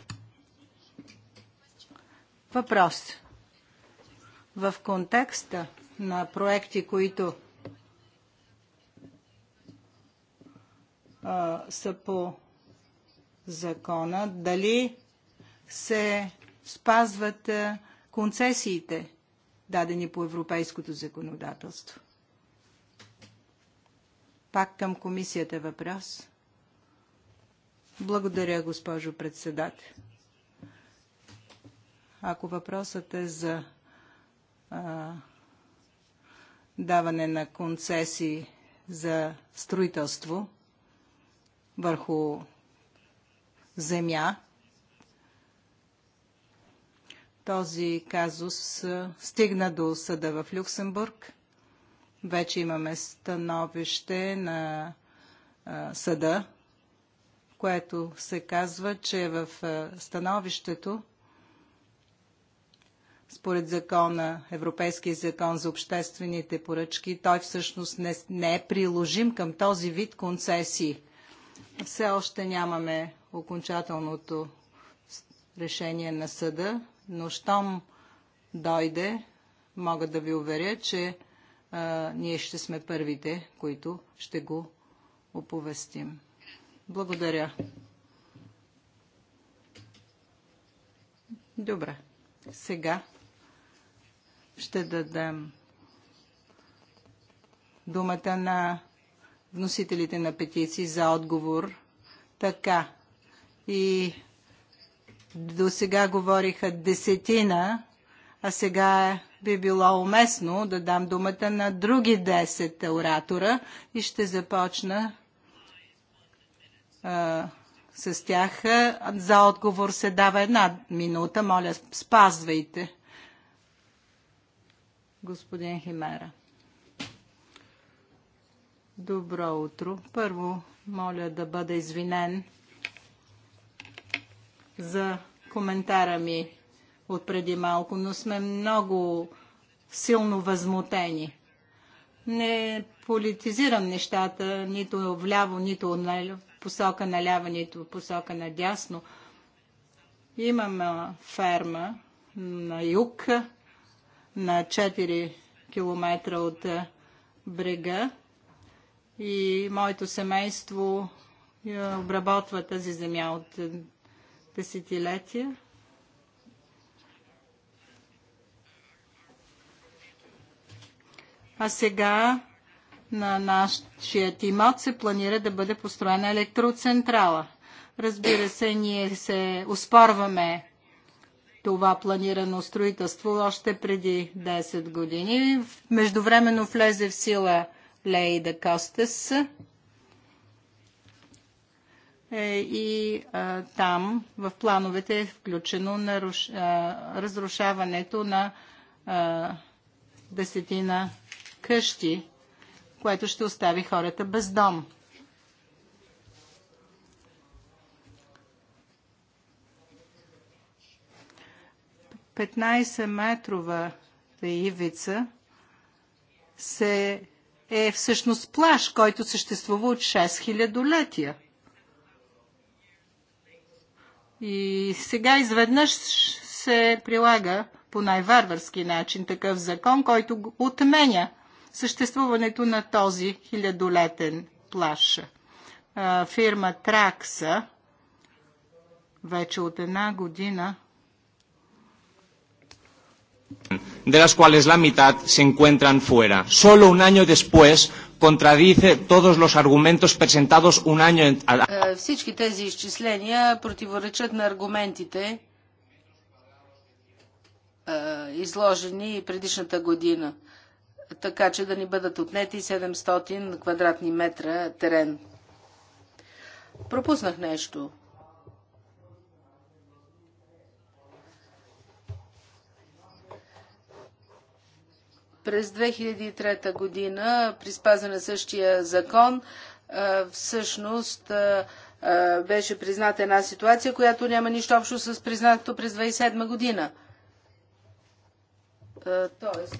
Въпрос. В контекста на проекти, които а, са по закона, дали се спазват концесиите, дадени по европейското законодателство. Пак към комисията въпрос. Благодаря, госпожо председател. Ако въпросът е за а, даване на концесии за строителство върху земя, този казус стигна до съда в Люксембург. Вече имаме становище на съда, което се казва, че в становището според закона, Европейския закон за обществените поръчки, той всъщност не, не е приложим към този вид концесии. Все още нямаме окончателното решение на съда но щом дойде, мога да ви уверя, че а, ние ще сме първите, които ще го оповестим. Благодаря. Добре. Сега ще дадем думата на вносителите на петиции за отговор. Така. И до сега говориха десетина, а сега би било уместно да дам думата на други 10 оратора и ще започна а, с тях. За отговор се дава една минута. Моля, спазвайте. Господин Химера. Добро утро. Първо, моля да бъда извинен за коментара ми от преди малко, но сме много силно възмутени. Не политизирам нещата нито вляво, нито на посока налява, нито посока надясно. Имам ферма на юг, на 4 км от брега и моето семейство обработва тази земя от десетилетия. А сега на нашия имот се планира да бъде построена електроцентрала. Разбира се, ние се успорваме това планирано строителство още преди 10 години. Междувременно влезе в сила Лейда Костес, е, и а, там в плановете е включено наруш... а, разрушаването на а, десетина къщи, което ще остави хората без дом. метрова ивица се е всъщност плаш, който съществува от 6 хилядолетия – и сега изведнъж се прилага по най-варварски начин такъв закон, който отменя съществуването на този хилядолетен плаш. Фирма Тракса вече от една година de las cuales la mitad se encuentran fuera. Solo un año después contradice todos los argumentos presentados un año е, Всички тези изчисления противоречат на аргументите е, изложени предишната година, така че да ни бъдат отнети 700 квадратни метра терен. Пропуснах нещо. През 2003 година, при спазване на същия закон, всъщност беше призната една ситуация, която няма нищо общо с признатото през 2007 година. Тоест...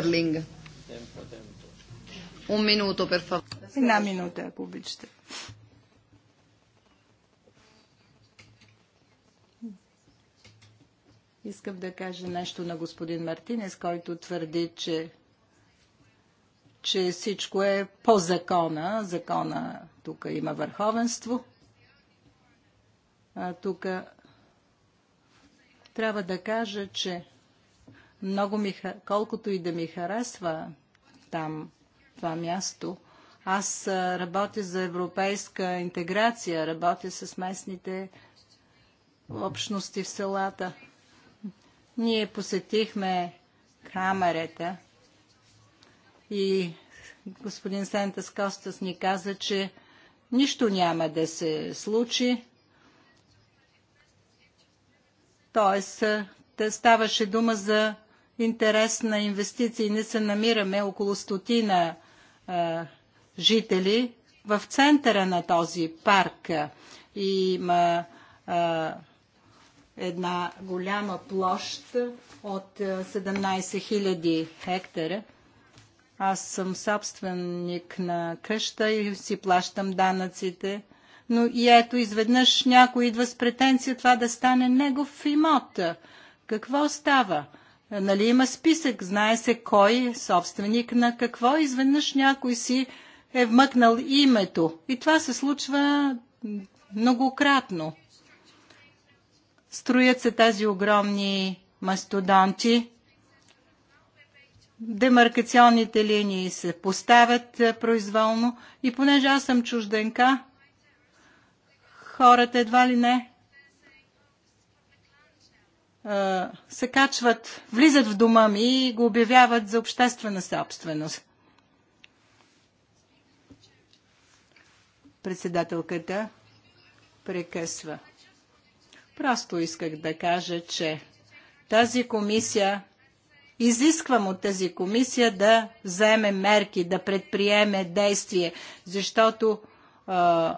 Un minuto, per favore. Една минута, ако обичате. Искам да кажа нещо на господин Мартинес, който твърди, че че всичко е по закона. Закона тук има върховенство. А тук трябва да кажа, че много ми, колкото и да ми харесва там това място, аз работя за европейска интеграция, работя с местните общности в селата. Ние посетихме камерата и господин Сентес Костас ни каза, че нищо няма да се случи. Тоест, да ставаше дума за интерес на инвестиции. Не се намираме около стотина а, жители в центъра на този парк. И има а, една голяма площ от 17 000 хектара – аз съм собственик на къща и си плащам данъците. Но и ето изведнъж някой идва с претенция това да стане негов имот. Какво става? Нали има списък, знае се кой е собственик на какво, изведнъж някой си е вмъкнал името. И това се случва многократно. Строят се тези огромни мастодонти, демаркационните линии се поставят е, произволно и понеже аз съм чужденка, хората едва ли не е, се качват, влизат в дома ми и го обявяват за обществена собственост. Председателката прекъсва. Просто исках да кажа, че тази комисия Изисквам от тази комисия да вземе мерки, да предприеме действие, защото а,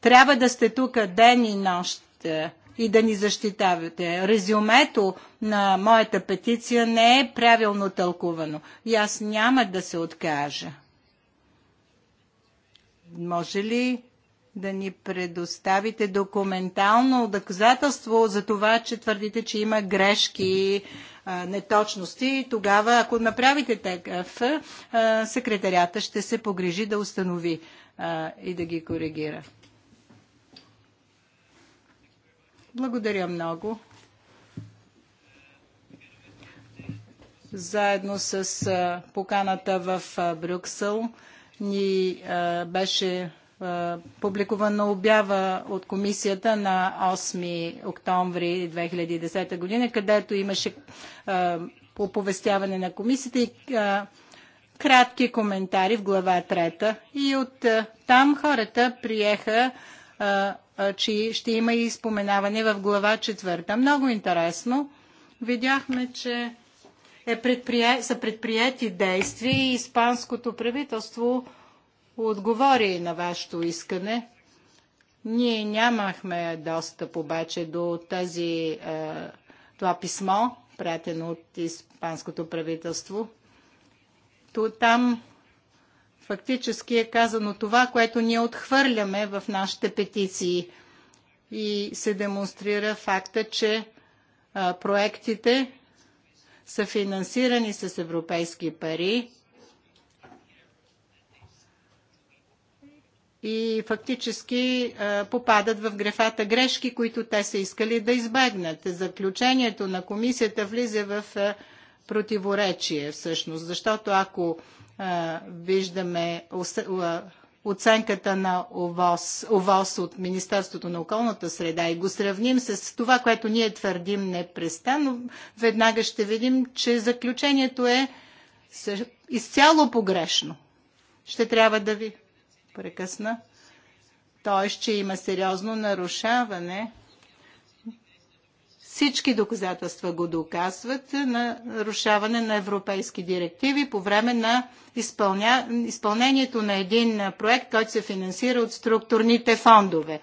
трябва да сте тук ден и нощ е, и да ни защитавате. Резюмето на моята петиция не е правилно тълкувано и аз няма да се откажа. Може ли да ни предоставите документално доказателство за това, че твърдите, че има грешки, неточности. Тогава, ако направите такъв, секретарята ще се погрижи да установи и да ги коригира. Благодаря много. Заедно с поканата в Брюксел ни беше е, публикувана обява от комисията на 8 октомври 2010 година, където имаше е, оповестяване на комисията и е, кратки коментари в глава 3. И от там хората приеха, че ще има и споменаване в глава 4. Много интересно. Видяхме, че е предприе... са предприяти действия и испанското правителство отговори на вашето искане. Ние нямахме достъп обаче до тази, е, това писмо, пратено от испанското правителство. То там фактически е казано това, което ние отхвърляме в нашите петиции. И се демонстрира факта, че е, проектите са финансирани с европейски пари и фактически попадат в графата грешки, които те са искали да избегнат. Заключението на комисията влиза в противоречие всъщност, защото ако виждаме оценката на ОВОС, ОВОС от Министерството на околната среда и го сравним с това, което ние твърдим непрестанно, веднага ще видим, че заключението е изцяло погрешно. Ще трябва да ви прекъсна. той че има сериозно нарушаване. Всички доказателства го доказват на нарушаване на европейски директиви по време на изпълня... изпълнението на един проект, който се финансира от структурните фондове.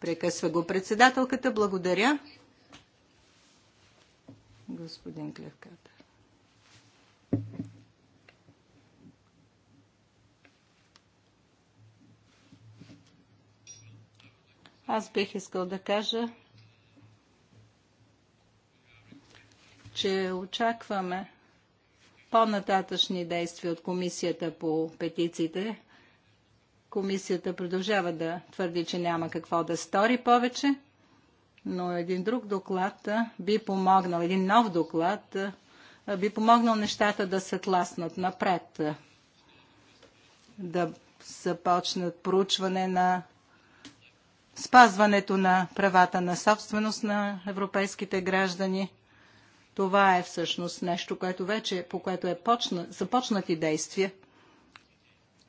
Прекъсва го председателката. Благодаря. Господин Клевката. Аз бих искал да кажа, че очакваме по-нататъчни действия от комисията по петициите. Комисията продължава да твърди, че няма какво да стори повече, но един друг доклад би помогнал, един нов доклад би помогнал нещата да се тласнат напред, да започнат проучване на спазването на правата на собственост на европейските граждани. Това е всъщност нещо, което вече, по което е почна, започнати действия.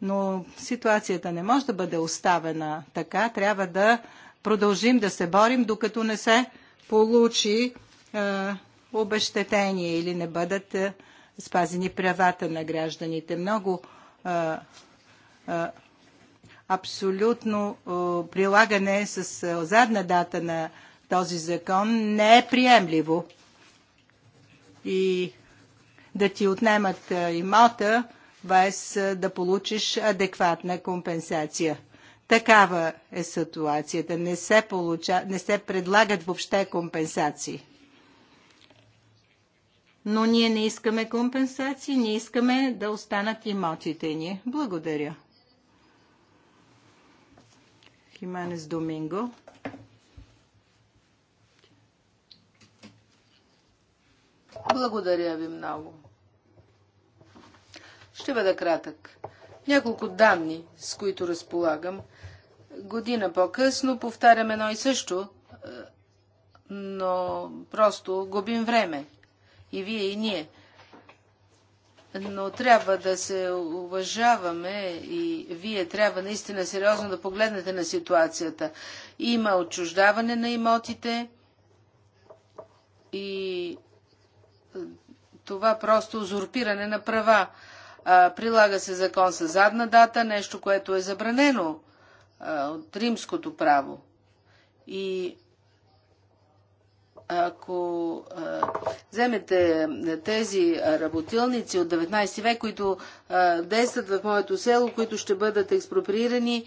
Но ситуацията не може да бъде оставена така. Трябва да продължим да се борим, докато не се получи е, обещетение или не бъдат е, спазени правата на гражданите. Много е, е, абсолютно прилагане с задна дата на този закон не е приемливо. И да ти отнемат е, имота, без е, да получиш адекватна компенсация. Такава е ситуацията. Не се, получа, не се предлагат въобще компенсации. Но ние не искаме компенсации, ние искаме да останат имотите ни. Благодаря. Хименес е Доминго. Благодаря ви много. Ще бъда кратък. Няколко данни, с които разполагам. Година по-късно повтарям едно и също, е, но просто губим време. И вие, и ние но трябва да се уважаваме и вие трябва наистина сериозно да погледнете на ситуацията. Има отчуждаване на имотите и това просто узурпиране на права. Прилага се закон с задна дата, нещо, което е забранено от римското право. И ако а, вземете тези работилници от 19 век, които а, действат в моето село, които ще бъдат експроприирани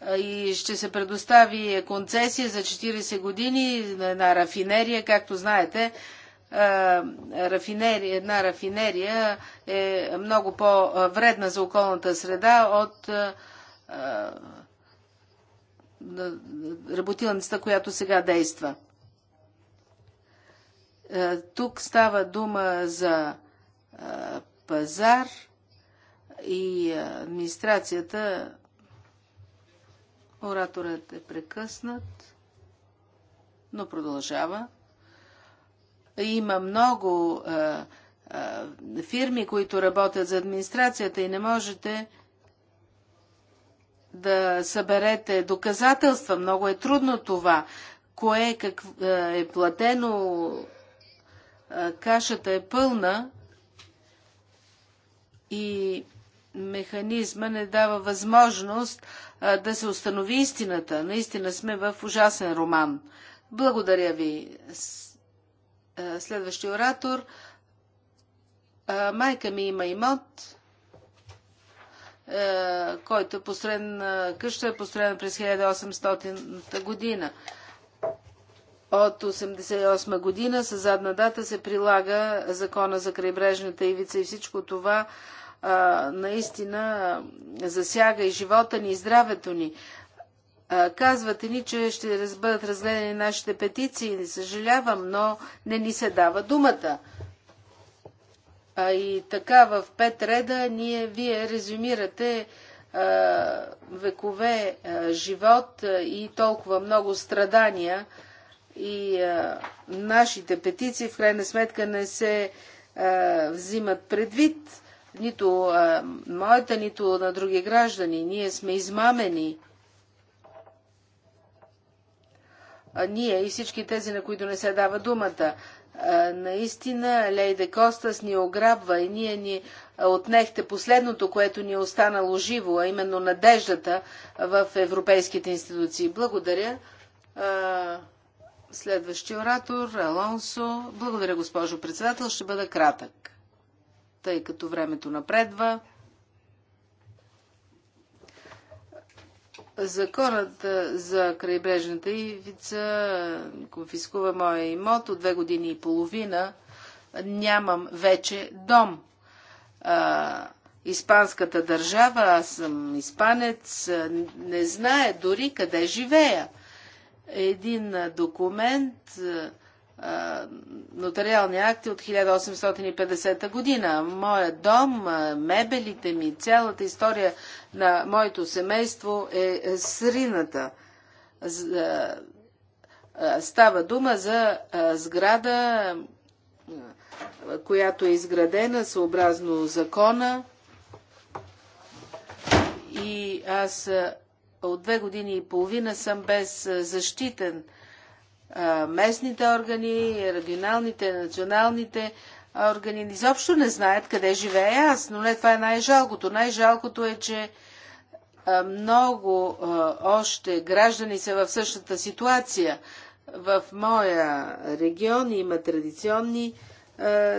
а, и ще се предостави концесия за 40 години на една рафинерия, както знаете, рафинерия, една рафинерия е много по-вредна за околната среда от работилницата, която сега действа. Е, тук става дума за е, пазар и е, администрацията. Ораторът е прекъснат, но продължава. Има много фирми, които работят за администрацията и не можете да съберете доказателства. Много е трудно това. Кое е, как, е платено кашата е пълна и механизма не дава възможност да се установи истината. Наистина сме в ужасен роман. Благодаря ви. Следващия оратор. Майка ми има имот, който е построен, къща е построена през 1800 година от 1988 година с задна дата се прилага закона за крайбрежната ивица и всичко това а, наистина засяга и живота ни, и здравето ни. А, казвате ни, че ще бъдат разгледани нашите петиции, не съжалявам, но не ни се дава думата. А, и така в пет реда ние, вие резюмирате а, векове а, живот и толкова много страдания, и а, нашите петиции в крайна сметка не се а, взимат предвид, нито а, моята, нито на други граждани. Ние сме измамени. А, ние и всички тези, на които не се дава думата. А, наистина, Лейде Костас ни ограбва и ние ни отнехте последното, което ни е останало живо, а именно надеждата в европейските институции. Благодаря. А... Следващия оратор, Алонсо. Благодаря, госпожо председател. Ще бъда кратък, тъй като времето напредва. Законът за крайбрежната ивица конфискува моя имот от две години и половина. Нямам вече дом. А, испанската държава, аз съм испанец, не знае дори къде живея един документ, е, е, нотариални акти от 1850 година. Моят дом, е, мебелите ми, цялата история на моето семейство е срината. Става дума за сграда, която е изградена съобразно закона. И аз от две години и половина съм без защитен. Местните органи, регионалните, националните органи изобщо не знаят къде живея аз, но не това е най-жалкото. Най-жалкото е, че много още граждани са в същата ситуация. В моя регион има традиционни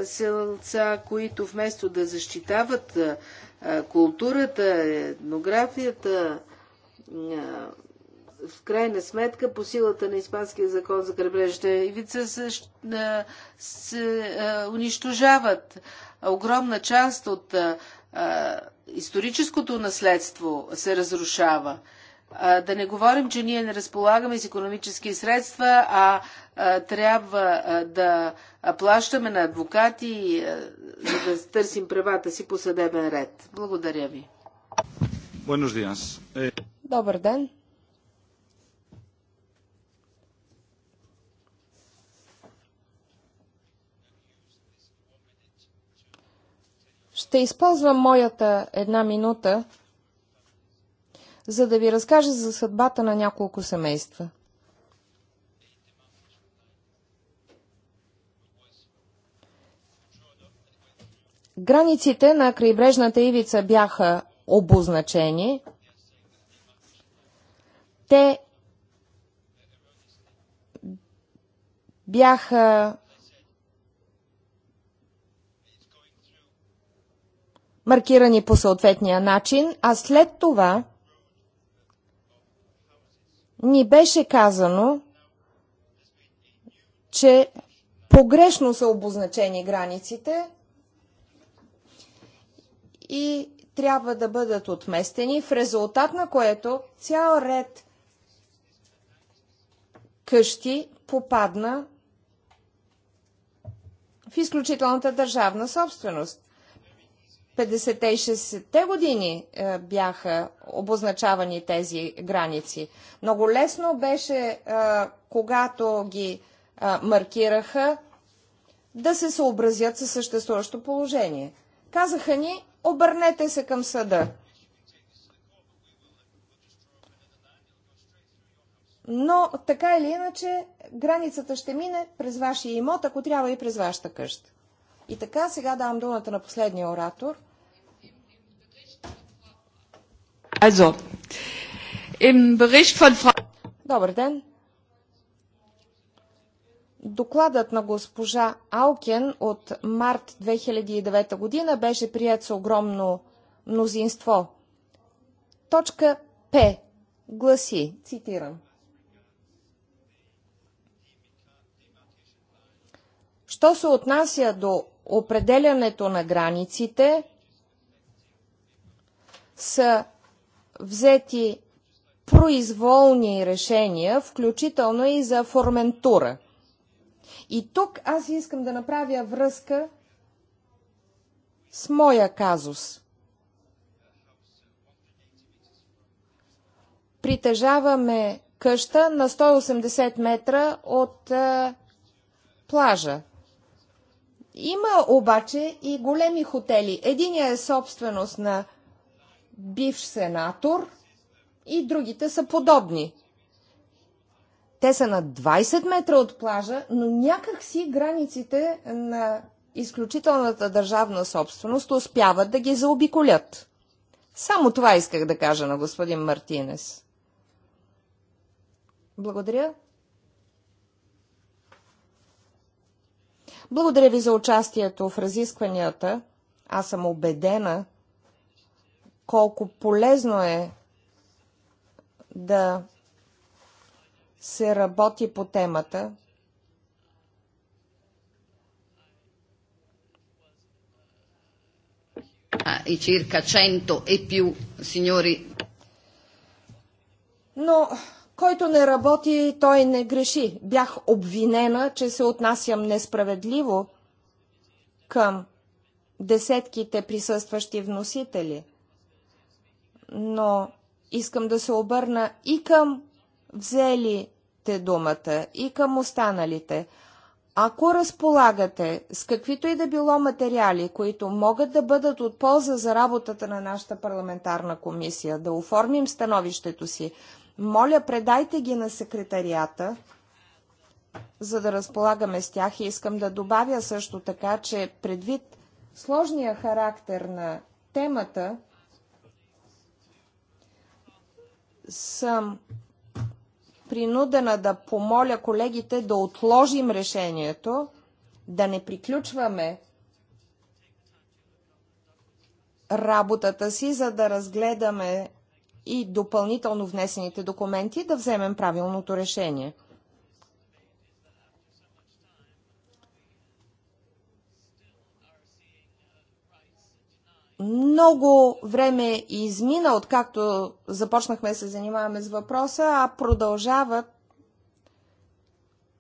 селца, които вместо да защитават културата, етнографията, в крайна сметка, по силата на Испанския закон за крайбрежната ивица, се, се, се унищожават огромна част от а, историческото наследство се разрушава. А, да не говорим, че ние не разполагаме с економически средства, а, а трябва а, да плащаме на адвокати, а, за да търсим правата си по съдебен ред. Благодаря ви. Buenos días. Добър ден! Ще използвам моята една минута, за да ви разкажа за съдбата на няколко семейства. Границите на крайбрежната ивица бяха обозначени – те бяха маркирани по съответния начин, а след това ни беше казано, че погрешно са обозначени границите и трябва да бъдат отместени, в резултат на което цял ред къщи попадна в изключителната държавна собственост. 50-те и 60-те години е, бяха обозначавани тези граници. Много лесно беше, е, когато ги е, маркираха, да се съобразят със съществуващо положение. Казаха ни, обърнете се към съда. но така или иначе границата ще мине през вашия имот, ако трябва и през вашата къща. И така, сега давам думата на последния оратор. Also, im Bericht von Frau... Добър ден! Докладът на госпожа Алкен от март 2009 година беше прият с огромно мнозинство. Точка П гласи, цитирам – Що се отнася до определянето на границите, са взети произволни решения, включително и за форментура. И тук аз искам да направя връзка с моя казус. Притежаваме къща на 180 метра от а, е, плажа. Има обаче и големи хотели. Единият е собственост на бивш сенатор и другите са подобни. Те са на 20 метра от плажа, но някак си границите на изключителната държавна собственост успяват да ги заобиколят. Само това исках да кажа на господин Мартинес. Благодаря. Благодаря ви за участието в разискванията. Аз съм убедена колко полезно е да се работи по темата. И circa 100 и più, signori. Но който не работи, той не греши. Бях обвинена, че се отнасям несправедливо към десетките присъстващи вносители. Но искам да се обърна и към взелите думата, и към останалите. Ако разполагате с каквито и да било материали, които могат да бъдат от полза за работата на нашата парламентарна комисия, да оформим становището си, моля, предайте ги на секретарията, за да разполагаме с тях. И искам да добавя също така, че предвид сложния характер на темата, съм принудена да помоля колегите да отложим решението, да не приключваме работата си, за да разгледаме и допълнително внесените документи да вземем правилното решение. много време измина, откакто започнахме да се занимаваме с въпроса, а продължават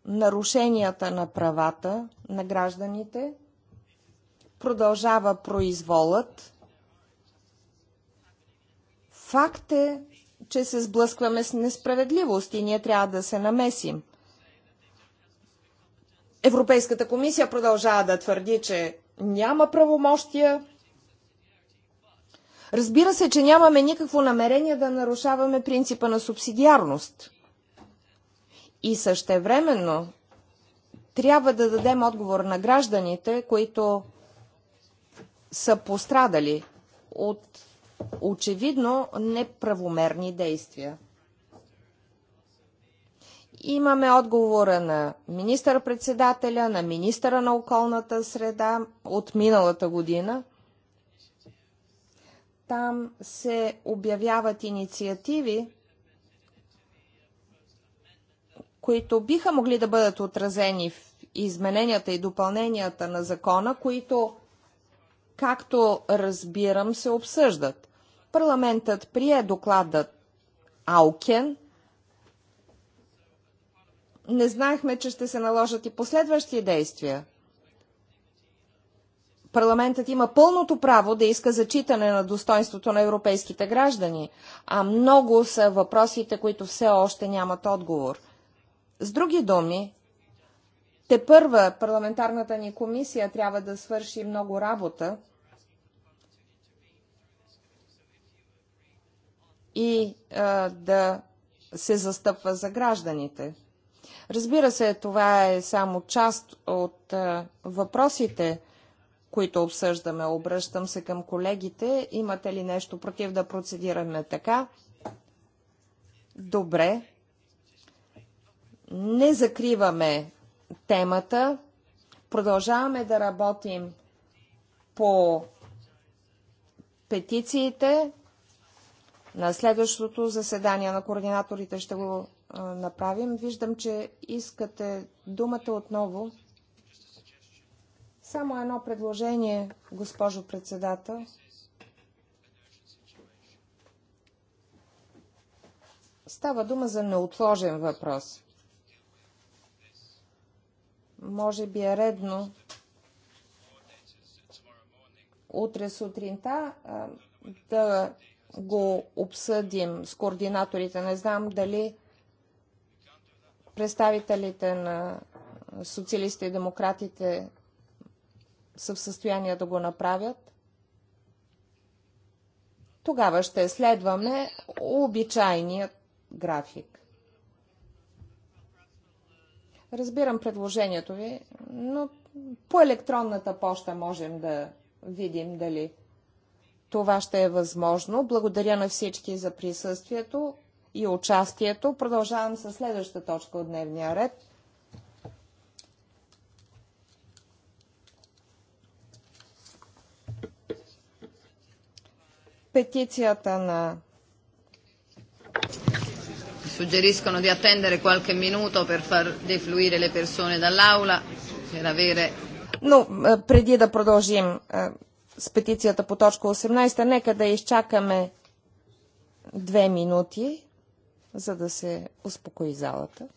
нарушенията на правата на гражданите, продължава произволът, Факт е, че се сблъскваме с несправедливост и ние трябва да се намесим. Европейската комисия продължава да твърди, че няма правомощия. Разбира се, че нямаме никакво намерение да нарушаваме принципа на субсидиарност. И същевременно трябва да дадем отговор на гражданите, които са пострадали от очевидно неправомерни действия. Имаме отговора на министър-председателя, на министъра на околната среда от миналата година. Там се обявяват инициативи, които биха могли да бъдат отразени в измененията и допълненията на закона, които, както разбирам, се обсъждат. Парламентът прие докладът Аукен. Не знаехме, че ще се наложат и последващи действия. Парламентът има пълното право да иска зачитане на достоинството на европейските граждани, а много са въпросите, които все още нямат отговор. С други думи, те първа парламентарната ни комисия трябва да свърши много работа, и а, да се застъпва за гражданите. Разбира се, това е само част от а, въпросите, които обсъждаме. Обръщам се към колегите. Имате ли нещо против да процедираме така? Добре. Не закриваме темата. Продължаваме да работим по петициите. На следващото заседание на координаторите ще го а, направим. Виждам, че искате думата отново. Само едно предложение, госпожо председател. Става дума за неотложен въпрос. Може би е редно утре сутринта а, да го обсъдим с координаторите. Не знам дали представителите на социалистите и демократите са в състояние да го направят. Тогава ще следваме обичайният график. Разбирам предложението ви, но по електронната поща можем да видим дали това ще е възможно. Благодаря на всички за присъствието и участието. Продължавам с следващата точка от дневния ред. Петицията на suggeriscono di attendere qualche minuto per far defluire le persone dall'aula per avere No, eh, преди да продължим eh, с петицията по точка 18. Нека да изчакаме две минути, за да се успокои залата.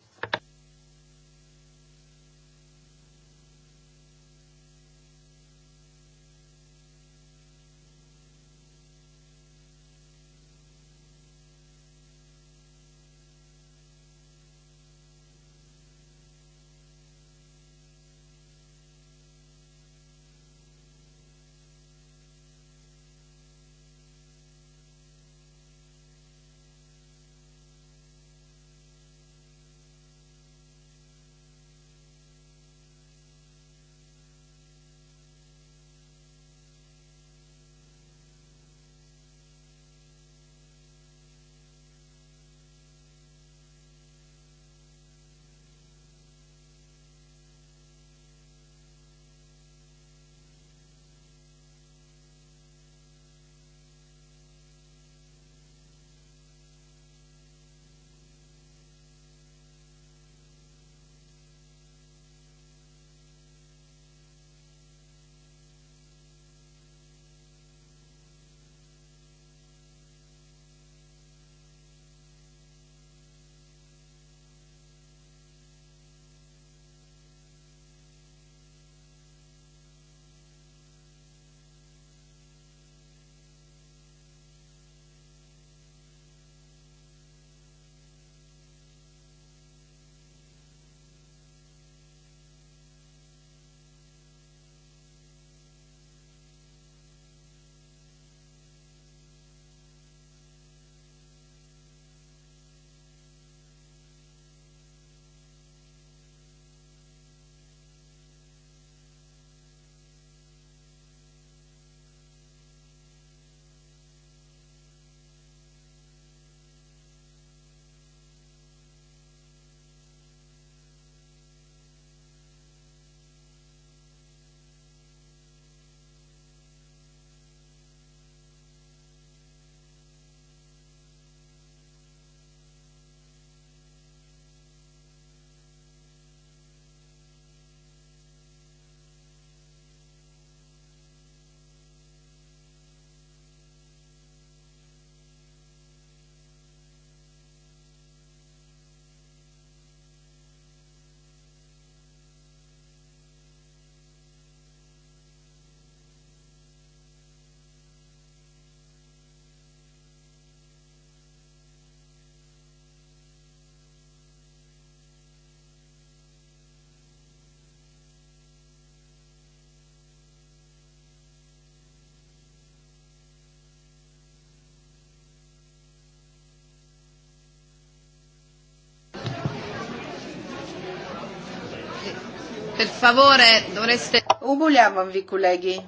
Per favore, dovreste... Умолявам ви, колеги.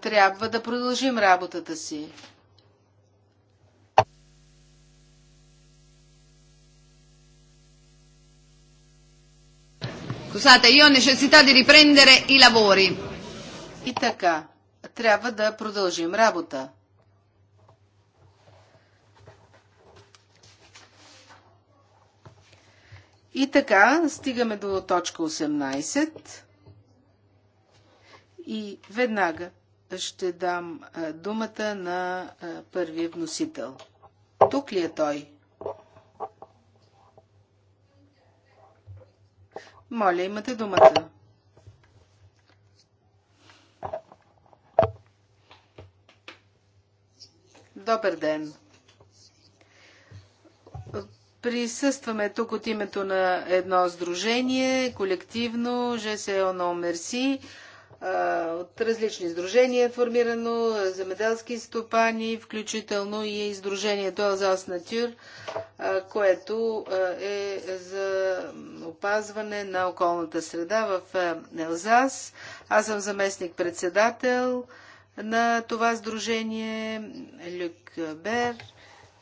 Трябва да продължим работата си. Scusate, io ho necessità di riprendere i lavori. И така, трябва да продължим работа. И така, стигаме до точка 18. И веднага ще дам думата на първия вносител. Тук ли е той? Моля, имате думата. Добър ден! Присъстваме тук от името на едно сдружение, колективно, ЖСО на Мерси, от различни сдружения, формирано, земеделски стопани, включително и издружението Алзас Натюр, което е за опазване на околната среда в Елзас. Аз съм заместник-председател на това сдружение Люк Бер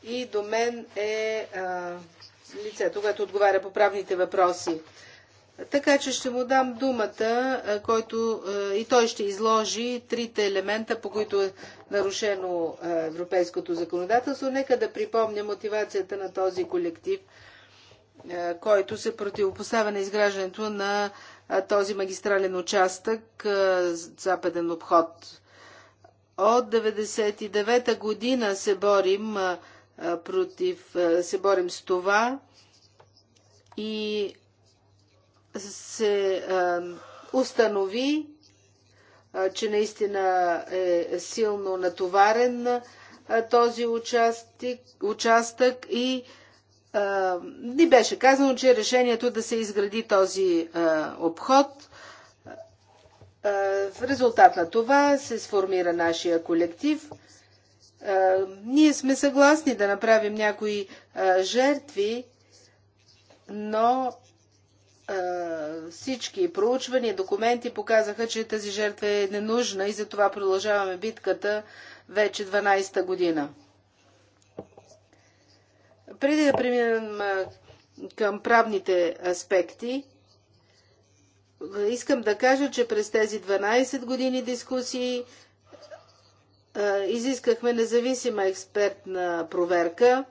и до мен е а, лицето, което отговаря по правните въпроси. Така че ще му дам думата, който и той ще изложи трите елемента, по които е нарушено европейското законодателство. Нека да припомня мотивацията на този колектив, който се противопоставя на изграждането на този магистрален участък западен обход. От 1999 година се борим против, се борим с това и се установи, че наистина е силно натоварен този участък, участък и а, ни беше казано, че е решението да се изгради този а, обход. А, в резултат на това се сформира нашия колектив. Ние сме съгласни да направим някои жертви, но всички проучвания, документи показаха, че тази жертва е ненужна и затова продължаваме битката вече 12-та година. Преди да преминем към правните аспекти, искам да кажа, че през тези 12 години дискусии Изискахме независима експертна проверка,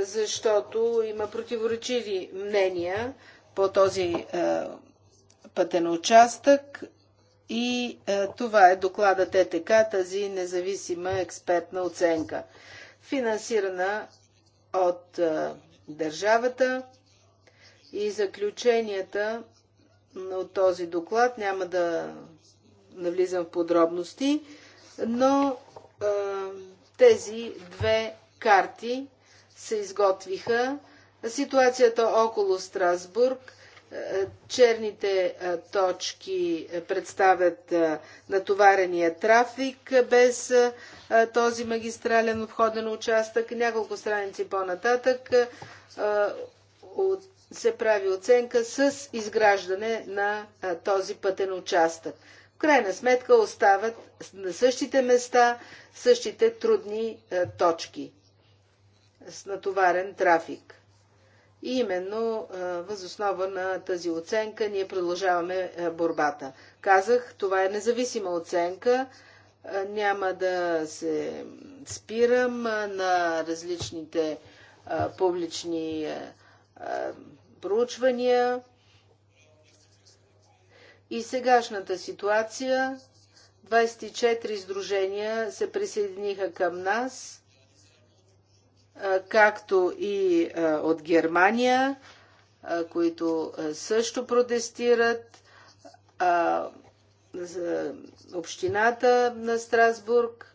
защото има противоречиви мнения по този пътен участък и това е докладът е ТТК, тази независима експертна оценка, финансирана от държавата и заключенията от този доклад няма да навлизам в подробности, но а, тези две карти се изготвиха. Ситуацията около Страсбург, черните точки представят натоварения трафик без този магистрален обходен участък. Няколко страници по-нататък се прави оценка с изграждане на този пътен участък крайна сметка остават на същите места, същите трудни е, точки с натоварен трафик. И именно е, възоснова на тази оценка ние продължаваме е, борбата. Казах, това е независима оценка. Няма да се спирам на различните публични проучвания. И сегашната ситуация 24 сдружения се присъединиха към нас, както и от Германия, които също протестират. Общината на Страсбург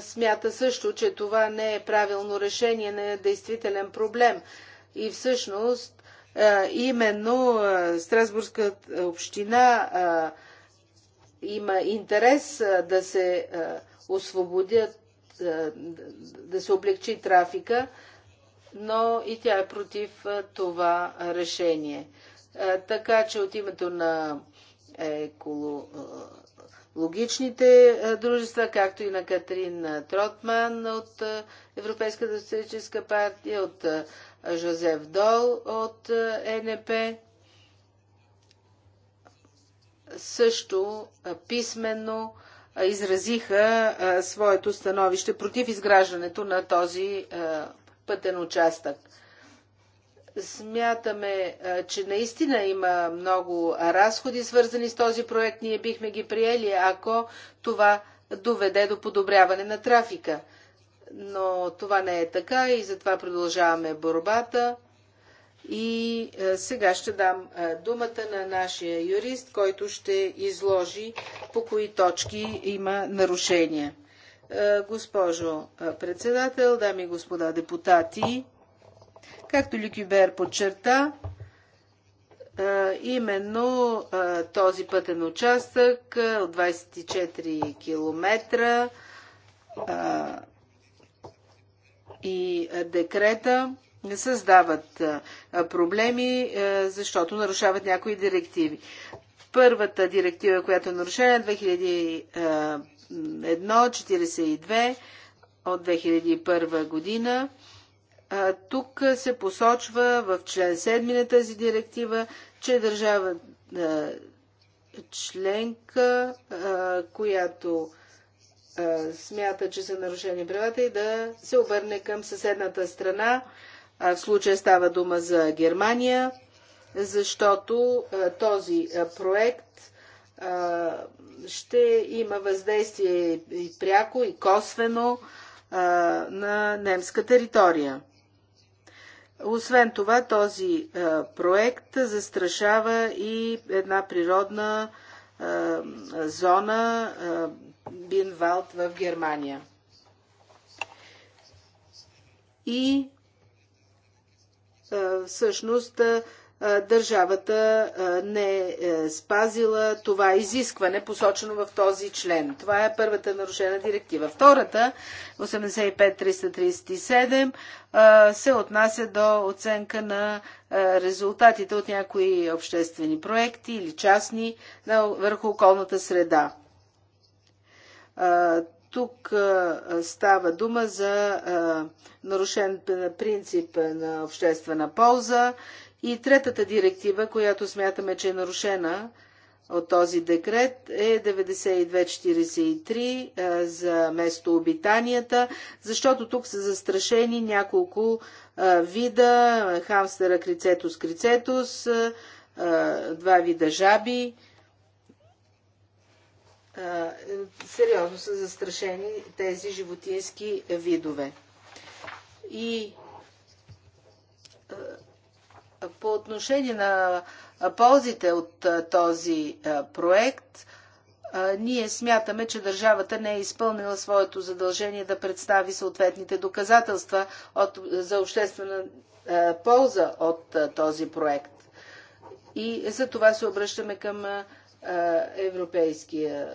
смята също, че това не е правилно решение, на е действителен проблем. И всъщност именно Страсбургската община има интерес да се освободят, да се облегчи трафика, но и тя е против това решение. Така че от името на екологичните дружества, както и на Катрин Тротман от Европейската социалистическа партия, от Жозеф Дол от е, ЕНП. Е Също е, писменно изразиха своето становище против изграждането на този пътен участък. Смятаме, че наистина има много разходи, свързани с този проект. Ние бихме ги приели, ако това доведе до подобряване на трафика но това не е така и затова продължаваме борбата. И е, сега ще дам е, думата на нашия юрист, който ще изложи по кои точки има нарушения. Е, госпожо председател, дами и господа депутати, както Ликюбер подчерта, именно този пътен участък от 24 км и декрета не създават проблеми, защото нарушават някои директиви. Първата директива, която е нарушена, 2001-42 от 2001 година. Тук се посочва в член 7 на тази директива, че държава членка, която смята, че са нарушени правата и да се обърне към съседната страна. В случая става дума за Германия, защото този проект ще има въздействие и пряко, и косвено на немска територия. Освен това, този проект застрашава и една природна зона, Бинвалд в Германия. И всъщност държавата не е спазила това изискване, посочено в този член. Това е първата нарушена директива. Втората, 85-337, се отнася до оценка на резултатите от някои обществени проекти или частни върху околната среда. Тук става дума за нарушен принцип на обществена полза и третата директива, която смятаме, че е нарушена от този декрет е 9243 за местообитанията, защото тук са застрашени няколко вида хамстера крицетус крицетус, два вида жаби сериозно са застрашени тези животински видове. И по отношение на ползите от този проект, ние смятаме, че държавата не е изпълнила своето задължение да представи съответните доказателства от, за обществена полза от този проект. И за това се обръщаме към Европейския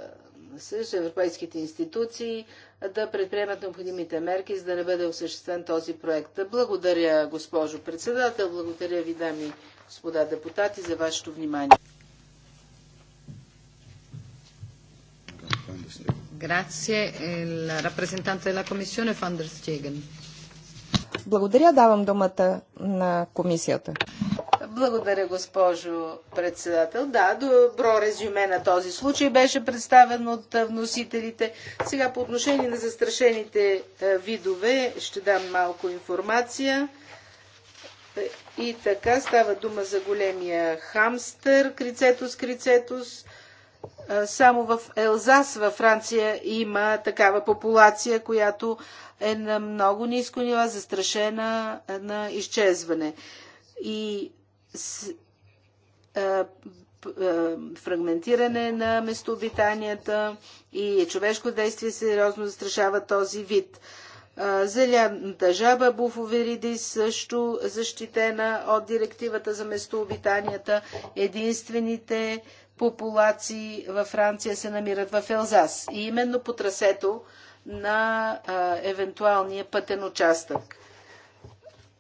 съюз, европейските институции да предприемат необходимите мерки, за да не бъде осъществен този проект. Благодаря, госпожо председател, благодаря ви, дами и господа депутати, за вашето внимание. Eh, благодаря, давам думата на комисията. Благодаря, госпожо председател. Да, добро резюме на този случай беше представен от вносителите. Сега по отношение на застрашените видове ще дам малко информация. И така става дума за големия хамстър, крицетус, крицетус. Само в Елзас, във Франция, има такава популация, която е на много ниско нива, застрашена на изчезване. И с, а, фрагментиране на местообитанията и човешко действие сериозно застрашава този вид. Зелената жаба буфовериди също защитена от директивата за местообитанията. Единствените популации във Франция се намират в Елзас. И именно по трасето на а, евентуалния пътен участък.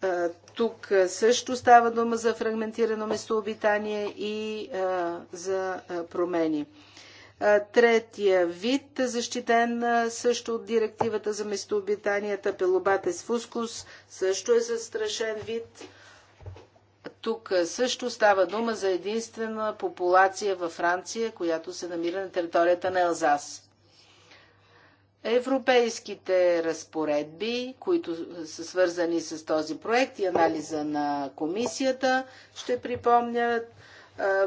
А, тук също става дума за фрагментирано местообитание и за промени. Третия вид, защитен също от директивата за местообитанията, пелобатес фускус, също е застрашен вид. Тук също става дума за единствена популация във Франция, която се намира на територията на Елзас. Европейските разпоредби, които са свързани с този проект и анализа на комисията, ще припомнят,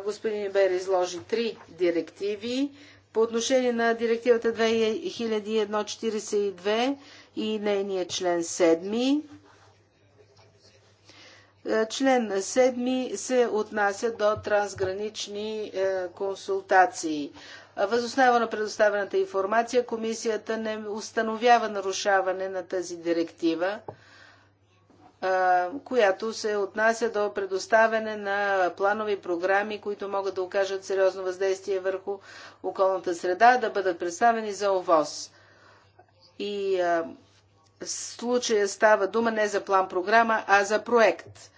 господин Бер изложи три директиви. По отношение на директивата 2142 и нейния член 7, Член 7 се отнася до трансгранични консултации. Възоснова на предоставената информация, комисията не установява нарушаване на тази директива, която се отнася до предоставяне на планови програми, които могат да окажат сериозно въздействие върху околната среда, да бъдат представени за ОВОз. И в случая става дума не за план-програма, а за проект.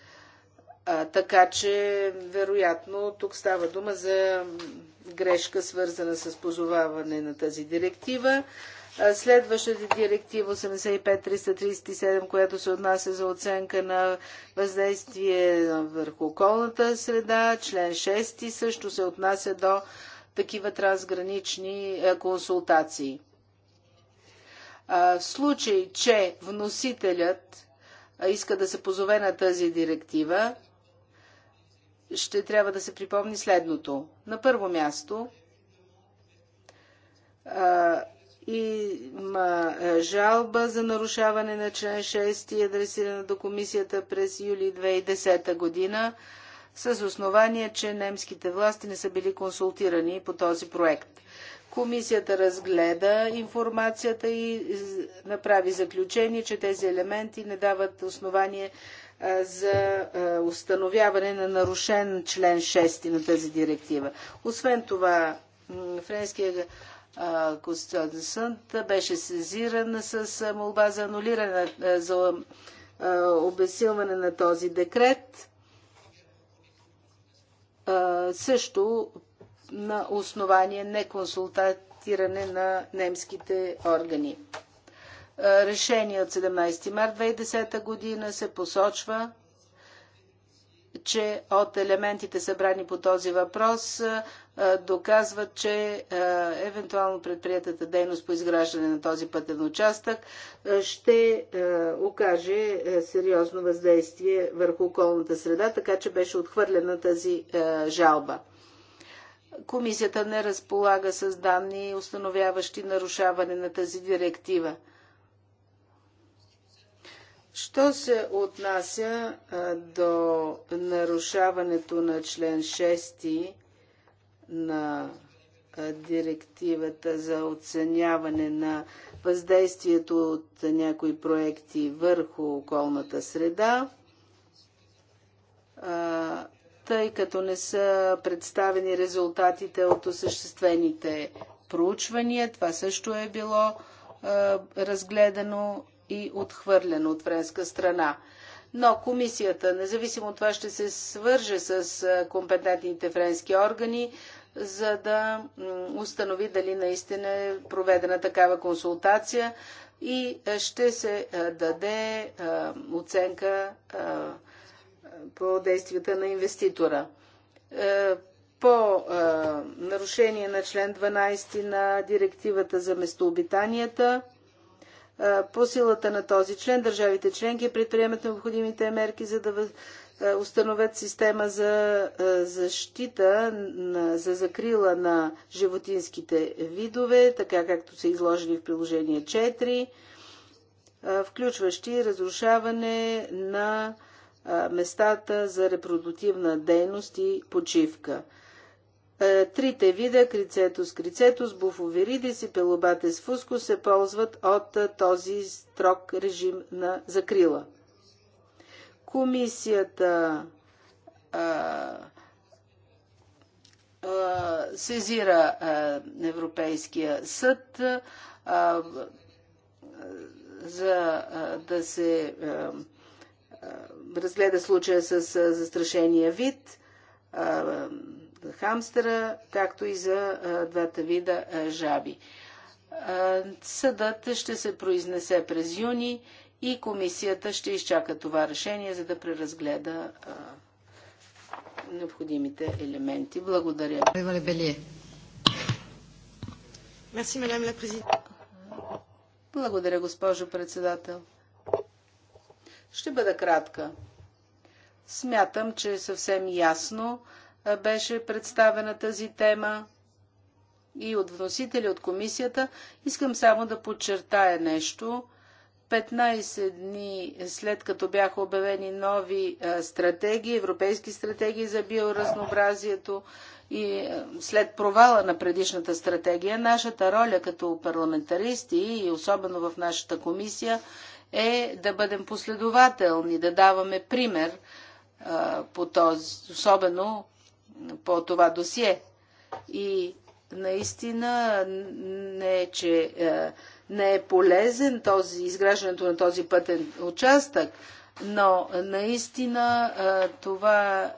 така че, вероятно, тук става дума за грешка, свързана с позоваване на тази директива. Следващата директива 85337, която се отнася за оценка на въздействие върху околната среда, член 6 също се отнася до такива трансгранични консултации. В случай, че вносителят иска да се позове на тази директива, ще трябва да се припомни следното. На първо място а, има жалба за нарушаване на член 6, адресирана до комисията през юли 2010 година, с основание, че немските власти не са били консултирани по този проект. Комисията разгледа информацията и е, направи заключение, че тези елементи не дават основание за установяване на нарушен член 6 на тази директива. Освен това, френския Конституционен съд беше сезиран с молба за анулиране, за обесилване на този декрет. Също на основание неконсултатиране на немските органи. Е, решение от 17 март 2010 година се посочва, че от елементите събрани по този въпрос е, е, доказват, че евентуално предприятата дейност по изграждане на този пътен участък ще окаже сериозно въздействие върху околната среда, така че беше отхвърлена тази жалба. Комисията не разполага с данни, установяващи нарушаване на тази директива. Що се отнася а, до нарушаването на член 6 на а, директивата за оценяване на въздействието от някои проекти върху околната среда, а, тъй като не са представени резултатите от осъществените проучвания, това също е било разгледано и отхвърлен от френска страна. Но комисията, независимо от това, ще се свърже с компетентните френски органи, за да установи дали наистина е проведена такава консултация и ще се даде оценка по действията на инвеститора. По нарушение на член 12 на директивата за местообитанията, по силата на този член държавите членки предприемат необходимите мерки, за да установят система за защита, за закрила на животинските видове, така както са изложили в приложение 4, включващи разрушаване на местата за репродуктивна дейност и почивка. Е, трите вида крицетус крицетус, буфовиридис и пелобатес фуско се ползват от е, този строг режим на закрила. Комисията е, сезира Европейския съд за да се разгледа случая с застрашения вид хамстера, както и за двата вида жаби. Съдът ще се произнесе през юни и комисията ще изчака това решение, за да преразгледа необходимите елементи. Благодаря. Благодаря, госпожо председател. Ще бъда кратка. Смятам, че е съвсем ясно беше представена тази тема и от вносители от комисията. Искам само да подчертая нещо. 15 дни след като бяха обявени нови стратегии, европейски стратегии за биоразнообразието и след провала на предишната стратегия, нашата роля като парламентаристи и особено в нашата комисия е да бъдем последователни, да даваме пример по този, особено по това досие. И наистина не е, че е, не е полезен този, изграждането на този пътен участък, но наистина е, това е,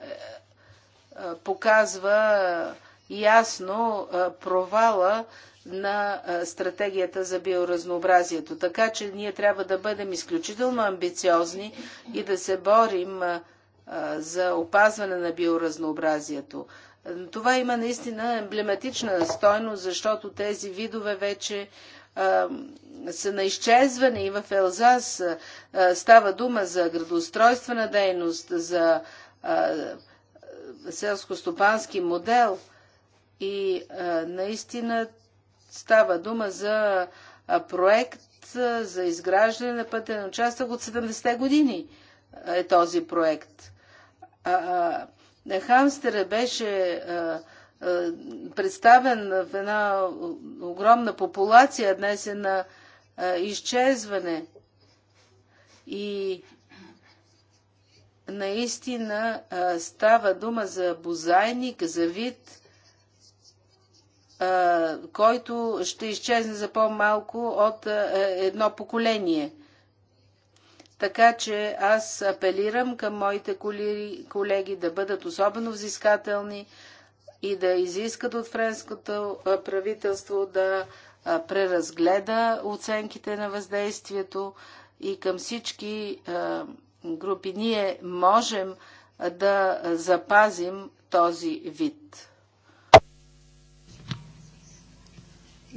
показва ясно провала на стратегията за биоразнообразието. Така че ние трябва да бъдем изключително амбициозни и да се борим за опазване на биоразнообразието. Това има наистина емблематична стойност, защото тези видове вече са на изчезване и в Елзас става дума за градоустройствена дейност, за селско-стопански модел и наистина става дума за проект за изграждане на пътен участък от 70-те години е този проект а, хамстера беше а, а, представен в една огромна популация, днес е на а, изчезване. И наистина а, става дума за бозайник, за вид, а, който ще изчезне за по-малко от а, едно поколение – така че аз апелирам към моите колеги да бъдат особено взискателни и да изискат от френското правителство да преразгледа оценките на въздействието и към всички групи. Ние можем да запазим този вид.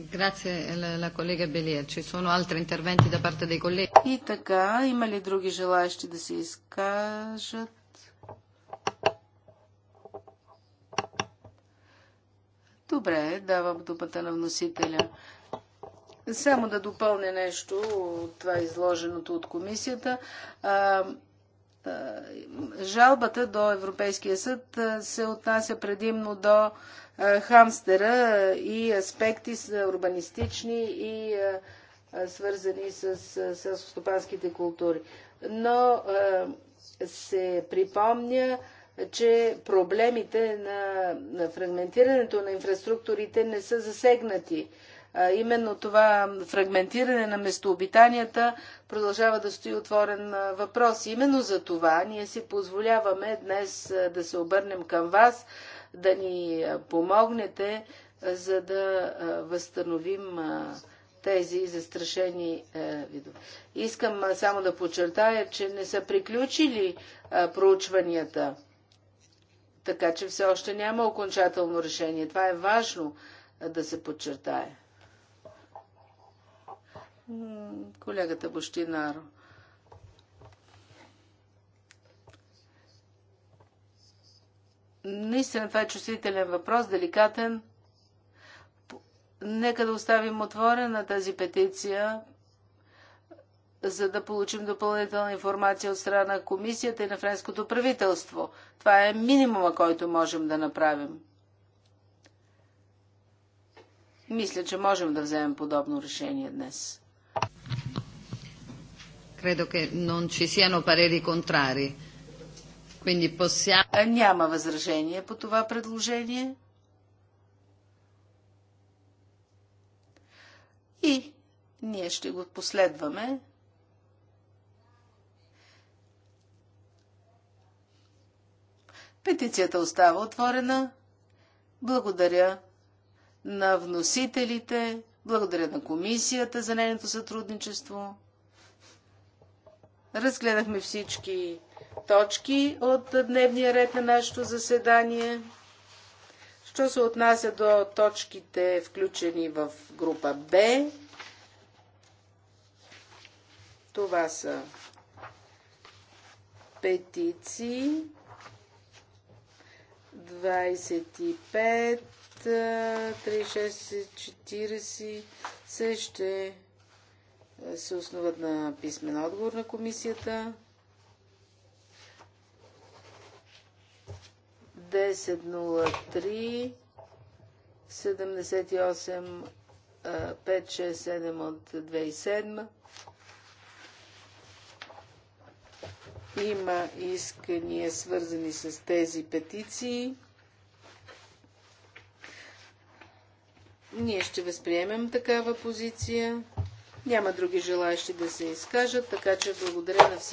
Grazie la collega Belier. Ci sono altri interventi da parte dei colleghi? И така, има ли други желаящи да се изкажат? Добре, давам думата на вносителя. Само да допълня нещо от това изложеното от комисията. Жалбата до Европейския съд се отнася предимно до хамстера и аспекти са урбанистични и свързани с селскостопанските култури. Но се припомня, че проблемите на, фрагментирането на инфраструктурите не са засегнати. именно това фрагментиране на местообитанията продължава да стои отворен въпрос. Именно за това ние си позволяваме днес да се обърнем към вас да ни помогнете, за да възстановим тези застрашени е, видове. Искам само да подчертая, че не са приключили проучванията, така че все още няма окончателно решение. Това е важно да се подчертае. Колегата Бощинаро. Наистина това е чувствителен въпрос, деликатен. Нека да оставим отворена тази петиция, за да получим допълнителна информация от страна на комисията и на френското правителство. Това е минимума, който можем да направим. Мисля, че можем да вземем подобно решение днес. Credo che non ci siano pareri contrari. Quindi possiamo... Няма възражение по това предложение. И ние ще го последваме. Петицията остава отворена. Благодаря на вносителите, благодаря на комисията за нейното сътрудничество. Разгледахме всички точки от дневния ред на нашето заседание. Що се отнася до точките, включени в група Б, това са петиции 25, 36, 40 се ще се основат на писмен отговор на комисията. 10.03, 78, 567 от 2007. Има искания свързани с тези петиции. Ние ще възприемем такава позиция. Няма други желаящи да се изкажат, така че благодаря на всички.